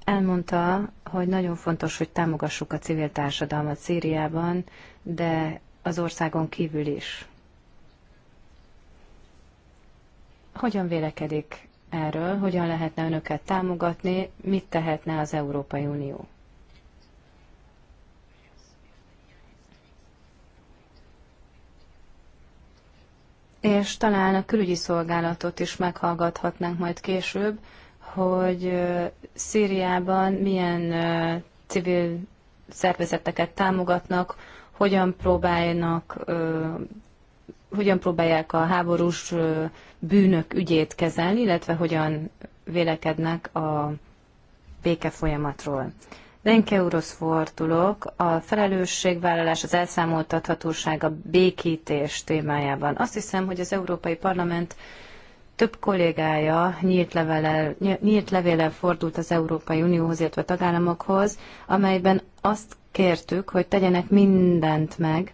Elmondta, hogy nagyon fontos, hogy támogassuk a civil társadalmat Szíriában, de az országon kívül is. Hogyan vélekedik erről, hogyan lehetne önöket támogatni, mit tehetne az Európai Unió? és talán a külügyi szolgálatot is meghallgathatnánk majd később, hogy Szíriában milyen civil szervezeteket támogatnak, hogyan próbálnak, hogyan próbálják a háborús bűnök ügyét kezelni, illetve hogyan vélekednek a béke folyamatról. Renke a felelősségvállalás, az elszámoltathatóság, a békítés témájában. Azt hiszem, hogy az Európai Parlament több kollégája nyílt, levelel, nyílt levélel fordult az Európai Unióhoz, illetve a tagállamokhoz, amelyben azt kértük, hogy tegyenek mindent meg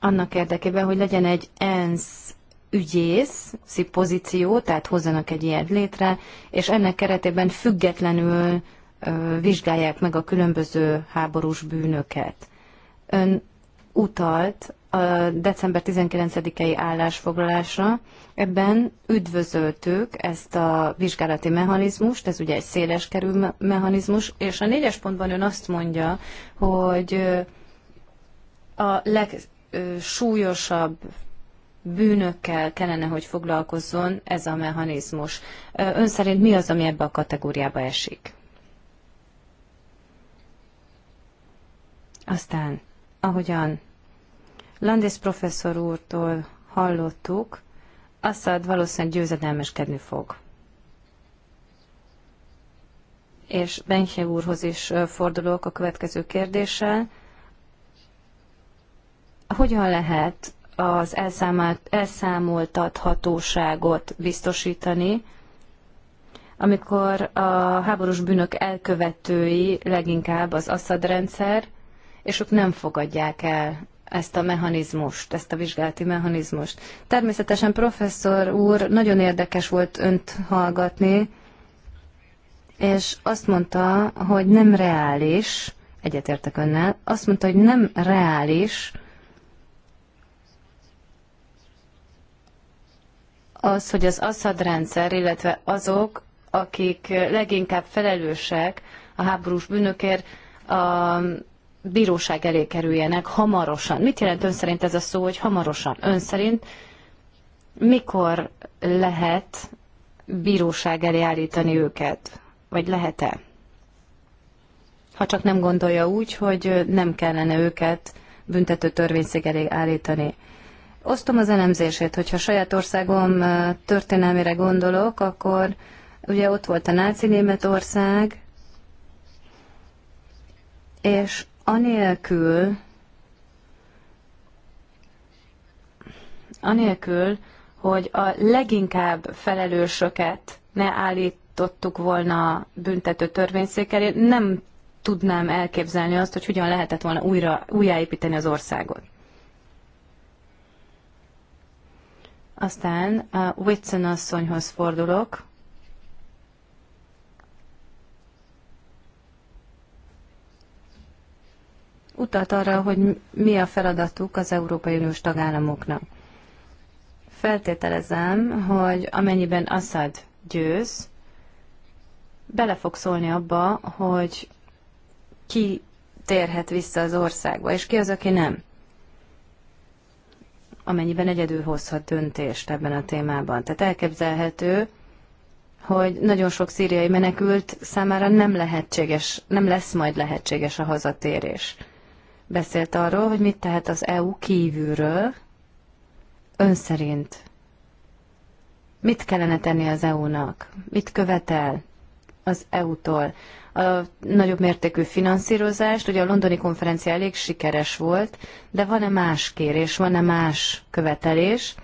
annak érdekében, hogy legyen egy ENSZ ügyész pozíció, tehát hozzanak egy ilyet létre, és ennek keretében függetlenül vizsgálják meg a különböző háborús bűnöket. Ön utalt a december 19-i állásfoglalásra. Ebben üdvözöltük ezt a vizsgálati mechanizmust, ez ugye egy széles kerül mechanizmus, és a négyes pontban ön azt mondja, hogy a legsúlyosabb bűnökkel kellene, hogy foglalkozzon ez a mechanizmus. Ön szerint mi az, ami ebbe a kategóriába esik? Aztán, ahogyan Landis professzor úrtól hallottuk, Assad valószínűleg győzedelmeskedni fog. És Benche úrhoz is fordulok a következő kérdéssel. Hogyan lehet az elszámolt, elszámoltathatóságot biztosítani, amikor a háborús bűnök elkövetői leginkább az Assad rendszer, és ők nem fogadják el ezt a mechanizmust, ezt a vizsgálati mechanizmust. Természetesen professzor úr, nagyon érdekes volt önt hallgatni, és azt mondta, hogy nem reális, egyetértek önnel, azt mondta, hogy nem reális az, hogy az Assad rendszer, illetve azok, akik leginkább felelősek a háborús bűnökért, a bíróság elé kerüljenek hamarosan. Mit jelent ön szerint ez a szó, hogy hamarosan? Ön szerint mikor lehet bíróság elé állítani őket? Vagy lehet-e? Ha csak nem gondolja úgy, hogy nem kellene őket büntető törvényszék elé állítani. Osztom az elemzését, hogyha saját országom történelmére gondolok, akkor ugye ott volt a náci Németország, és anélkül, anélkül, hogy a leginkább felelősöket ne állítottuk volna büntető törvényszék elé, nem tudnám elképzelni azt, hogy hogyan lehetett volna újra, újjáépíteni az országot. Aztán a uh, Whitson asszonyhoz fordulok. utalt arra, hogy mi a feladatuk az Európai Uniós tagállamoknak. Feltételezem, hogy amennyiben Assad győz, bele fog szólni abba, hogy ki térhet vissza az országba, és ki az, aki nem. Amennyiben egyedül hozhat döntést ebben a témában. Tehát elképzelhető, hogy nagyon sok szíriai menekült számára nem lehetséges, nem lesz majd lehetséges a hazatérés beszélt arról, hogy mit tehet az EU kívülről, ön szerint. Mit kellene tenni az EU-nak? Mit követel az EU-tól? A nagyobb mértékű finanszírozást, ugye a londoni konferencia elég sikeres volt, de van-e más kérés, van-e más követelés?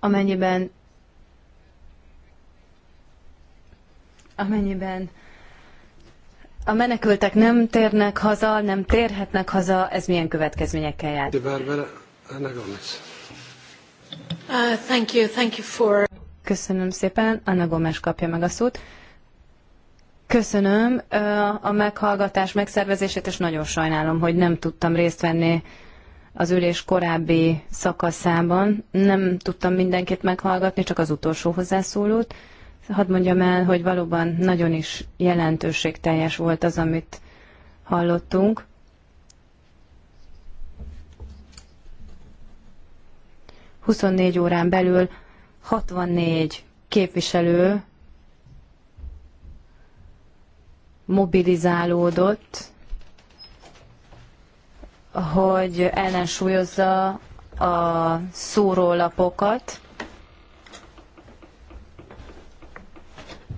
Amennyiben amennyiben a menekültek nem térnek haza, nem térhetnek haza, ez milyen következményekkel jár? thank you, uh, thank you for... Köszönöm szépen, Anna Gomes kapja meg a szót. Köszönöm uh, a meghallgatás megszervezését, és nagyon sajnálom, hogy nem tudtam részt venni az ülés korábbi szakaszában. Nem tudtam mindenkit meghallgatni, csak az utolsó hozzászólót hadd mondjam el, hogy valóban nagyon is jelentőségteljes volt az, amit hallottunk. Huszonnégy órán belül 64 képviselő mobilizálódott, hogy ellensúlyozza a szórólapokat,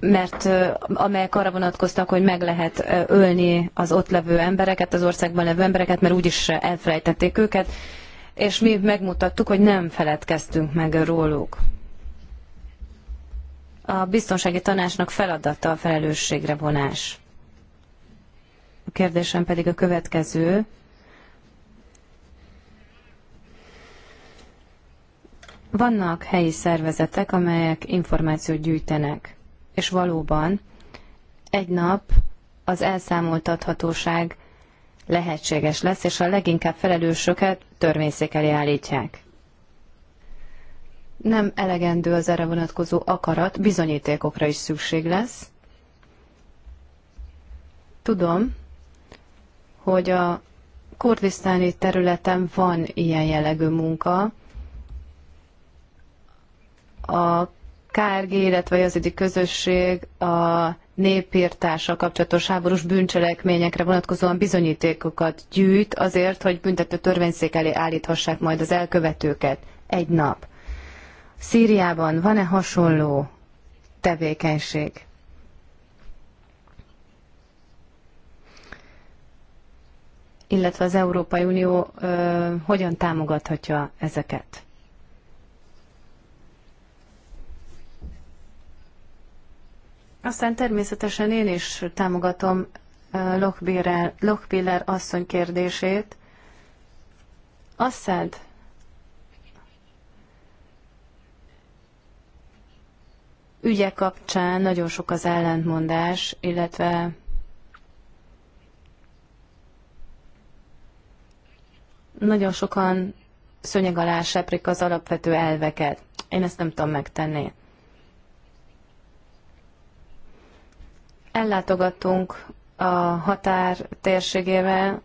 mert amelyek arra vonatkoztak, hogy meg lehet ölni az ott levő embereket, az országban levő embereket, mert úgyis elfelejtették őket, és mi megmutattuk, hogy nem feledkeztünk meg róluk. A biztonsági tanácsnak feladata a felelősségre vonás. A kérdésem pedig a következő. Vannak helyi szervezetek, amelyek információt gyűjtenek és valóban egy nap az elszámoltathatóság lehetséges lesz, és a leginkább felelősöket törvényszék elé állítják. Nem elegendő az erre vonatkozó akarat, bizonyítékokra is szükség lesz. Tudom, hogy a kurdisztáni területen van ilyen jellegű munka. A KRG, illetve az egyik közösség a népírtással kapcsolatos háborús bűncselekményekre vonatkozóan bizonyítékokat gyűjt azért, hogy büntető törvényszék elé állíthassák majd az elkövetőket egy nap. Szíriában van-e hasonló tevékenység? Illetve az Európai Unió ö, hogyan támogathatja ezeket? Aztán természetesen én is támogatom Lochbiller asszony kérdését. Asszed, ügye kapcsán nagyon sok az ellentmondás, illetve nagyon sokan szönyeg alá seprik az alapvető elveket. Én ezt nem tudom megtenni. ellátogattunk a határ térségébe,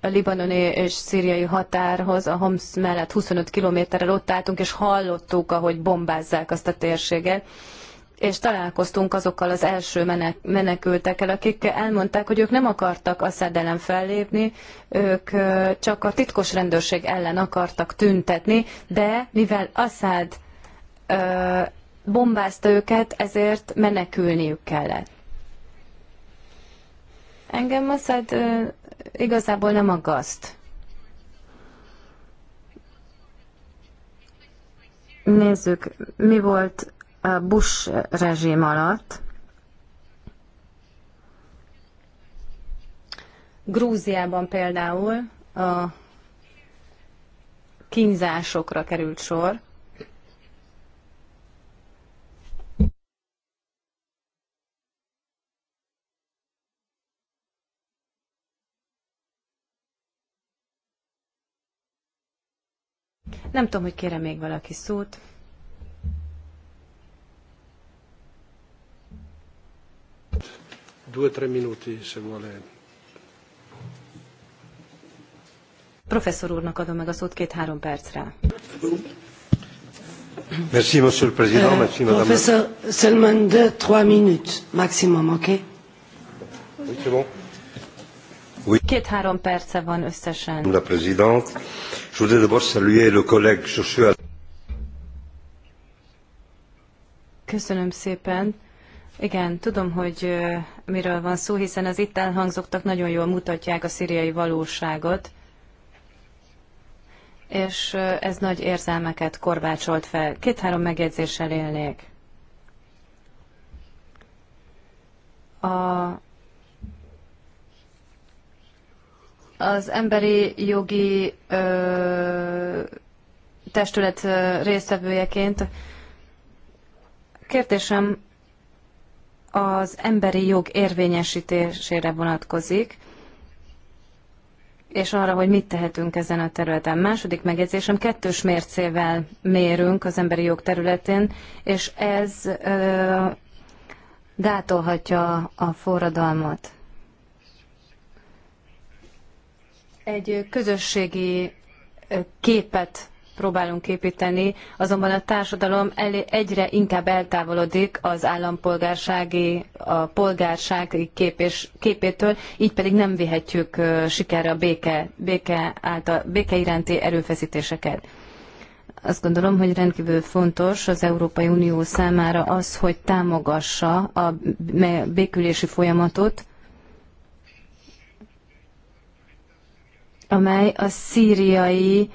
a libanoni és szíriai határhoz, a Homs mellett 25 kilométerrel ott álltunk, és hallottuk, ahogy bombázzák azt a térséget és találkoztunk azokkal az első menekültekkel, akik elmondták, hogy ők nem akartak a szedelem fellépni, ők csak a titkos rendőrség ellen akartak tüntetni, de mivel Assad bombázta őket, ezért menekülniük kellett. Engem Mossad igazából nem aggaszt. Nézzük, mi volt a Bush rezsim alatt. Grúziában például a kínzásokra került sor. Nem tudom, hogy kérem még valaki szót. Due-tre minuti, se vuole. Professzor úrnak adom meg a szót két-három percre. Merci, monsieur le président. Euh, Merci, madame. Professeur, seulement deux, trois minutes maximum, ok? Oui, c'est bon. Két-három perce van összesen. La présidente, je voudrais d'abord saluer le collègue Joshua. Köszönöm szépen. Igen, tudom, hogy miről van szó, hiszen az itt elhangzottak nagyon jól mutatják a szíriai valóságot, és ez nagy érzelmeket korbácsolt fel. Két-három megjegyzéssel élnék. A Az emberi jogi ö, testület résztvevőjeként kérdésem az emberi jog érvényesítésére vonatkozik és arra, hogy mit tehetünk ezen a területen. Második megjegyzésem, kettős mércével mérünk az emberi jog területén, és ez ö, gátolhatja a forradalmat. Egy közösségi képet próbálunk építeni, azonban a társadalom egyre inkább eltávolodik az állampolgársági, a polgársági képétől, így pedig nem vihetjük sikerre a béke, béke, által, béke iránti erőfeszítéseket. Azt gondolom, hogy rendkívül fontos az Európai Unió számára az, hogy támogassa a békülési folyamatot, amely a szíriai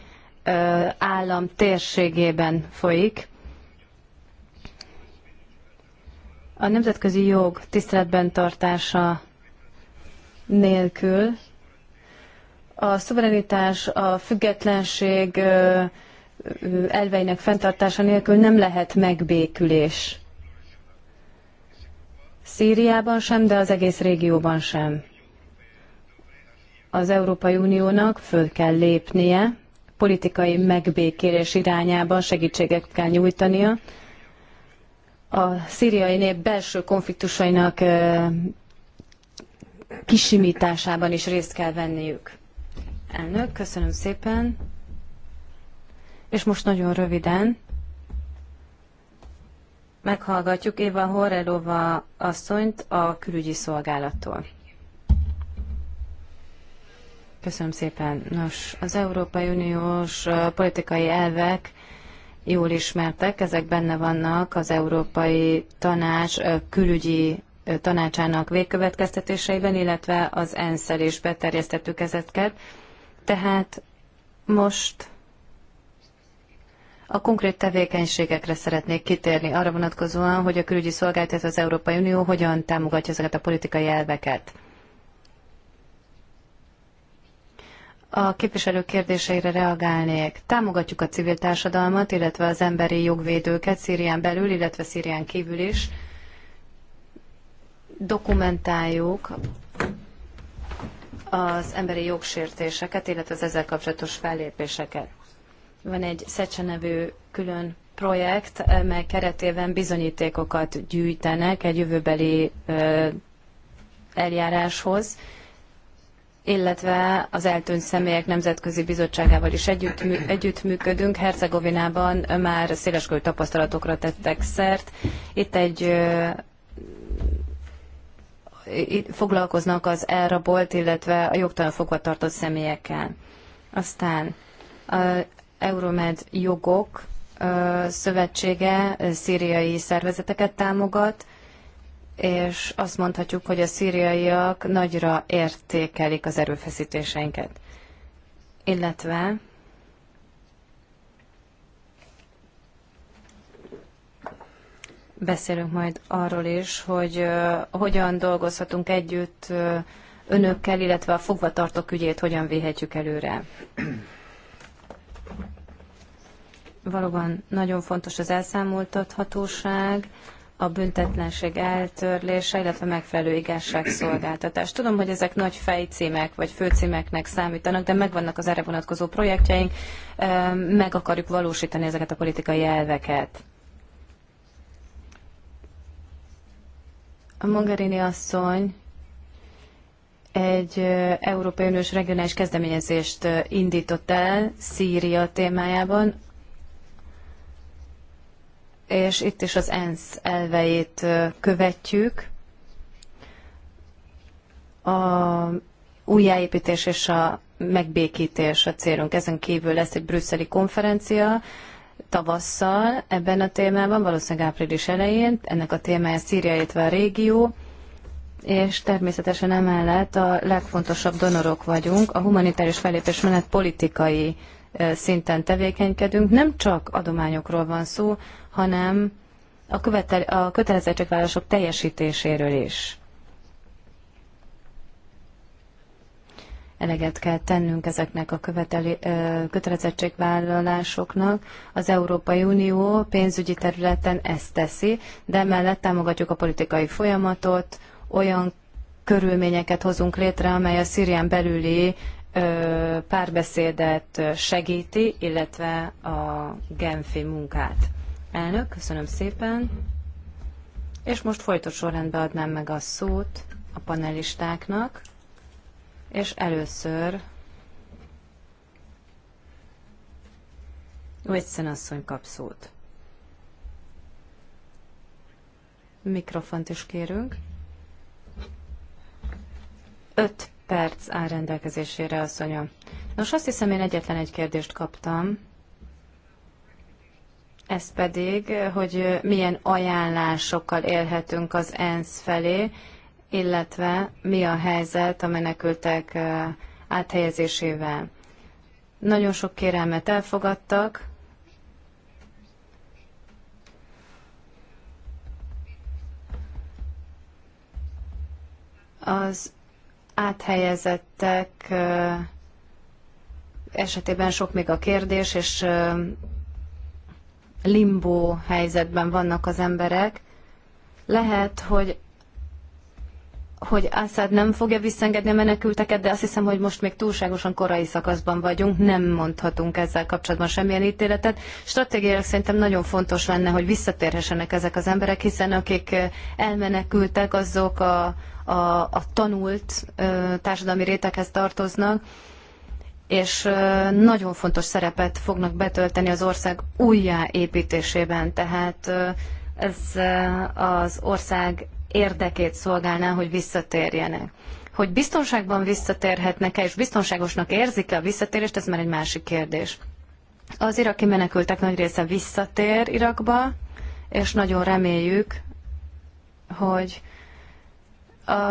állam térségében folyik. A nemzetközi jog tiszteletben tartása nélkül a szuverenitás, a függetlenség elveinek fenntartása nélkül nem lehet megbékülés. Szíriában sem, de az egész régióban sem az Európai Uniónak föl kell lépnie, politikai megbékélés irányába segítséget kell nyújtania. A szíriai nép belső konfliktusainak kisimításában is részt kell venniük. Elnök, köszönöm szépen. És most nagyon röviden meghallgatjuk Éva Horelova asszonyt a külügyi szolgálattól. Köszönöm szépen. Nos, az Európai Uniós politikai elvek jól ismertek, ezek benne vannak az Európai Tanács külügyi tanácsának végkövetkeztetéseiben, illetve az ENSZ-el is beterjesztettük ezeket. Tehát most a konkrét tevékenységekre szeretnék kitérni, arra vonatkozóan, hogy a külügyi szolgáltat az Európai Unió hogyan támogatja ezeket a politikai elveket. A képviselők kérdéseire reagálnék. Támogatjuk a civil társadalmat, illetve az emberi jogvédőket Szírián belül, illetve Szírián kívül is. Dokumentáljuk az emberi jogsértéseket, illetve az ezzel kapcsolatos fellépéseket. Van egy Szecse nevű külön projekt, mely keretében bizonyítékokat gyűjtenek egy jövőbeli eljáráshoz illetve az eltűnt személyek nemzetközi bizottságával is együttmű, együttműködünk. Hercegovinában már széleskörű tapasztalatokra tettek szert. Itt egy itt foglalkoznak az elrabolt, illetve a jogtalan tartott személyekkel. Aztán a Euromed jogok szövetsége szíriai szervezeteket támogat, és azt mondhatjuk, hogy a szíriaiak nagyra értékelik az erőfeszítéseinket. Illetve beszélünk majd arról is, hogy hogyan dolgozhatunk együtt önökkel, illetve a fogvatartók ügyét hogyan véhetjük előre. Valóban nagyon fontos az elszámoltathatóság, a büntetlenség eltörlése, illetve megfelelő igazságszolgáltatás. Tudom, hogy ezek nagy fejcímek vagy főcímeknek számítanak, de megvannak az erre vonatkozó projektjeink, meg akarjuk valósítani ezeket a politikai elveket. A Mongerini asszony egy Európai Uniós regionális kezdeményezést indított el Szíria témájában, és itt is az ENSZ elveit követjük. A újjáépítés és a megbékítés a célunk. Ezen kívül lesz egy brüsszeli konferencia tavasszal ebben a témában, valószínűleg április elején. Ennek a témája Szíria, illetve a régió és természetesen emellett a legfontosabb donorok vagyunk. A humanitárius felépés menet politikai szinten tevékenykedünk. Nem csak adományokról van szó, hanem a, követel, a kötelezettségvállalások teljesítéséről is. Eleget kell tennünk ezeknek a követeli, kötelezettségvállalásoknak. Az Európai Unió pénzügyi területen ezt teszi, de mellett támogatjuk a politikai folyamatot, olyan körülményeket hozunk létre, amely a Szírián belüli párbeszédet segíti, illetve a Genfi munkát. Elnök, köszönöm szépen. És most folytott sorrendben adnám meg a szót a panelistáknak, és először Witzen asszony kap szót. Mikrofont is kérünk. Öt perc áll rendelkezésére, asszonyom. Nos, azt hiszem, én egyetlen egy kérdést kaptam. Ez pedig, hogy milyen ajánlásokkal élhetünk az ENSZ felé, illetve mi a helyzet a menekültek áthelyezésével. Nagyon sok kérelmet elfogadtak, az áthelyezettek esetében sok még a kérdés, és limbó helyzetben vannak az emberek. Lehet, hogy hogy Assad nem fogja visszengedni a menekülteket, de azt hiszem, hogy most még túlságosan korai szakaszban vagyunk, nem mondhatunk ezzel kapcsolatban semmilyen ítéletet. Stratégiailag szerintem nagyon fontos lenne, hogy visszatérhessenek ezek az emberek, hiszen akik eh, elmenekültek, azok a, a, a tanult eh, társadalmi réteghez tartoznak, és eh, nagyon fontos szerepet fognak betölteni az ország újjáépítésében. Tehát ez az ország érdekét szolgálná, hogy visszatérjenek. Hogy biztonságban visszatérhetnek-e, és biztonságosnak érzik-e a visszatérést, ez már egy másik kérdés. Az iraki menekültek nagy része visszatér Irakba, és nagyon reméljük, hogy a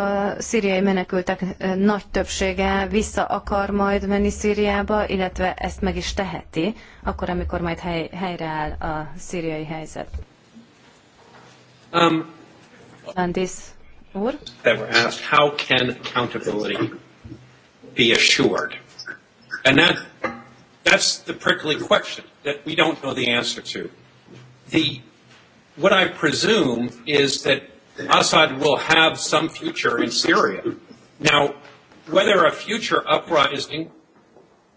szíriai menekültek nagy többsége vissza akar majd menni Szíriába, illetve ezt meg is teheti, akkor, amikor majd hely, helyreáll a szíriai helyzet. Um. Landis úr. That were asked, how can accountability be assured? And that, that's the prickly question that we don't know the answer to. The, what I presume is that Assad will have some future in Syria. Now, whether a future uprising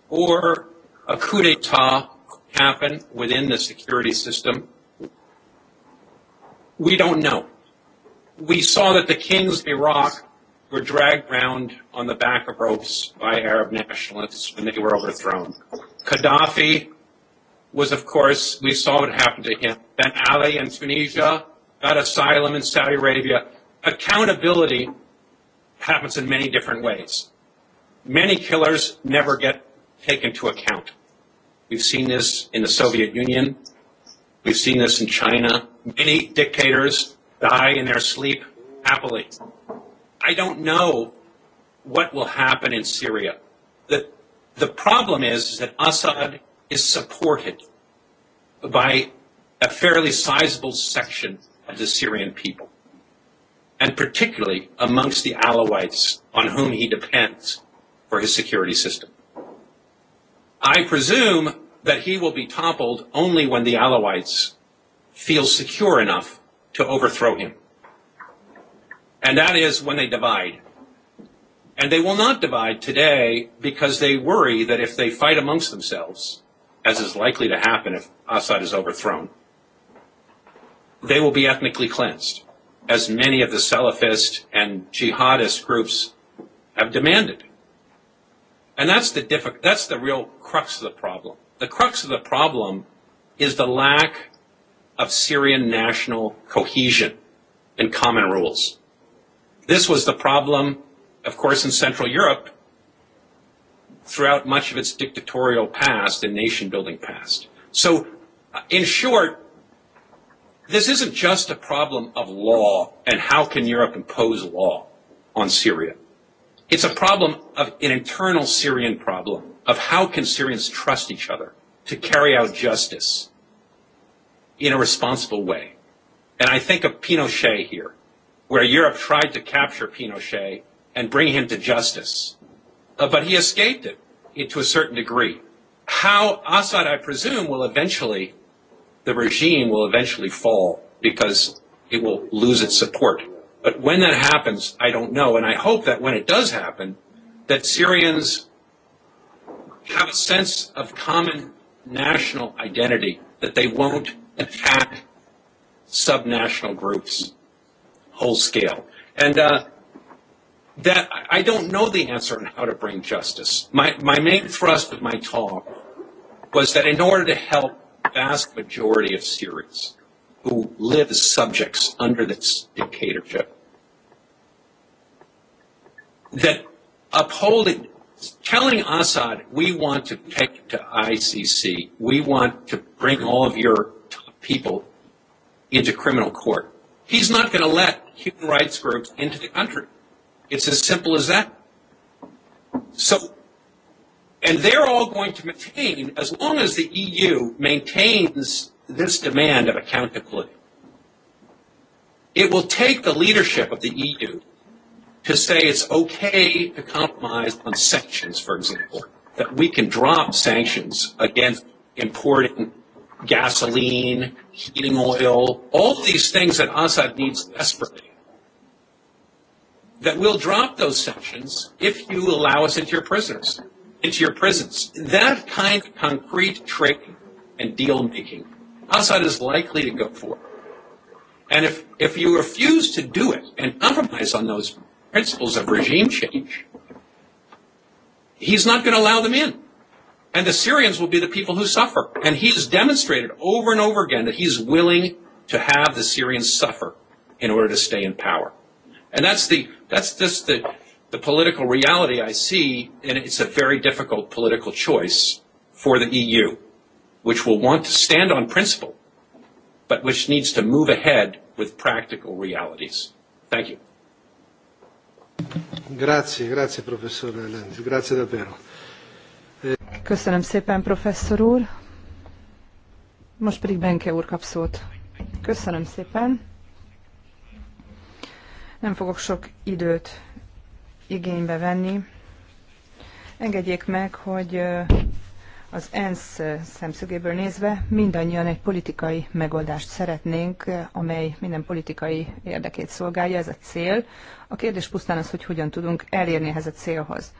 or a coup d'etat happen within the security system, we don't know we saw that the kings of Iraq were dragged round on the back of ropes by Arab nationalists when they were overthrown. Gaddafi was, of course, we saw what happened to him. Ben Ali in Tunisia got asylum in Saudi Arabia. Accountability happens in many different ways. Many killers never get taken to account. We've seen this in the Soviet Union. We've seen this in China. Many dictators die in their sleep happily. I don't know what will happen in Syria. The, the problem is, is that Assad is supported by a fairly sizable section of the Syrian people, and particularly amongst the Alawites on whom he depends for his security system. I presume that he will be toppled only when the Alawites feel secure enough to overthrow him. And that is when they divide. And they will not divide today because they worry that if they fight amongst themselves, as is likely to happen if Assad is overthrown, they will be ethnically cleansed, as many of the Salafist and jihadist groups have demanded. And that's the diffi- that's the real crux of the problem. The crux of the problem is the lack of Syrian national cohesion and common rules. This was the problem, of course, in Central Europe throughout much of its dictatorial past and nation building past. So, uh, in short, this isn't just a problem of law and how can Europe impose law on Syria. It's a problem of an internal Syrian problem of how can Syrians trust each other to carry out justice in a responsible way. And I think of Pinochet here, where Europe tried to capture Pinochet and bring him to justice. Uh, but he escaped it, it to a certain degree. How Assad, I presume, will eventually, the regime will eventually fall because it will lose its support. But when that happens, I don't know. And I hope that when it does happen, that Syrians have a sense of common national identity that they won't attack subnational groups whole scale. And uh, that I don't know the answer on how to bring justice. My, my main thrust of my talk was that in order to help vast majority of Syrians who live as subjects under this dictatorship, that upholding, telling Assad, we want to take to ICC, we want to bring all of your people into criminal court. He's not going to let human rights groups into the country. It's as simple as that. So, and they're all going to maintain, as long as the EU maintains this demand of accountability, it will take the leadership of the EU to say it's okay to compromise on sanctions, for example, that we can drop sanctions against importing gasoline, heating oil, all of these things that Assad needs desperately. That we'll drop those sanctions if you allow us into your prisons, into your prisons. That kind of concrete trick and deal making, Assad is likely to go for. And if, if you refuse to do it and compromise on those principles of regime change, he's not going to allow them in. And the Syrians will be the people who suffer. And he has demonstrated over and over again that he's willing to have the Syrians suffer in order to stay in power. And that's the that's just the the political reality I see, and it's a very difficult political choice for the EU, which will want to stand on principle, but which needs to move ahead with practical realities. Thank you. Grazie, grazie professore Lenz, grazie davvero. Köszönöm szépen, professzor úr. Most pedig Benke úr kap szót. Köszönöm szépen. Nem fogok sok időt igénybe venni. Engedjék meg, hogy az ENSZ szemszögéből nézve mindannyian egy politikai megoldást szeretnénk, amely minden politikai érdekét szolgálja, ez a cél. A kérdés pusztán az, hogy hogyan tudunk elérni ehhez a célhoz.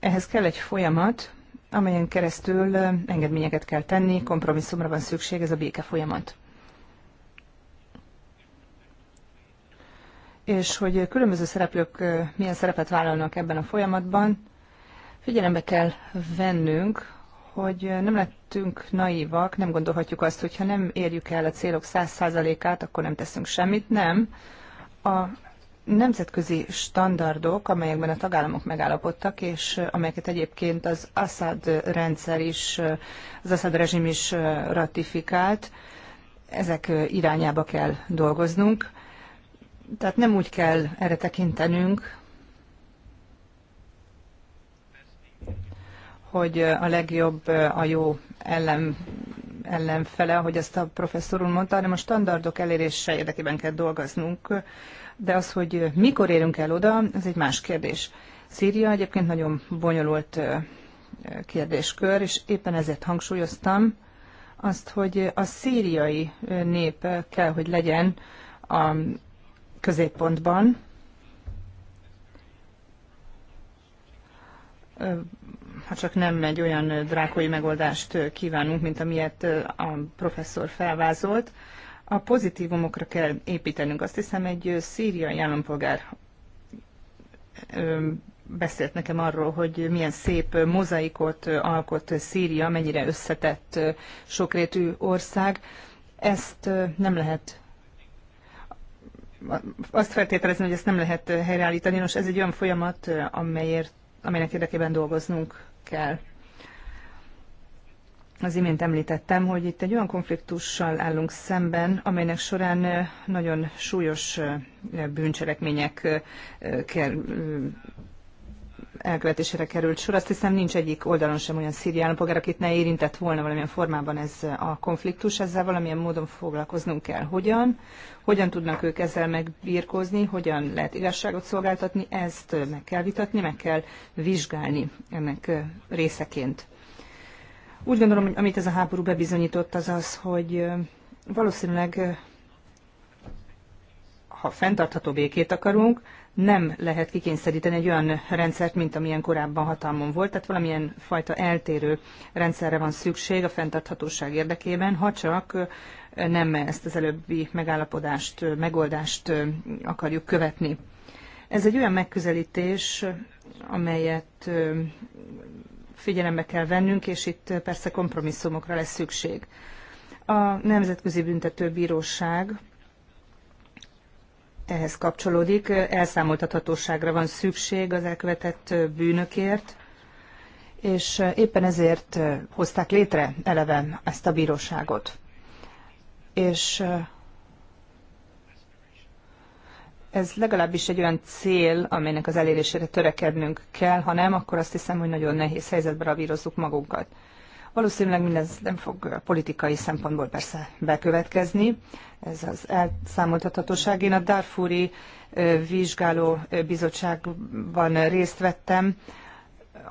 Ehhez kell egy folyamat, amelyen keresztül engedményeket kell tenni, kompromisszumra van szükség, ez a béke folyamat. És hogy különböző szereplők milyen szerepet vállalnak ebben a folyamatban, figyelembe kell vennünk, hogy nem lettünk naívak, nem gondolhatjuk azt, hogy ha nem érjük el a célok 100%-át, akkor nem teszünk semmit. Nem. A nemzetközi standardok, amelyekben a tagállamok megállapodtak, és amelyeket egyébként az Assad rendszer is, az Assad rezsim is ratifikált, ezek irányába kell dolgoznunk. Tehát nem úgy kell erre tekintenünk, hogy a legjobb a jó ellen, ellenfele, ahogy ezt a professzor úr mondta, hanem a standardok elérése érdekében kell dolgoznunk de az, hogy mikor érünk el oda, ez egy más kérdés. Szíria egyébként nagyon bonyolult kérdéskör, és éppen ezért hangsúlyoztam azt, hogy a szíriai nép kell, hogy legyen a középpontban. Ha csak nem egy olyan drákói megoldást kívánunk, mint amilyet a professzor felvázolt, a pozitívumokra kell építenünk. Azt hiszem, egy szíriai állampolgár beszélt nekem arról, hogy milyen szép mozaikot alkot Szíria, mennyire összetett sokrétű ország. Ezt nem lehet azt feltételezni, hogy ezt nem lehet helyreállítani. Nos, ez egy olyan folyamat, amelyért, amelynek érdekében dolgoznunk kell az imént említettem, hogy itt egy olyan konfliktussal állunk szemben, amelynek során nagyon súlyos bűncselekmények elkövetésére került sor. Azt hiszem nincs egyik oldalon sem olyan szíri állampolgár, akit ne érintett volna valamilyen formában ez a konfliktus. Ezzel valamilyen módon foglalkoznunk kell. Hogyan? Hogyan tudnak ők ezzel megbírkozni? Hogyan lehet igazságot szolgáltatni? Ezt meg kell vitatni, meg kell vizsgálni ennek részeként. Úgy gondolom, hogy amit ez a háború bebizonyított, az az, hogy valószínűleg ha fenntartható békét akarunk, nem lehet kikényszeríteni egy olyan rendszert, mint amilyen korábban hatalmon volt, tehát valamilyen fajta eltérő rendszerre van szükség a fenntarthatóság érdekében, ha csak nem ezt az előbbi megállapodást, megoldást akarjuk követni. Ez egy olyan megközelítés, amelyet figyelembe kell vennünk, és itt persze kompromisszumokra lesz szükség. A Nemzetközi Büntetőbíróság ehhez kapcsolódik, elszámoltathatóságra van szükség az elkövetett bűnökért, és éppen ezért hozták létre eleve ezt a bíróságot. És ez legalábbis egy olyan cél, amelynek az elérésére törekednünk kell, ha nem, akkor azt hiszem, hogy nagyon nehéz helyzetbe ravírozzuk magunkat. Valószínűleg mindez nem fog politikai szempontból persze bekövetkezni, ez az elszámoltathatóság. Én a Darfuri vizsgáló bizottságban részt vettem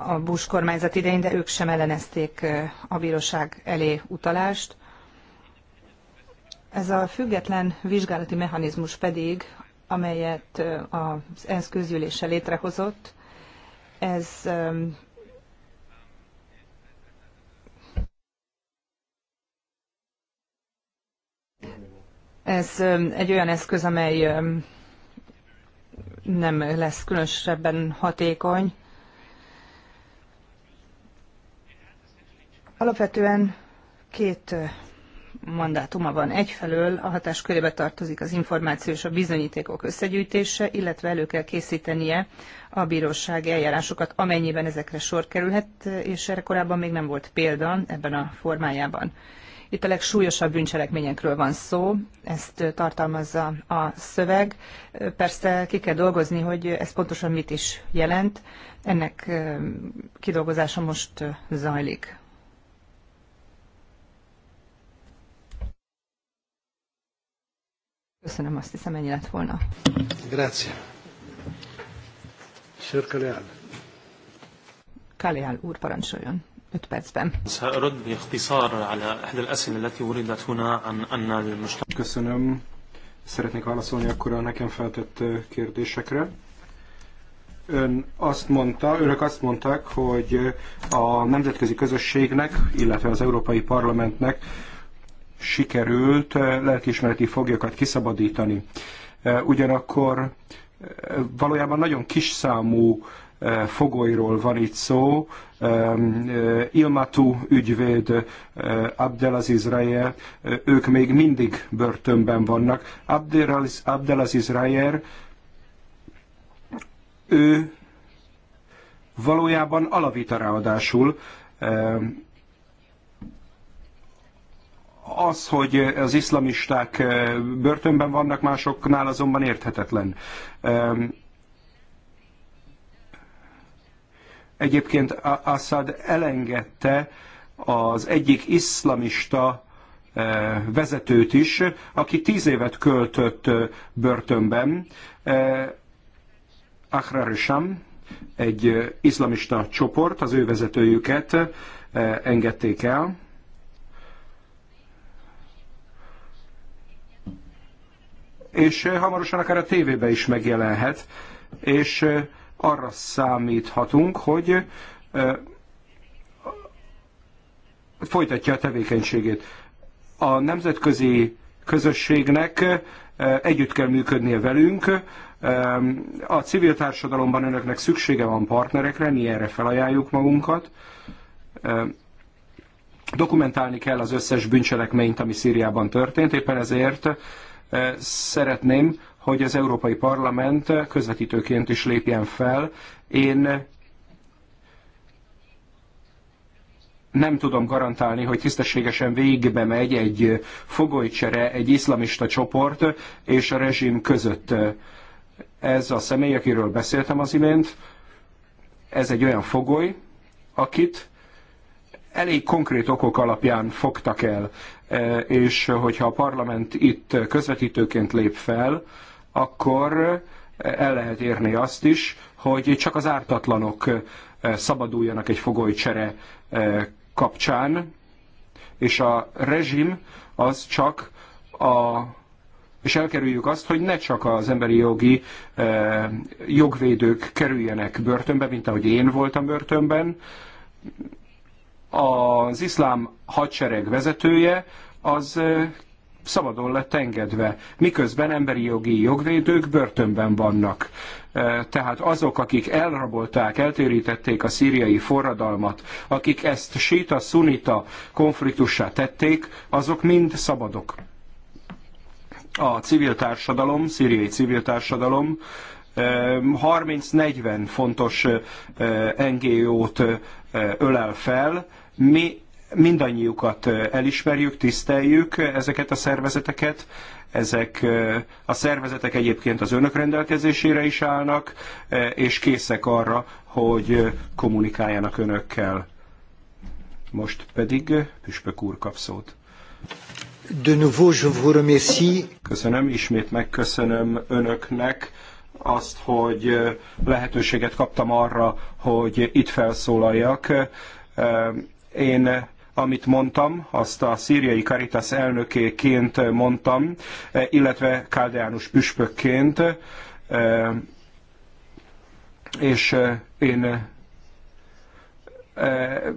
a Bush kormányzat idején, de ők sem ellenezték a bíróság elé utalást. Ez a független vizsgálati mechanizmus pedig amelyet az ENSZ közgyűlése létrehozott, ez ez egy olyan eszköz, amely nem lesz különösebben hatékony. Alapvetően két mandátuma van. Egyfelől a hatás körébe tartozik az információ és a bizonyítékok összegyűjtése, illetve elő kell készítenie a bíróság eljárásokat, amennyiben ezekre sor kerülhet, és erre korábban még nem volt példa ebben a formájában. Itt a legsúlyosabb bűncselekményekről van szó, ezt tartalmazza a szöveg. Persze ki kell dolgozni, hogy ez pontosan mit is jelent. Ennek eh, kidolgozása most eh, zajlik. Köszönöm, azt hiszem ennyi lett volna. Grazie. Sör Kaleál. Kaleál úr, parancsoljon. 5 percben. Köszönöm. Szeretnék válaszolni akkor a nekem feltett kérdésekre. Ön azt mondta, önök azt mondták, hogy a nemzetközi közösségnek, illetve az Európai Parlamentnek sikerült eh, lelkiismereti foglyokat kiszabadítani. Eh, ugyanakkor eh, valójában nagyon kis számú fogolyról van itt szó. Ilmatu ügyvéd, Abdelaziz Rayer, ők még mindig börtönben vannak. Abdelaziz Rayer, ő valójában alavita ráadásul az, hogy az iszlamisták eh, börtönben vannak, másoknál azonban érthetetlen. Egyébként Assad elengedte az egyik iszlamista eh, vezetőt is, aki tíz évet költött eh, börtönben, Ahrar Sham, egy iszlamista csoport, az ő vezetőjüket engedték el. és eh, hamarosan akár a tévébe is megjelenhet, és eh, arra számíthatunk, hogy eh, folytatja a tevékenységét. A nemzetközi közösségnek együtt kell működnie velünk, a civil társadalomban önöknek szüksége van partnerekre, mi erre felajánljuk magunkat. Dokumentálni kell az összes bűncselekményt, ami Szíriában történt, éppen ezért Szeretném, hogy az Európai Parlament közvetítőként is lépjen fel. Én nem tudom garantálni, hogy tisztességesen végbe megy egy fogolycsere, egy iszlamista csoport és a rezsim között. Ez a személy, akiről beszéltem az imént, ez egy olyan fogoly, akit elég konkrét okok alapján fogtak el. Eh, és hogyha a parlament itt közvetítőként lép fel, akkor eh, el lehet érni azt is, hogy csak az ártatlanok eh, szabaduljanak egy fogolycsere kapcsán, és a rezsim az csak a és elkerüljük azt, hogy ne csak az emberi jogi eh, jogvédők kerüljenek börtönbe, mint ahogy én voltam börtönben, az iszlám hadsereg vezetője az szabadon lett engedve, miközben emberi jogi jogvédők börtönben vannak. Tehát azok, akik elrabolták, eltérítették a szíriai forradalmat, akik ezt síta-szunita konfliktussá tették, azok mind szabadok. A civil társadalom, szíriai civil társadalom 30-40 fontos NGO-t ölel fel, mi mindannyiukat elismerjük, tiszteljük ezeket a szervezeteket, ezek a szervezetek egyébként az önök rendelkezésére is állnak, és készek arra, hogy kommunikáljanak önökkel. Most pedig Püspök úr kap szót. De nouveau, je vous remercie. Köszönöm, ismét megköszönöm önöknek azt, hogy lehetőséget kaptam arra, hogy itt felszólaljak én eh, amit mondtam, azt a szíriai Caritas elnökéként eh, mondtam, eh, illetve káldeánus püspökként, és én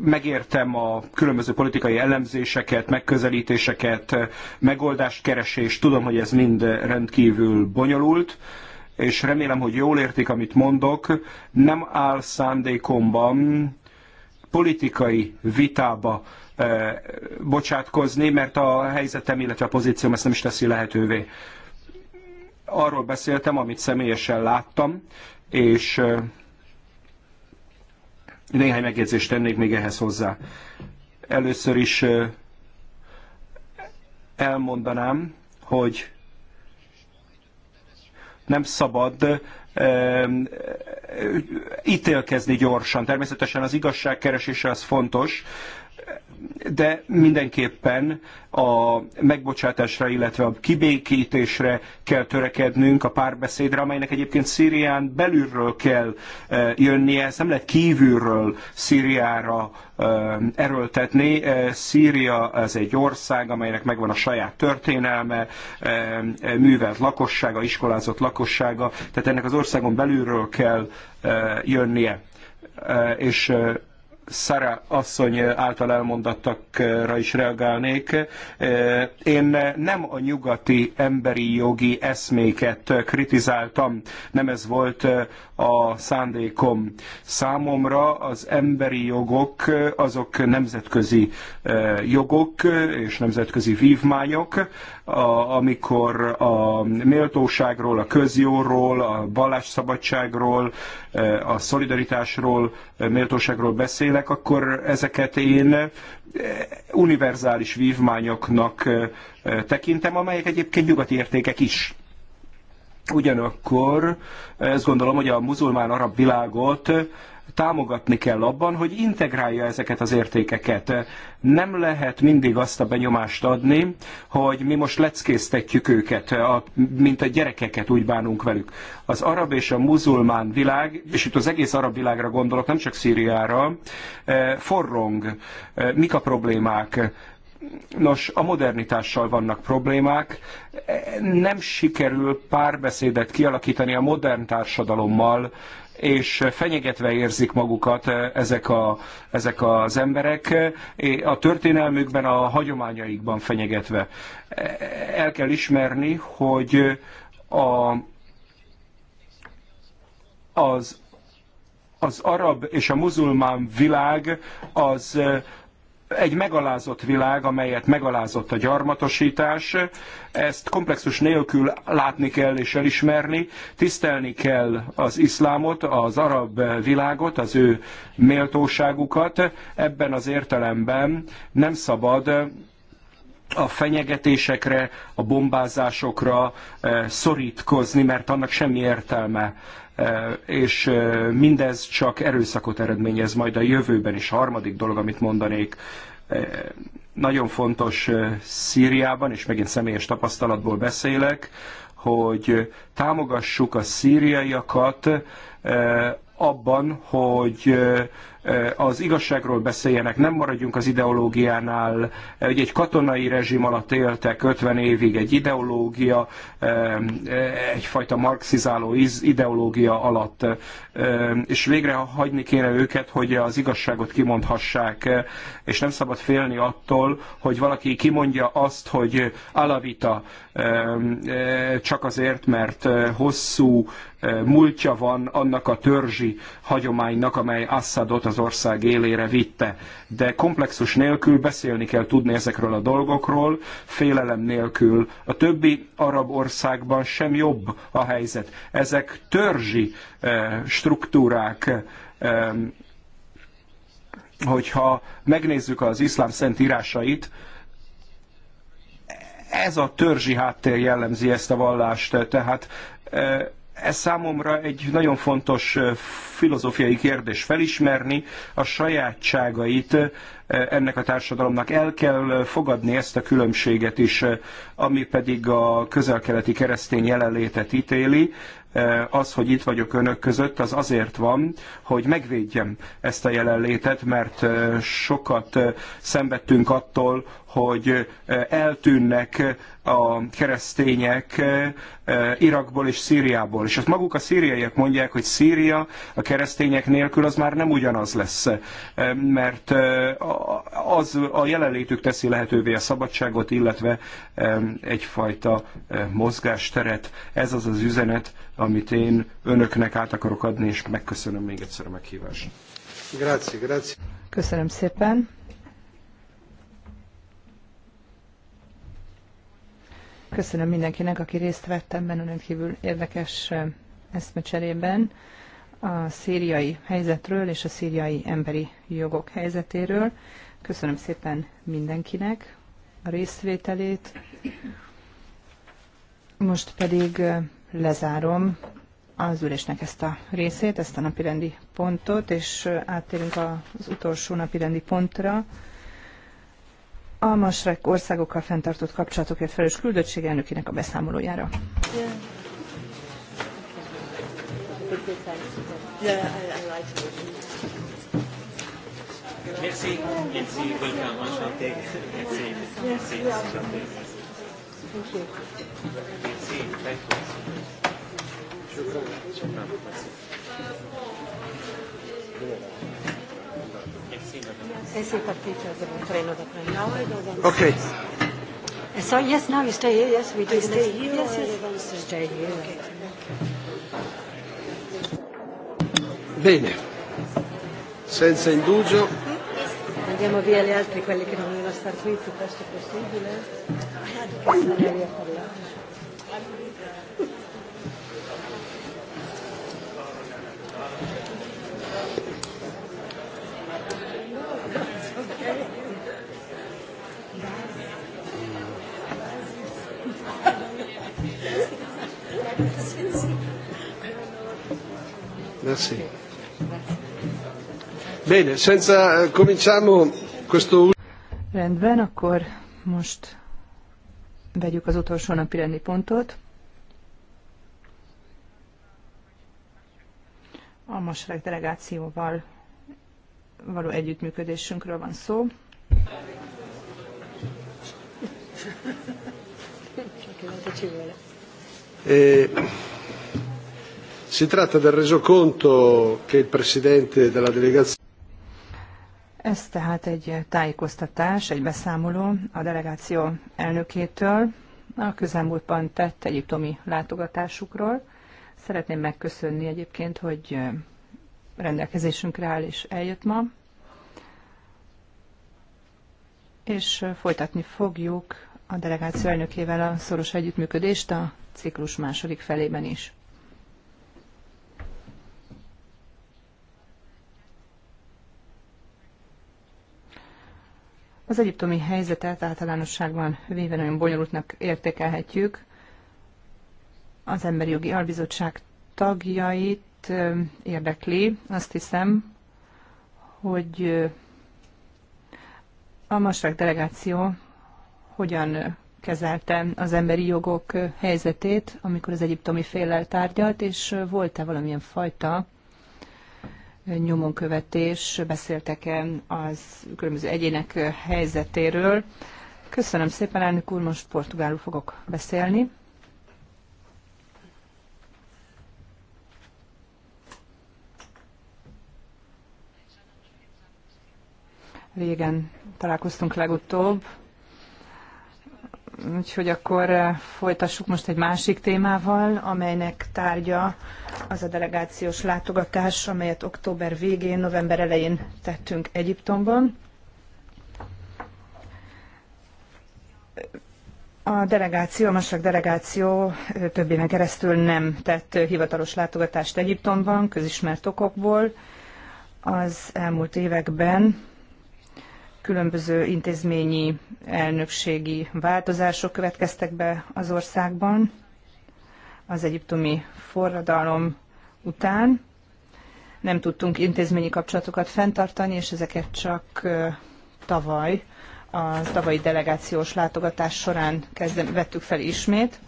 megértem a különböző politikai elemzéseket, megközelítéseket, megoldást keresést, tudom, hogy ez mind rendkívül bonyolult, és remélem, hogy jól értik, amit mondok. Nem áll szándékomban politikai vitába eh, bocsátkozni, mert a helyzetem, illetve a pozícióm ezt nem is teszi lehetővé. Arról beszéltem, amit személyesen láttam, és eh, néhány megjegyzést tennék még ehhez hozzá. Először is eh, elmondanám, hogy nem szabad ítélkezni gyorsan. Természetesen az igazságkeresése az fontos, de mindenképpen a megbocsátásra, illetve a kibékítésre kell törekednünk, a párbeszédre, amelynek egyébként Szírián belülről kell e, jönnie, ezt nem lehet kívülről Szíriára e, erőltetni. E, Szíria az egy ország, amelynek megvan a saját történelme, művelt lakossága, iskolázott lakossága, tehát ennek az országon belülről kell jönnie. És Sara asszony által elmondattakra is reagálnék. Én nem a nyugati emberi jogi eszméket kritizáltam, nem ez volt a szándékom. Számomra az emberi jogok azok nemzetközi jogok és nemzetközi vívmányok, a, amikor a méltóságról, a közjóról, a vallásszabadságról, e, a szolidaritásról, e, méltóságról beszélek, akkor ezeket én e, univerzális vívmányoknak tekintem, amelyek egyébként nyugati értékek is. Ugyanakkor ezt gondolom, hogy a muzulmán arab világot támogatni kell abban, hogy integrálja ezeket az értékeket. Nem lehet mindig azt a benyomást adni, hogy mi most leckésztetjük őket, mint a gyerekeket úgy bánunk velük. Az arab és a muzulmán világ, és itt az egész arab világra gondolok, nem csak Szíriára, e, forrong. E, mik a problémák? Nos, a modernitással vannak problémák. E, nem sikerül párbeszédet kialakítani a modern társadalommal, és fenyegetve érzik magukat eh, ezek, a, ezek az emberek, eh, a történelmükben, a hagyományaikban fenyegetve. Eh, el kell ismerni, hogy a, az, az arab és a muzulmán világ az egy megalázott világ, amelyet megalázott a gyarmatosítás, ezt komplexus nélkül látni kell és elismerni, tisztelni kell az iszlámot, az arab világot, az ő méltóságukat. Ebben az értelemben nem szabad a fenyegetésekre, a bombázásokra eh, szorítkozni, mert annak semmi értelme és mindez csak erőszakot eredményez majd a jövőben is. Harmadik dolog, amit mondanék, nagyon fontos Szíriában, és megint személyes tapasztalatból beszélek, hogy támogassuk a szíriaiakat abban, hogy Eh, az igazságról beszéljenek, nem maradjunk az ideológiánál. Eh, ugye egy katonai rezsim alatt éltek 50 évig egy ideológia, eh, egyfajta marxizáló ideológia alatt, és végre hagyni kéne őket, hogy az igazságot kimondhassák, és nem szabad félni attól, hogy valaki kimondja azt, hogy alavita, Ehm, e, csak azért, mert e, hosszú e, múltja van annak a törzsi hagyománynak, amely Assadot az ország élére vitte. De komplexus nélkül beszélni kell tudni ezekről a dolgokról, félelem nélkül. A többi arab országban sem jobb a helyzet. Ezek törzsi struktúrák, ehm, hogyha megnézzük az iszlám szent írásait, ez a törzsi háttér jellemzi ezt a vallást, tehát e, ez számomra egy nagyon fontos e, filozófiai kérdés felismerni a sajátságait e, ennek a társadalomnak. El kell fogadni ezt a különbséget is, ami pedig a közelkeleti keresztény jelenlétet ítéli. Eh, az, hogy itt vagyok önök között, az azért van, hogy megvédjem ezt a jelenlétet, mert eh, sokat eh, szenvedtünk attól, hogy eltűnnek a keresztények Irakból és Szíriából. És azt maguk a szíriaiak mondják, hogy Szíria a keresztények nélkül az már nem ugyanaz lesz, mert az a jelenlétük teszi lehetővé a szabadságot, illetve egyfajta mozgásteret. Ez az az üzenet, amit én önöknek át akarok adni, és megköszönöm még egyszer a meghívást. Grazie, grazie. Köszönöm szépen. Köszönöm mindenkinek, aki részt vett ebben a rendkívül érdekes eszmecserében a szíriai helyzetről és a szíriai emberi jogok helyzetéről. Köszönöm szépen mindenkinek a részvételét. Most pedig lezárom az ülésnek ezt a részét, ezt a napirendi pontot, és áttérünk az utolsó napirendi pontra. A Masrek országokkal fenntartott kapcsolatokért felelős küldöttség elnökének a beszámolójára. Merci, merci, E Ok. And so yes, now you stay here. Yes, we do. stay here. Yes, yes. Stay here. Bene. Senza indugio. Andiamo via le altre, quelle che non vogliono star qui, più presto possibile. Ah, di a parlare. Merci. Bene, senza eh, cominciamo questo Rendben, akkor most vegyük az utolsó napi rendi pontot. A Masrek delegációval való együttműködésünkről van szó. E, Si tratta del resoconto che il presidente della delegazione ez tehát egy tájékoztatás, egy beszámoló a delegáció elnökétől a közelmúltban tett egyiptomi látogatásukról. Szeretném megköszönni egyébként, hogy rendelkezésünkre áll és eljött ma. És folytatni fogjuk a delegáció elnökével a szoros együttműködést a ciklus második felében is. Az egyiptomi helyzetet általánosságban véve nagyon bonyolultnak értékelhetjük. Az Emberi Jogi Albizottság tagjait érdekli. Azt hiszem, hogy a Masrák delegáció hogyan kezelte az emberi jogok helyzetét, amikor az egyiptomi féllel tárgyalt, és volt-e valamilyen fajta nyomonkövetés, beszéltek-e az különböző egyének helyzetéről. Köszönöm szépen, elnök úr, most portugálul fogok beszélni. Régen találkoztunk legutóbb, Úgyhogy akkor eh, folytassuk most egy másik témával, amelynek tárgya az a delegációs látogatás, amelyet október végén, november elején tettünk Egyiptomban. A delegáció, a Masak delegáció eh, több éven keresztül nem tett eh, hivatalos látogatást Egyiptomban, közismert okokból. Az elmúlt években különböző intézményi elnökségi változások következtek be az országban az egyiptomi forradalom után. Nem tudtunk intézményi kapcsolatokat fenntartani, és ezeket csak tavaly, a tavalyi delegációs látogatás során kezdem, vettük fel ismét.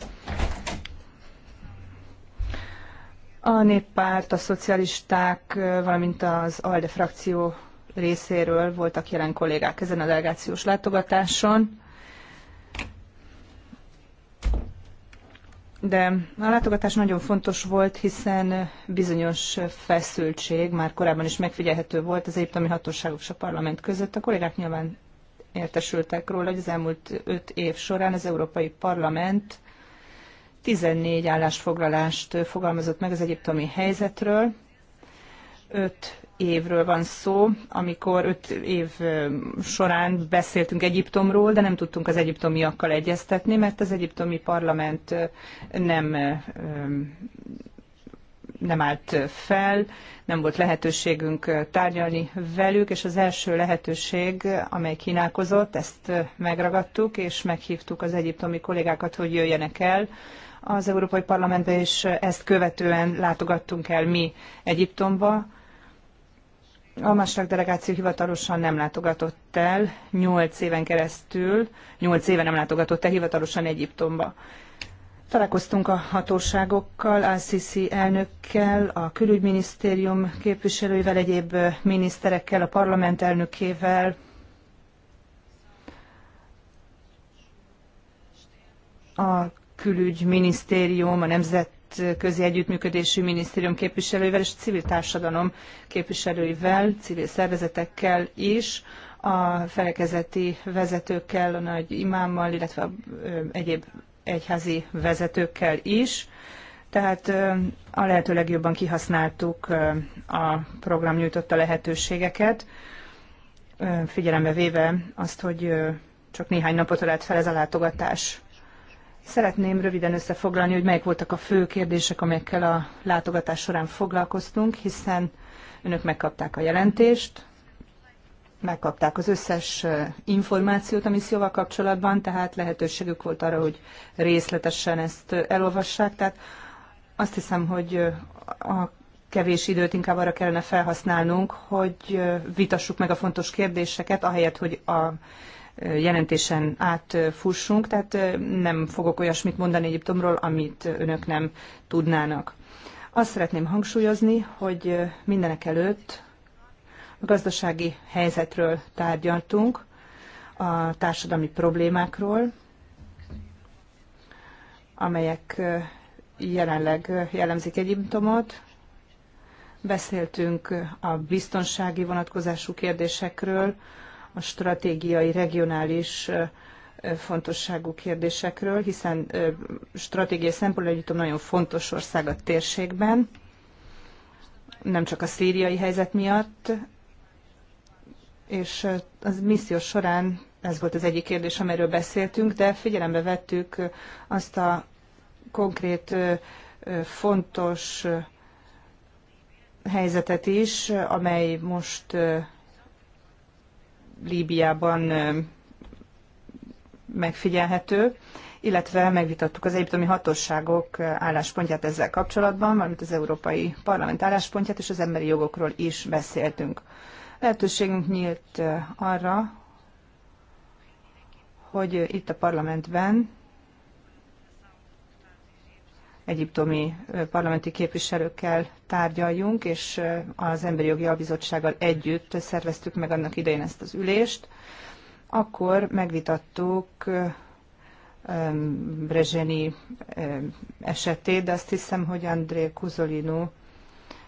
A néppárt, a szocialisták, valamint az ALDE frakció részéről voltak jelen kollégák ezen a delegációs látogatáson. De a látogatás nagyon fontos volt, hiszen bizonyos feszültség már korábban is megfigyelhető volt az egyiptomi hatóságok és a parlament között. A kollégák nyilván értesültek róla, hogy az elmúlt öt év során az Európai Parlament 14 állásfoglalást fogalmazott meg az egyiptomi helyzetről, öt évről van szó, amikor öt év során beszéltünk Egyiptomról, de nem tudtunk az egyiptomiakkal egyeztetni, mert az egyiptomi parlament nem nem állt fel, nem volt lehetőségünk tárgyalni velük, és az első lehetőség, amely kínálkozott, ezt megragadtuk, és meghívtuk az egyiptomi kollégákat, hogy jöjjenek el az Európai Parlamentbe, és ezt követően látogattunk el mi Egyiptomba, a másik delegáció hivatalosan nem látogatott el, nyolc éven keresztül, nyolc éve nem látogatott el hivatalosan Egyiptomba. Találkoztunk a hatóságokkal, ICC elnökkel, a külügyminisztérium képviselőivel, egyéb miniszterekkel, a parlament elnökével, a külügyminisztérium, a nemzet nemzetközi együttműködésű minisztérium képviselőivel és civil társadalom képviselőivel, civil szervezetekkel is, a felekezeti vezetőkkel, a nagy imámmal, illetve egyéb egyházi vezetőkkel is. Tehát a lehető legjobban kihasználtuk a program nyújtotta lehetőségeket, figyelembe véve azt, hogy csak néhány napot ölelt fel ez a látogatás. Szeretném röviden összefoglalni, hogy melyek voltak a fő kérdések, amelyekkel a látogatás során foglalkoztunk, hiszen önök megkapták a jelentést, megkapták az összes információt a misszióval kapcsolatban, tehát lehetőségük volt arra, hogy részletesen ezt elolvassák. Tehát azt hiszem, hogy a kevés időt inkább arra kellene felhasználnunk, hogy vitassuk meg a fontos kérdéseket, ahelyett, hogy a jelentésen átfussunk, tehát nem fogok olyasmit mondani Egyiptomról, amit önök nem tudnának. Azt szeretném hangsúlyozni, hogy mindenek előtt a gazdasági helyzetről tárgyaltunk, a társadalmi problémákról, amelyek jelenleg jellemzik Egyiptomot. Beszéltünk a biztonsági vonatkozású kérdésekről, a stratégiai, regionális fontosságú kérdésekről, hiszen stratégiai szempontból Egyiptom nagyon fontos ország a térségben, nem csak a szíriai helyzet miatt, és az misszió során ez volt az egyik kérdés, amiről beszéltünk, de figyelembe vettük azt a konkrét fontos helyzetet is, amely most Líbiában megfigyelhető, illetve megvitattuk az egyiptomi hatóságok álláspontját ezzel kapcsolatban, valamint az Európai Parlament álláspontját, és az emberi jogokról is beszéltünk. Lehetőségünk nyílt arra, hogy itt a parlamentben egyiptomi parlamenti képviselőkkel tárgyaljunk, és az Emberi Jogi Albizottsággal együtt szerveztük meg annak idején ezt az ülést. Akkor megvitattuk Brezseni esetét, de azt hiszem, hogy André Kuzolino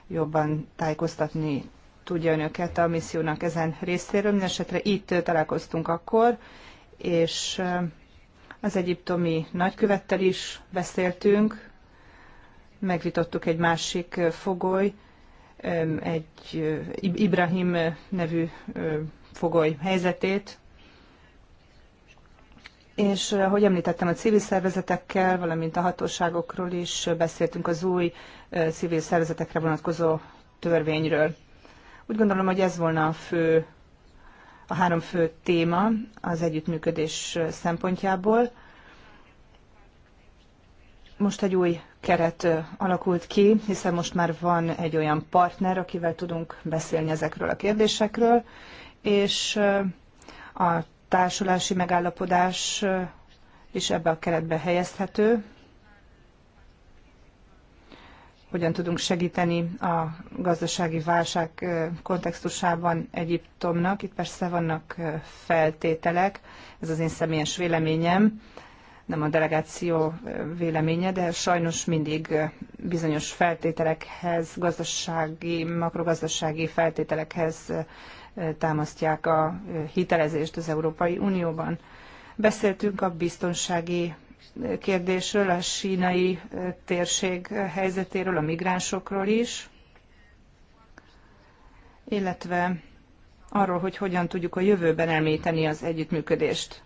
jobban tájékoztatni tudja önöket a missziónak ezen részéről. Mindenesetre itt találkoztunk akkor, és az egyiptomi nagykövettel is beszéltünk, megvitattuk egy másik fogoly, egy Ibrahim nevű fogoly helyzetét, és ahogy említettem, a civil szervezetekkel, valamint a hatóságokról is beszéltünk az új civil szervezetekre vonatkozó törvényről. Úgy gondolom, hogy ez volna a fő, a három fő téma az együttműködés szempontjából. Most egy új keret alakult ki, hiszen most már van egy olyan partner, akivel tudunk beszélni ezekről a kérdésekről, és a társulási megállapodás is ebbe a keretbe helyezhető. Hogyan tudunk segíteni a gazdasági válság kontextusában Egyiptomnak? Itt persze vannak feltételek, ez az én személyes véleményem nem a delegáció véleménye, de sajnos mindig bizonyos feltételekhez, gazdasági, makrogazdasági feltételekhez támasztják a hitelezést az Európai Unióban. Beszéltünk a biztonsági kérdésről, a sínai térség helyzetéről, a migránsokról is, illetve arról, hogy hogyan tudjuk a jövőben elméteni az együttműködést.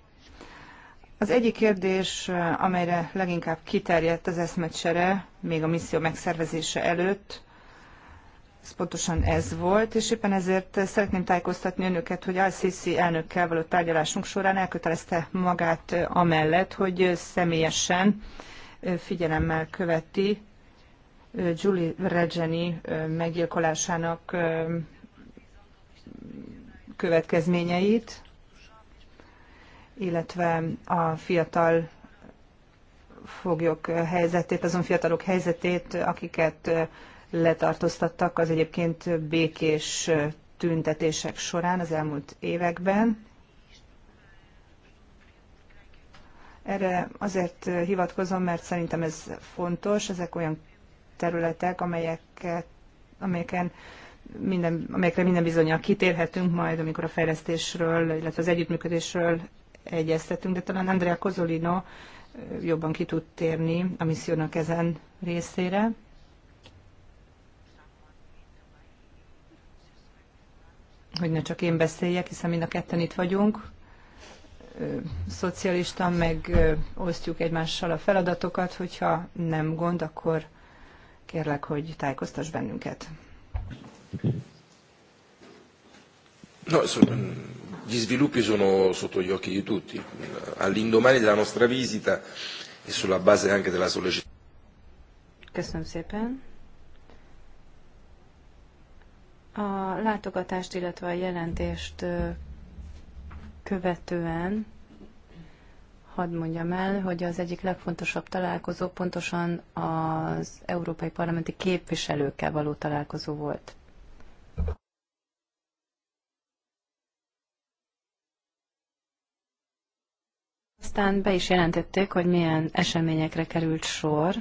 Az egyik kérdés, amelyre leginkább kiterjedt az eszmecsere, még a misszió megszervezése előtt, ez pontosan ez volt, és éppen ezért szeretném tájékoztatni önöket, hogy ICC elnökkel való tárgyalásunk során elkötelezte magát amellett, hogy személyesen figyelemmel követi Julie Regeni meggyilkolásának következményeit, illetve a fiatal foglyok helyzetét, azon fiatalok helyzetét, akiket letartóztattak az egyébként békés tüntetések során az elmúlt években. Erre azért hivatkozom, mert szerintem ez fontos, ezek olyan területek, amelyeket, amelyeken minden, amelyekre minden bizonyal kitérhetünk majd, amikor a fejlesztésről, illetve az együttműködésről egyeztetünk, de talán Andrea Kozolino jobban ki tud térni a missziónak ezen részére. Hogy ne csak én beszéljek, hiszen mind a ketten itt vagyunk. Szocialista, meg osztjuk egymással a feladatokat, hogyha nem gond, akkor kérlek, hogy tájékoztass bennünket. No, szóval, gli sviluppi sono sotto gli occhi di tutti. All'indomani della nostra visita e sulla base anche della sollecitazione. A látogatást, illetve a jelentést követően hadd mondjam el, hogy az egyik legfontosabb találkozó pontosan az európai parlamenti képviselőkkel való találkozó volt. Aztán be is jelentették, hogy milyen eseményekre került sor.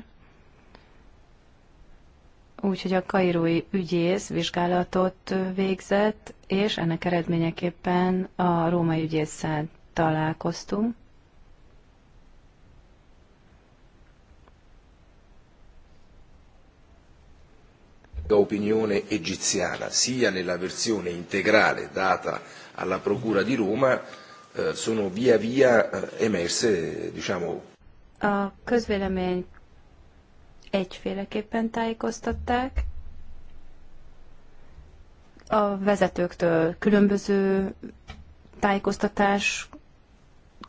Úgyhogy a kairói ügyész vizsgálatot végzett, és ennek eredményeképpen a római ügyészszel találkoztunk. opinione egiziana, sia nella versione integrale data alla Procura di Roma, Eh, sono via via eh, emerse, diciamo. A közvélemény egyféleképpen tájékoztatták, a vezetőktől különböző tájékoztatás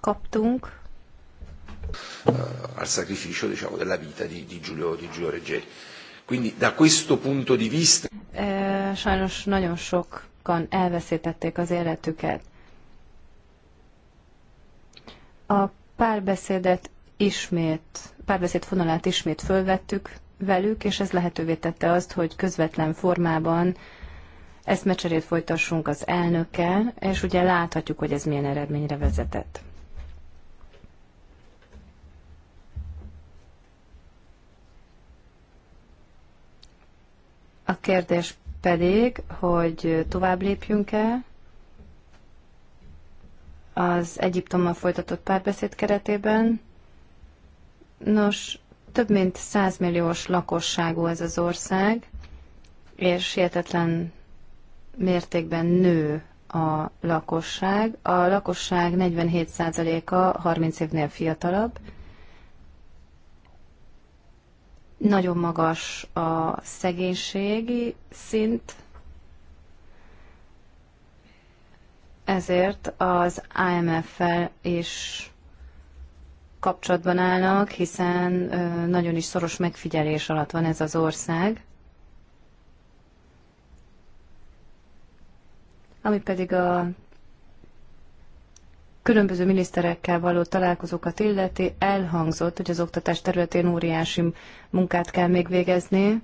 kaptunk. Eh, al sacrificio diciamo, della vita di, di, Giulio, di Giulio Reggeri. Quindi da questo punto di vista... E, sajnos nagyon sokan elveszítették az életüket. A párbeszédet ismét, párbeszéd fonalát ismét fölvettük velük, és ez lehetővé tette azt, hogy közvetlen formában eszmecserét folytassunk az elnökkel, és ugye láthatjuk, hogy ez milyen eredményre vezetett. A kérdés pedig, hogy tovább lépjünk-e, az Egyiptommal folytatott párbeszéd keretében. Nos, több mint 100 milliós lakosságú ez az ország, és hihetetlen mértékben nő a lakosság. A lakosság 47%-a 30 évnél fiatalabb. Nagyon magas a szegénységi szint, ezért az IMF-fel is kapcsolatban állnak, hiszen nagyon is szoros megfigyelés alatt van ez az ország. Ami pedig a különböző miniszterekkel való találkozókat illeti, elhangzott, hogy az oktatás területén óriási munkát kell még végezni.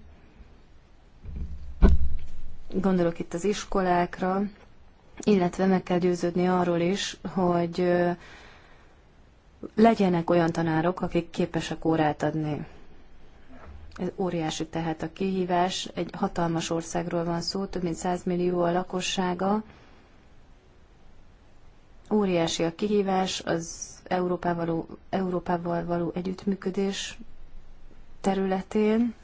Gondolok itt az iskolákra, illetve meg kell győződni arról is, hogy legyenek olyan tanárok, akik képesek órát adni. Ez óriási tehát a kihívás. Egy hatalmas országról van szó, több mint 100 millió a lakossága. Óriási a kihívás, az Európával való, Európával való együttműködés területén.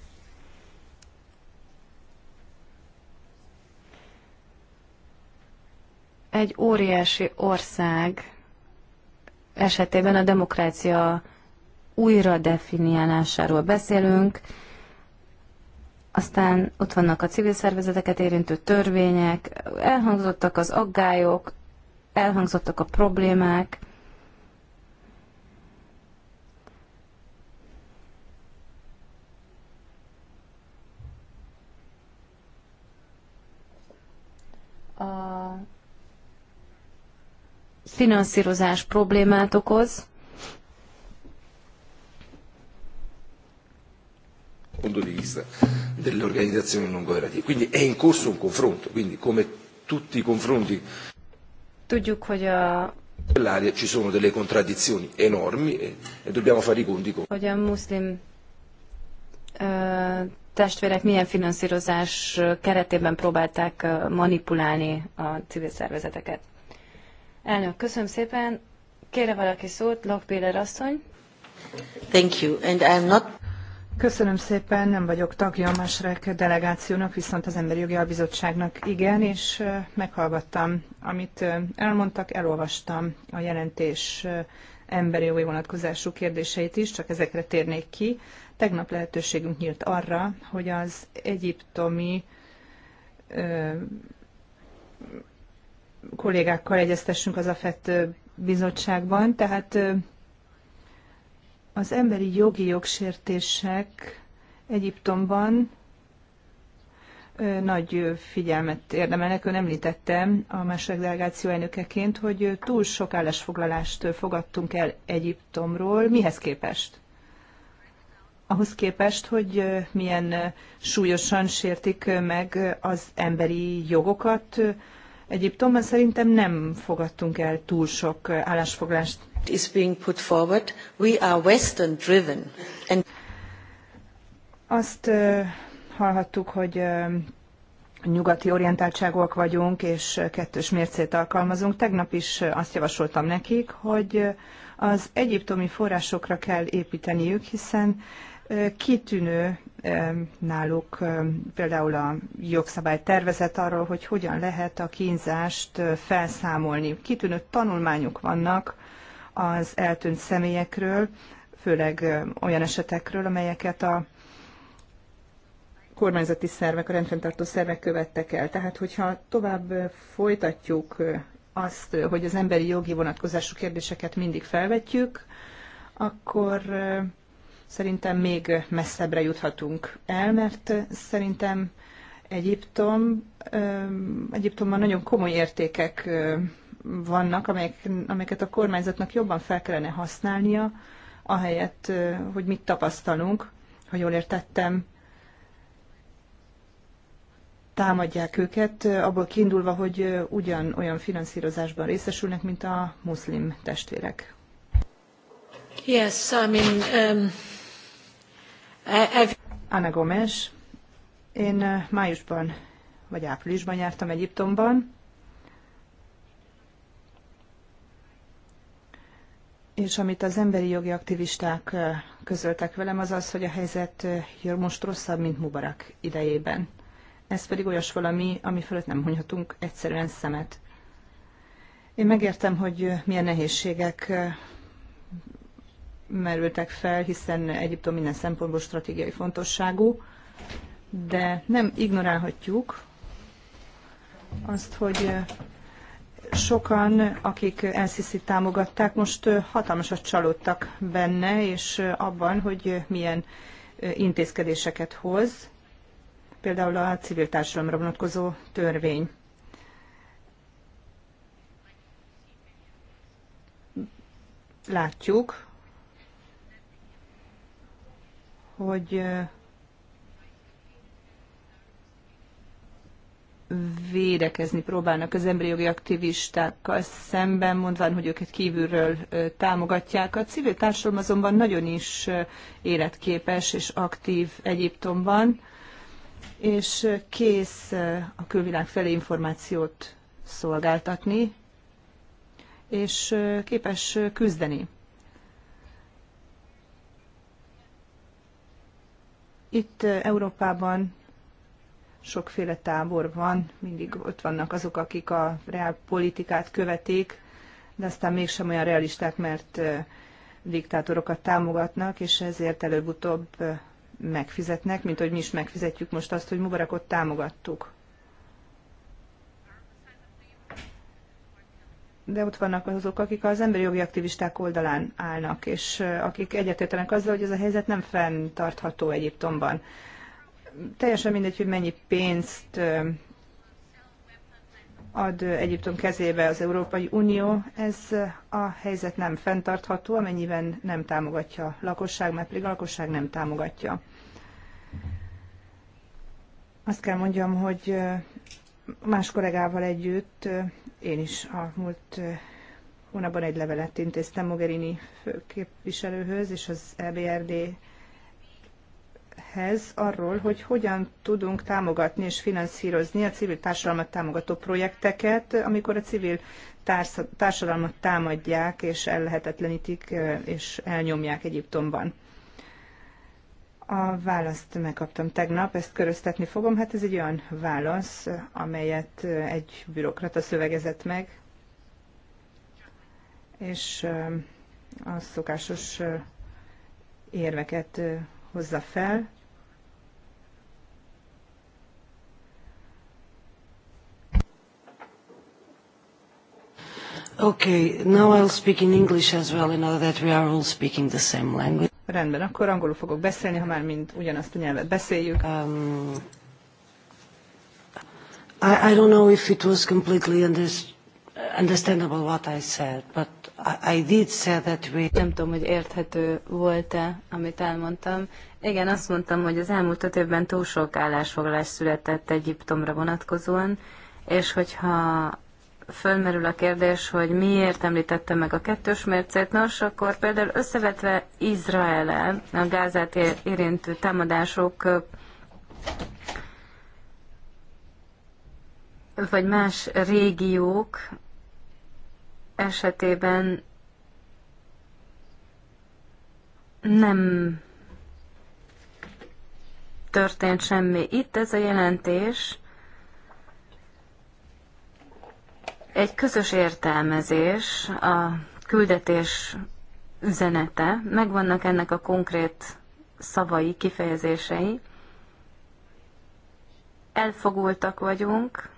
egy óriási ország esetében a demokrácia újra definiálásáról beszélünk, aztán ott vannak a civil szervezeteket érintő törvények, elhangzottak az aggályok, elhangzottak a problémák. A finanszírozás problémát okoz. punto di vista delle organizzazioni non governative. Quindi è in corso un confronto, quindi come tutti i confronti Tudjuk, hogy a nell'area ci sono delle contraddizioni enormi e, e dobbiamo fare i conti con. Hogy a muslim uh, testvérek milyen finanszírozás keretében próbálták manipulálni a civil szervezeteket. Elnök, köszönöm szépen. Kérem valaki szót, Lockbiller asszony. Thank you, and I'm not... Köszönöm szépen, nem vagyok tagja a Masrek delegációnak, viszont az Emberi Jogi Albizottságnak igen, és meghallgattam, amit elmondtak, elolvastam a jelentés emberi jogi vonatkozású kérdéseit is, csak ezekre térnék ki. Tegnap lehetőségünk nyílt arra, hogy az egyiptomi kollégákkal egyeztessünk az AFET bizottságban. Tehát az emberi jogi jogsértések Egyiptomban nagy figyelmet érdemelnek. Ön említette a második delegáció elnökeként, hogy túl sok állásfoglalást fogadtunk el Egyiptomról. Mihez képest? Ahhoz képest, hogy milyen súlyosan sértik meg az emberi jogokat, Egyiptomban szerintem nem fogadtunk el túl sok állásfoglást. Is being put forward. We are Western driven. And... Azt hallhattuk, hogy nyugati orientáltságok vagyunk, és kettős mércét alkalmazunk. Tegnap is azt javasoltam nekik, hogy az egyiptomi forrásokra kell építeniük, hiszen kitűnő náluk például a jogszabály tervezet arról, hogy hogyan lehet a kínzást felszámolni. Kitűnő tanulmányok vannak az eltűnt személyekről, főleg olyan esetekről, amelyeket a kormányzati szervek, a rendfenntartó szervek követtek el. Tehát, hogyha tovább folytatjuk azt, hogy az emberi jogi vonatkozású kérdéseket mindig felvetjük, akkor Szerintem még messzebbre juthatunk el, mert szerintem Egyiptom, Egyiptomban nagyon komoly értékek vannak, amelyek, amelyeket a kormányzatnak jobban fel kellene használnia, ahelyett, hogy mit tapasztalunk, ha jól értettem, támadják őket, abból kiindulva, hogy ugyan olyan finanszírozásban részesülnek, mint a muszlim testvérek. Yes, I mean, um, E, e, Ana Gomes. Én e, májusban vagy áprilisban jártam Egyiptomban, és amit az emberi jogi aktivisták közöltek velem, az az, hogy a helyzet most rosszabb, mint Mubarak idejében. Ez pedig olyas valami, ami fölött nem mondhatunk egyszerűen szemet. Én megértem, hogy milyen nehézségek merültek fel, hiszen Egyiptom minden szempontból stratégiai fontosságú, de nem ignorálhatjuk azt, hogy eh, sokan, akik LCC támogatták, most eh, hatalmasat csalódtak benne, és eh, abban, hogy milyen intézkedéseket hoz, például a civil társadalomra vonatkozó törvény. Látjuk, hogy védekezni próbálnak az emberi jogi aktivistákkal szemben, mondván, hogy őket kívülről támogatják. A civil társadalom azonban nagyon is életképes és aktív Egyiptomban, és kész a külvilág felé információt szolgáltatni, és képes küzdeni Itt Európában sokféle tábor van, mindig ott vannak azok, akik a reál politikát követik, de aztán mégsem olyan realisták, mert diktátorokat támogatnak, és ezért előbb-utóbb megfizetnek, mint hogy mi is megfizetjük most azt, hogy Mubarakot támogattuk. de ott vannak azok, akik az emberi jogi aktivisták oldalán állnak, és akik egyetértenek azzal, hogy ez a helyzet nem fenntartható Egyiptomban. Teljesen mindegy, hogy mennyi pénzt ad Egyiptom kezébe az Európai Unió, ez a helyzet nem fenntartható, amennyiben nem támogatja a lakosság, mert pedig a lakosság nem támogatja. Azt kell mondjam, hogy Más kollégával együtt én is a múlt hónapban egy levelet intéztem Mogherini képviselőhöz és az EBRD hez arról, hogy hogyan tudunk támogatni és finanszírozni a civil társadalmat támogató projekteket, amikor a civil társadalmat támadják és ellehetetlenítik és elnyomják Egyiptomban. A választ megkaptam tegnap, ezt köröztetni fogom. Hát ez egy olyan válasz, amelyet egy bürokrata szövegezett meg, és a szokásos érveket hozza fel. Okay, now I'll speak in English as well, that we are all speaking the same language. Rendben, akkor angolul fogok beszélni, ha már mind ugyanazt a nyelvet beszéljük. Um, I, I don't know if it was completely understandable what I said, but I did say that we... Nem tudom, hogy érthető volt-e, amit elmondtam. Igen, azt mondtam, hogy az elmúlt öt évben túl sok állásfoglalás született Egyiptomra vonatkozóan, és hogyha fölmerül a kérdés, hogy miért említette meg a kettős mércét. Nos, akkor például összevetve izrael a gázát érintő támadások vagy más régiók esetében nem történt semmi. Itt ez a jelentés Egy közös értelmezés, a küldetés üzenete, megvannak ennek a konkrét szavai, kifejezései. Elfogultak vagyunk,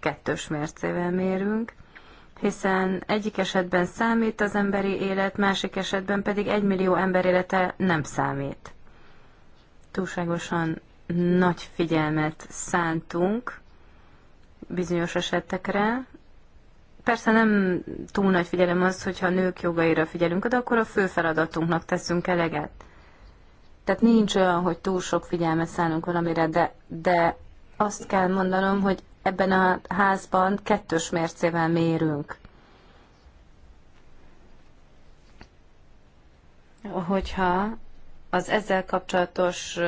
kettős mércével mérünk, hiszen egyik esetben számít az emberi élet, másik esetben pedig egy millió ember élete nem számít. Túlságosan nagy figyelmet szántunk bizonyos esetekre, Persze nem túl nagy figyelem az, hogyha a nők jogaira figyelünk oda, akkor a fő feladatunknak teszünk eleget. Tehát nincs olyan, hogy túl sok figyelmet szánunk valamire, de, de azt kell mondanom, hogy ebben a házban kettős mércével mérünk. Hogyha az ezzel kapcsolatos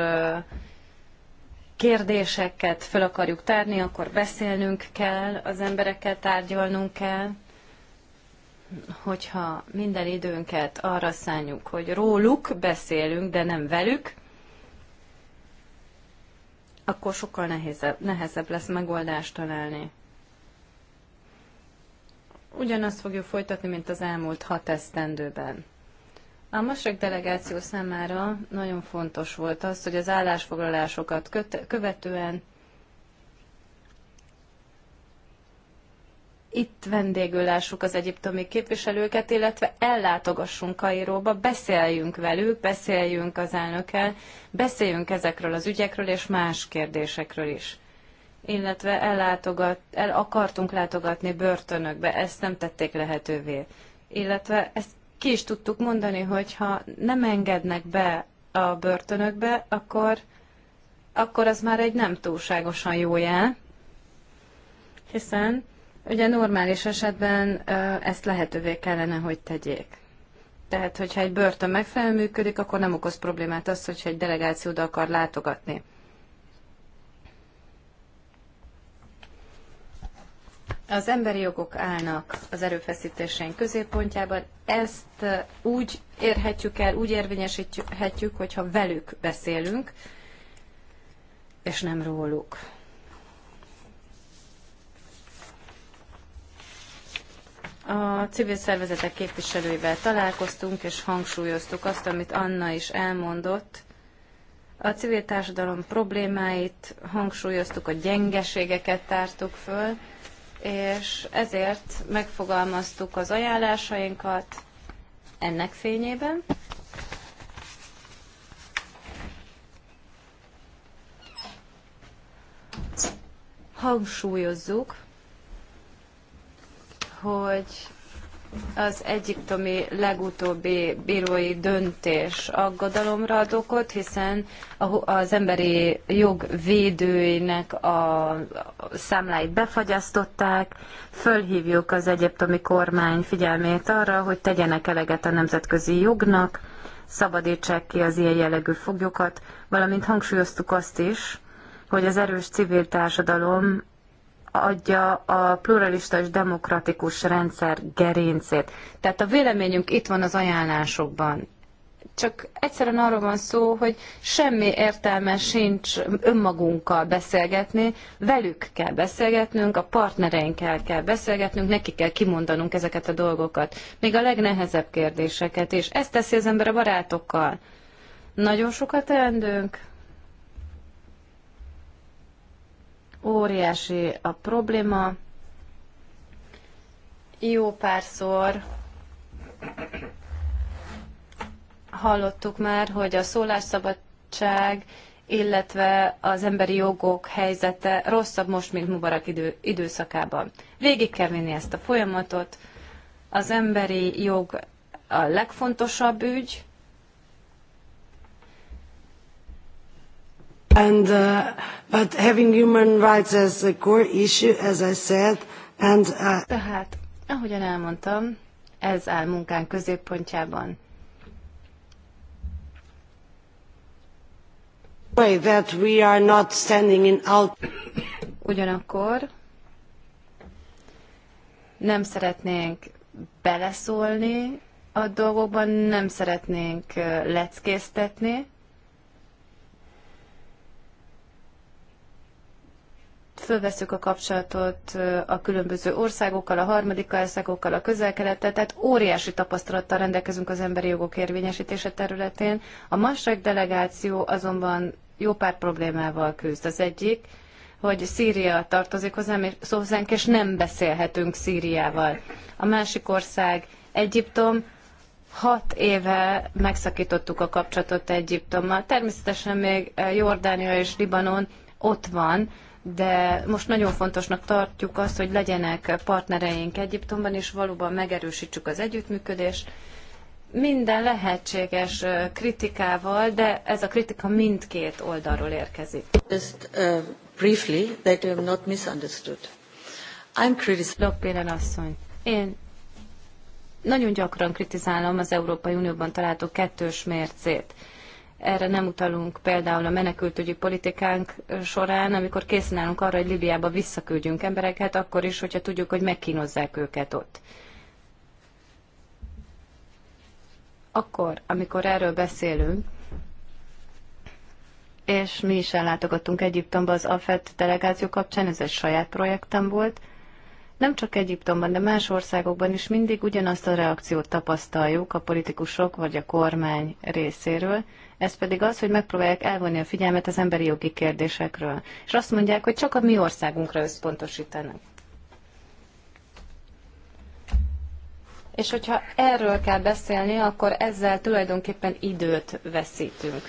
kérdéseket föl akarjuk tárni, akkor beszélnünk kell, az emberekkel tárgyalnunk kell. Hogyha minden időnket arra szálljuk, hogy róluk beszélünk, de nem velük, akkor sokkal nehézebb, nehezebb lesz megoldást találni. Ugyanazt fogjuk folytatni, mint az elmúlt hat esztendőben. A mosreg delegáció számára nagyon fontos volt az, hogy az állásfoglalásokat köt- követően itt vendégül lássuk az egyiptomi képviselőket, illetve ellátogassunk Kairóba, beszéljünk velük, beszéljünk az elnökkel, beszéljünk ezekről az ügyekről és más kérdésekről is. Illetve ellátogat, el akartunk látogatni börtönökbe, ezt nem tették lehetővé. Illetve ezt ki is tudtuk mondani, hogy ha nem engednek be a börtönökbe, akkor, akkor az már egy nem túlságosan jó jel, hiszen ugye normális esetben ezt lehetővé kellene, hogy tegyék. Tehát, hogyha egy börtön megfelelően működik, akkor nem okoz problémát az, hogyha egy delegáció oda akar látogatni. Az emberi jogok állnak az erőfeszítéseink középpontjában. Ezt úgy érhetjük el, úgy érvényesíthetjük, hogyha velük beszélünk, és nem róluk. A civil szervezetek képviselőivel találkoztunk, és hangsúlyoztuk azt, amit Anna is elmondott. A civil társadalom problémáit hangsúlyoztuk, a gyengeségeket tártuk föl, és ezért megfogalmaztuk az ajánlásainkat ennek fényében. Hangsúlyozzuk, hogy az egyiptomi legutóbbi bírói döntés aggodalomra ad okot, hiszen az emberi jog védőinek a számláit befagyasztották. Fölhívjuk az egyiptomi kormány figyelmét arra, hogy tegyenek eleget a nemzetközi jognak, szabadítsák ki az ilyen jellegű foglyokat, valamint hangsúlyoztuk azt is, hogy az erős civil társadalom adja a pluralista és demokratikus rendszer gerincét. Tehát a véleményünk itt van az ajánlásokban. Csak egyszerűen arról van szó, hogy semmi értelme sincs önmagunkkal beszélgetni, velük kell beszélgetnünk, a partnereinkkel kell beszélgetnünk, neki kell kimondanunk ezeket a dolgokat. Még a legnehezebb kérdéseket, és ezt teszi az ember a barátokkal. Nagyon sokat teendünk, óriási a probléma. Jó párszor hallottuk már, hogy a szólásszabadság, illetve az emberi jogok helyzete rosszabb most, mint Mubarak idő, időszakában. Végig kell vinni ezt a folyamatot. Az emberi jog a legfontosabb ügy, And, uh, but having human rights as a core issue, as I said, and... Uh... Tehát, ahogyan elmondtam, ez áll munkánk középpontjában. Way that we are not standing in out... Ugyanakkor nem szeretnénk beleszólni a dolgokban, nem szeretnénk uh, leckéztetni, fölveszük a kapcsolatot a különböző országokkal, a harmadik országokkal, a közel-kelettel, tehát óriási tapasztalattal rendelkezünk az emberi jogok érvényesítése területén. A Masrek delegáció azonban jó pár problémával küzd. Az egyik, hogy Szíria tartozik hozzám, és hozzánk, és nem beszélhetünk Szíriával. A másik ország, Egyiptom, hat éve megszakítottuk a kapcsolatot Egyiptommal. Természetesen még eh, Jordánia és Libanon ott van, de most nagyon fontosnak tartjuk azt, hogy legyenek partnereink Egyiptomban, és valóban megerősítsük az együttműködést minden lehetséges kritikával, de ez a kritika mindkét oldalról érkezik. Just uh, briefly, that I'm not misunderstood. I'm asszony, én nagyon gyakran kritizálom az Európai Unióban található kettős mércét. Erre nem utalunk például a menekültügyi politikánk során, amikor készen állunk arra, hogy Libiába visszaküldjünk embereket, akkor is, hogyha tudjuk, hogy megkínozzák őket ott. Akkor, amikor erről beszélünk, és mi is ellátogattunk Egyiptomba az AFET delegáció kapcsán, ez egy saját projektem volt. Nem csak Egyiptomban, de más országokban is mindig ugyanazt a reakciót tapasztaljuk a politikusok vagy a kormány részéről ez pedig az, hogy megpróbálják elvonni a figyelmet az emberi jogi kérdésekről. És azt mondják, hogy csak a mi országunkra összpontosítanak. És hogyha erről kell beszélni, akkor ezzel tulajdonképpen időt veszítünk.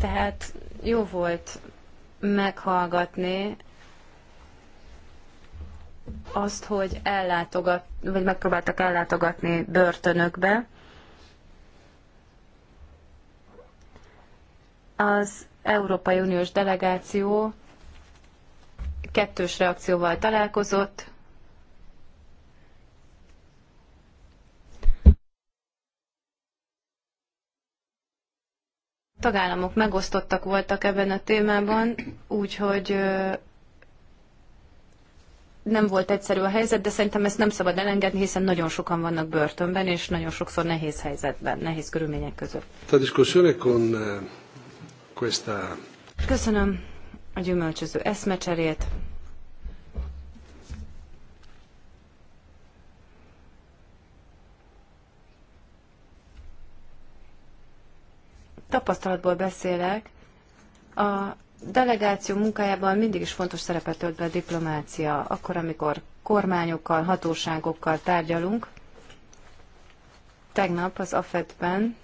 Tehát jó volt meghallgatni azt, hogy ellátogat, vagy megpróbáltak ellátogatni börtönökbe, Az Európai Uniós delegáció kettős reakcióval találkozott. A tagállamok megosztottak voltak ebben a témában, úgyhogy nem volt egyszerű a helyzet, de szerintem ezt nem szabad elengedni, hiszen nagyon sokan vannak börtönben, és nagyon sokszor nehéz helyzetben, nehéz körülmények között questa... Köszönöm a gyümölcsöző eszmecserét. Tapasztalatból beszélek. A delegáció munkájában mindig is fontos szerepet tölt be a diplomácia. Akkor, amikor kormányokkal, hatóságokkal tárgyalunk, tegnap az AFED-ben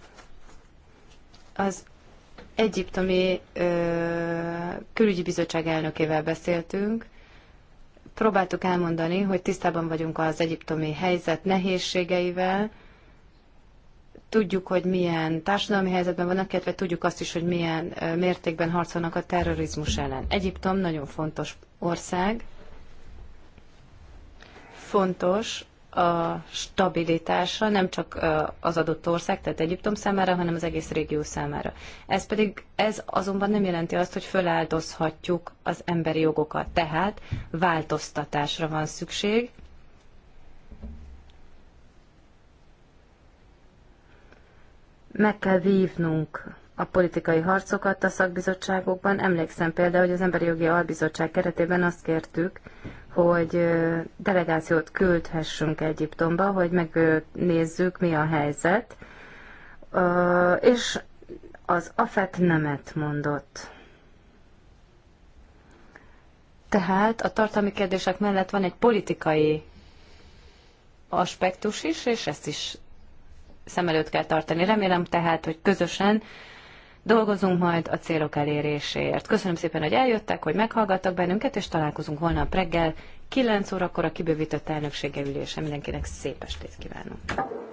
az egyiptomi ö, külügyi bizottság elnökével beszéltünk, próbáltuk elmondani, hogy tisztában vagyunk az egyiptomi helyzet nehézségeivel, tudjuk, hogy milyen társadalmi helyzetben vannak, illetve tudjuk azt is, hogy milyen mértékben harcolnak a terrorizmus ellen. Egyiptom nagyon fontos ország, fontos a stabilitásra, nem csak az adott ország, tehát Egyiptom számára, hanem az egész régió számára. Ez pedig, ez azonban nem jelenti azt, hogy föláldozhatjuk az emberi jogokat. Tehát változtatásra van szükség. Meg kell vívnunk a politikai harcokat a szakbizottságokban. Emlékszem például, hogy az Emberi Jogi Albizottság keretében azt kértük, hogy delegációt küldhessünk Egyiptomba, hogy megnézzük, mi a helyzet. És az AFET nemet mondott. Tehát a tartalmi kérdések mellett van egy politikai aspektus is, és ezt is szem előtt kell tartani. Remélem tehát, hogy közösen Dolgozunk majd a célok eléréséért. Köszönöm szépen, hogy eljöttek, hogy meghallgattak bennünket, és találkozunk holnap reggel 9 órakor a kibővített elnöksége ülése. Mindenkinek szép estét kívánunk!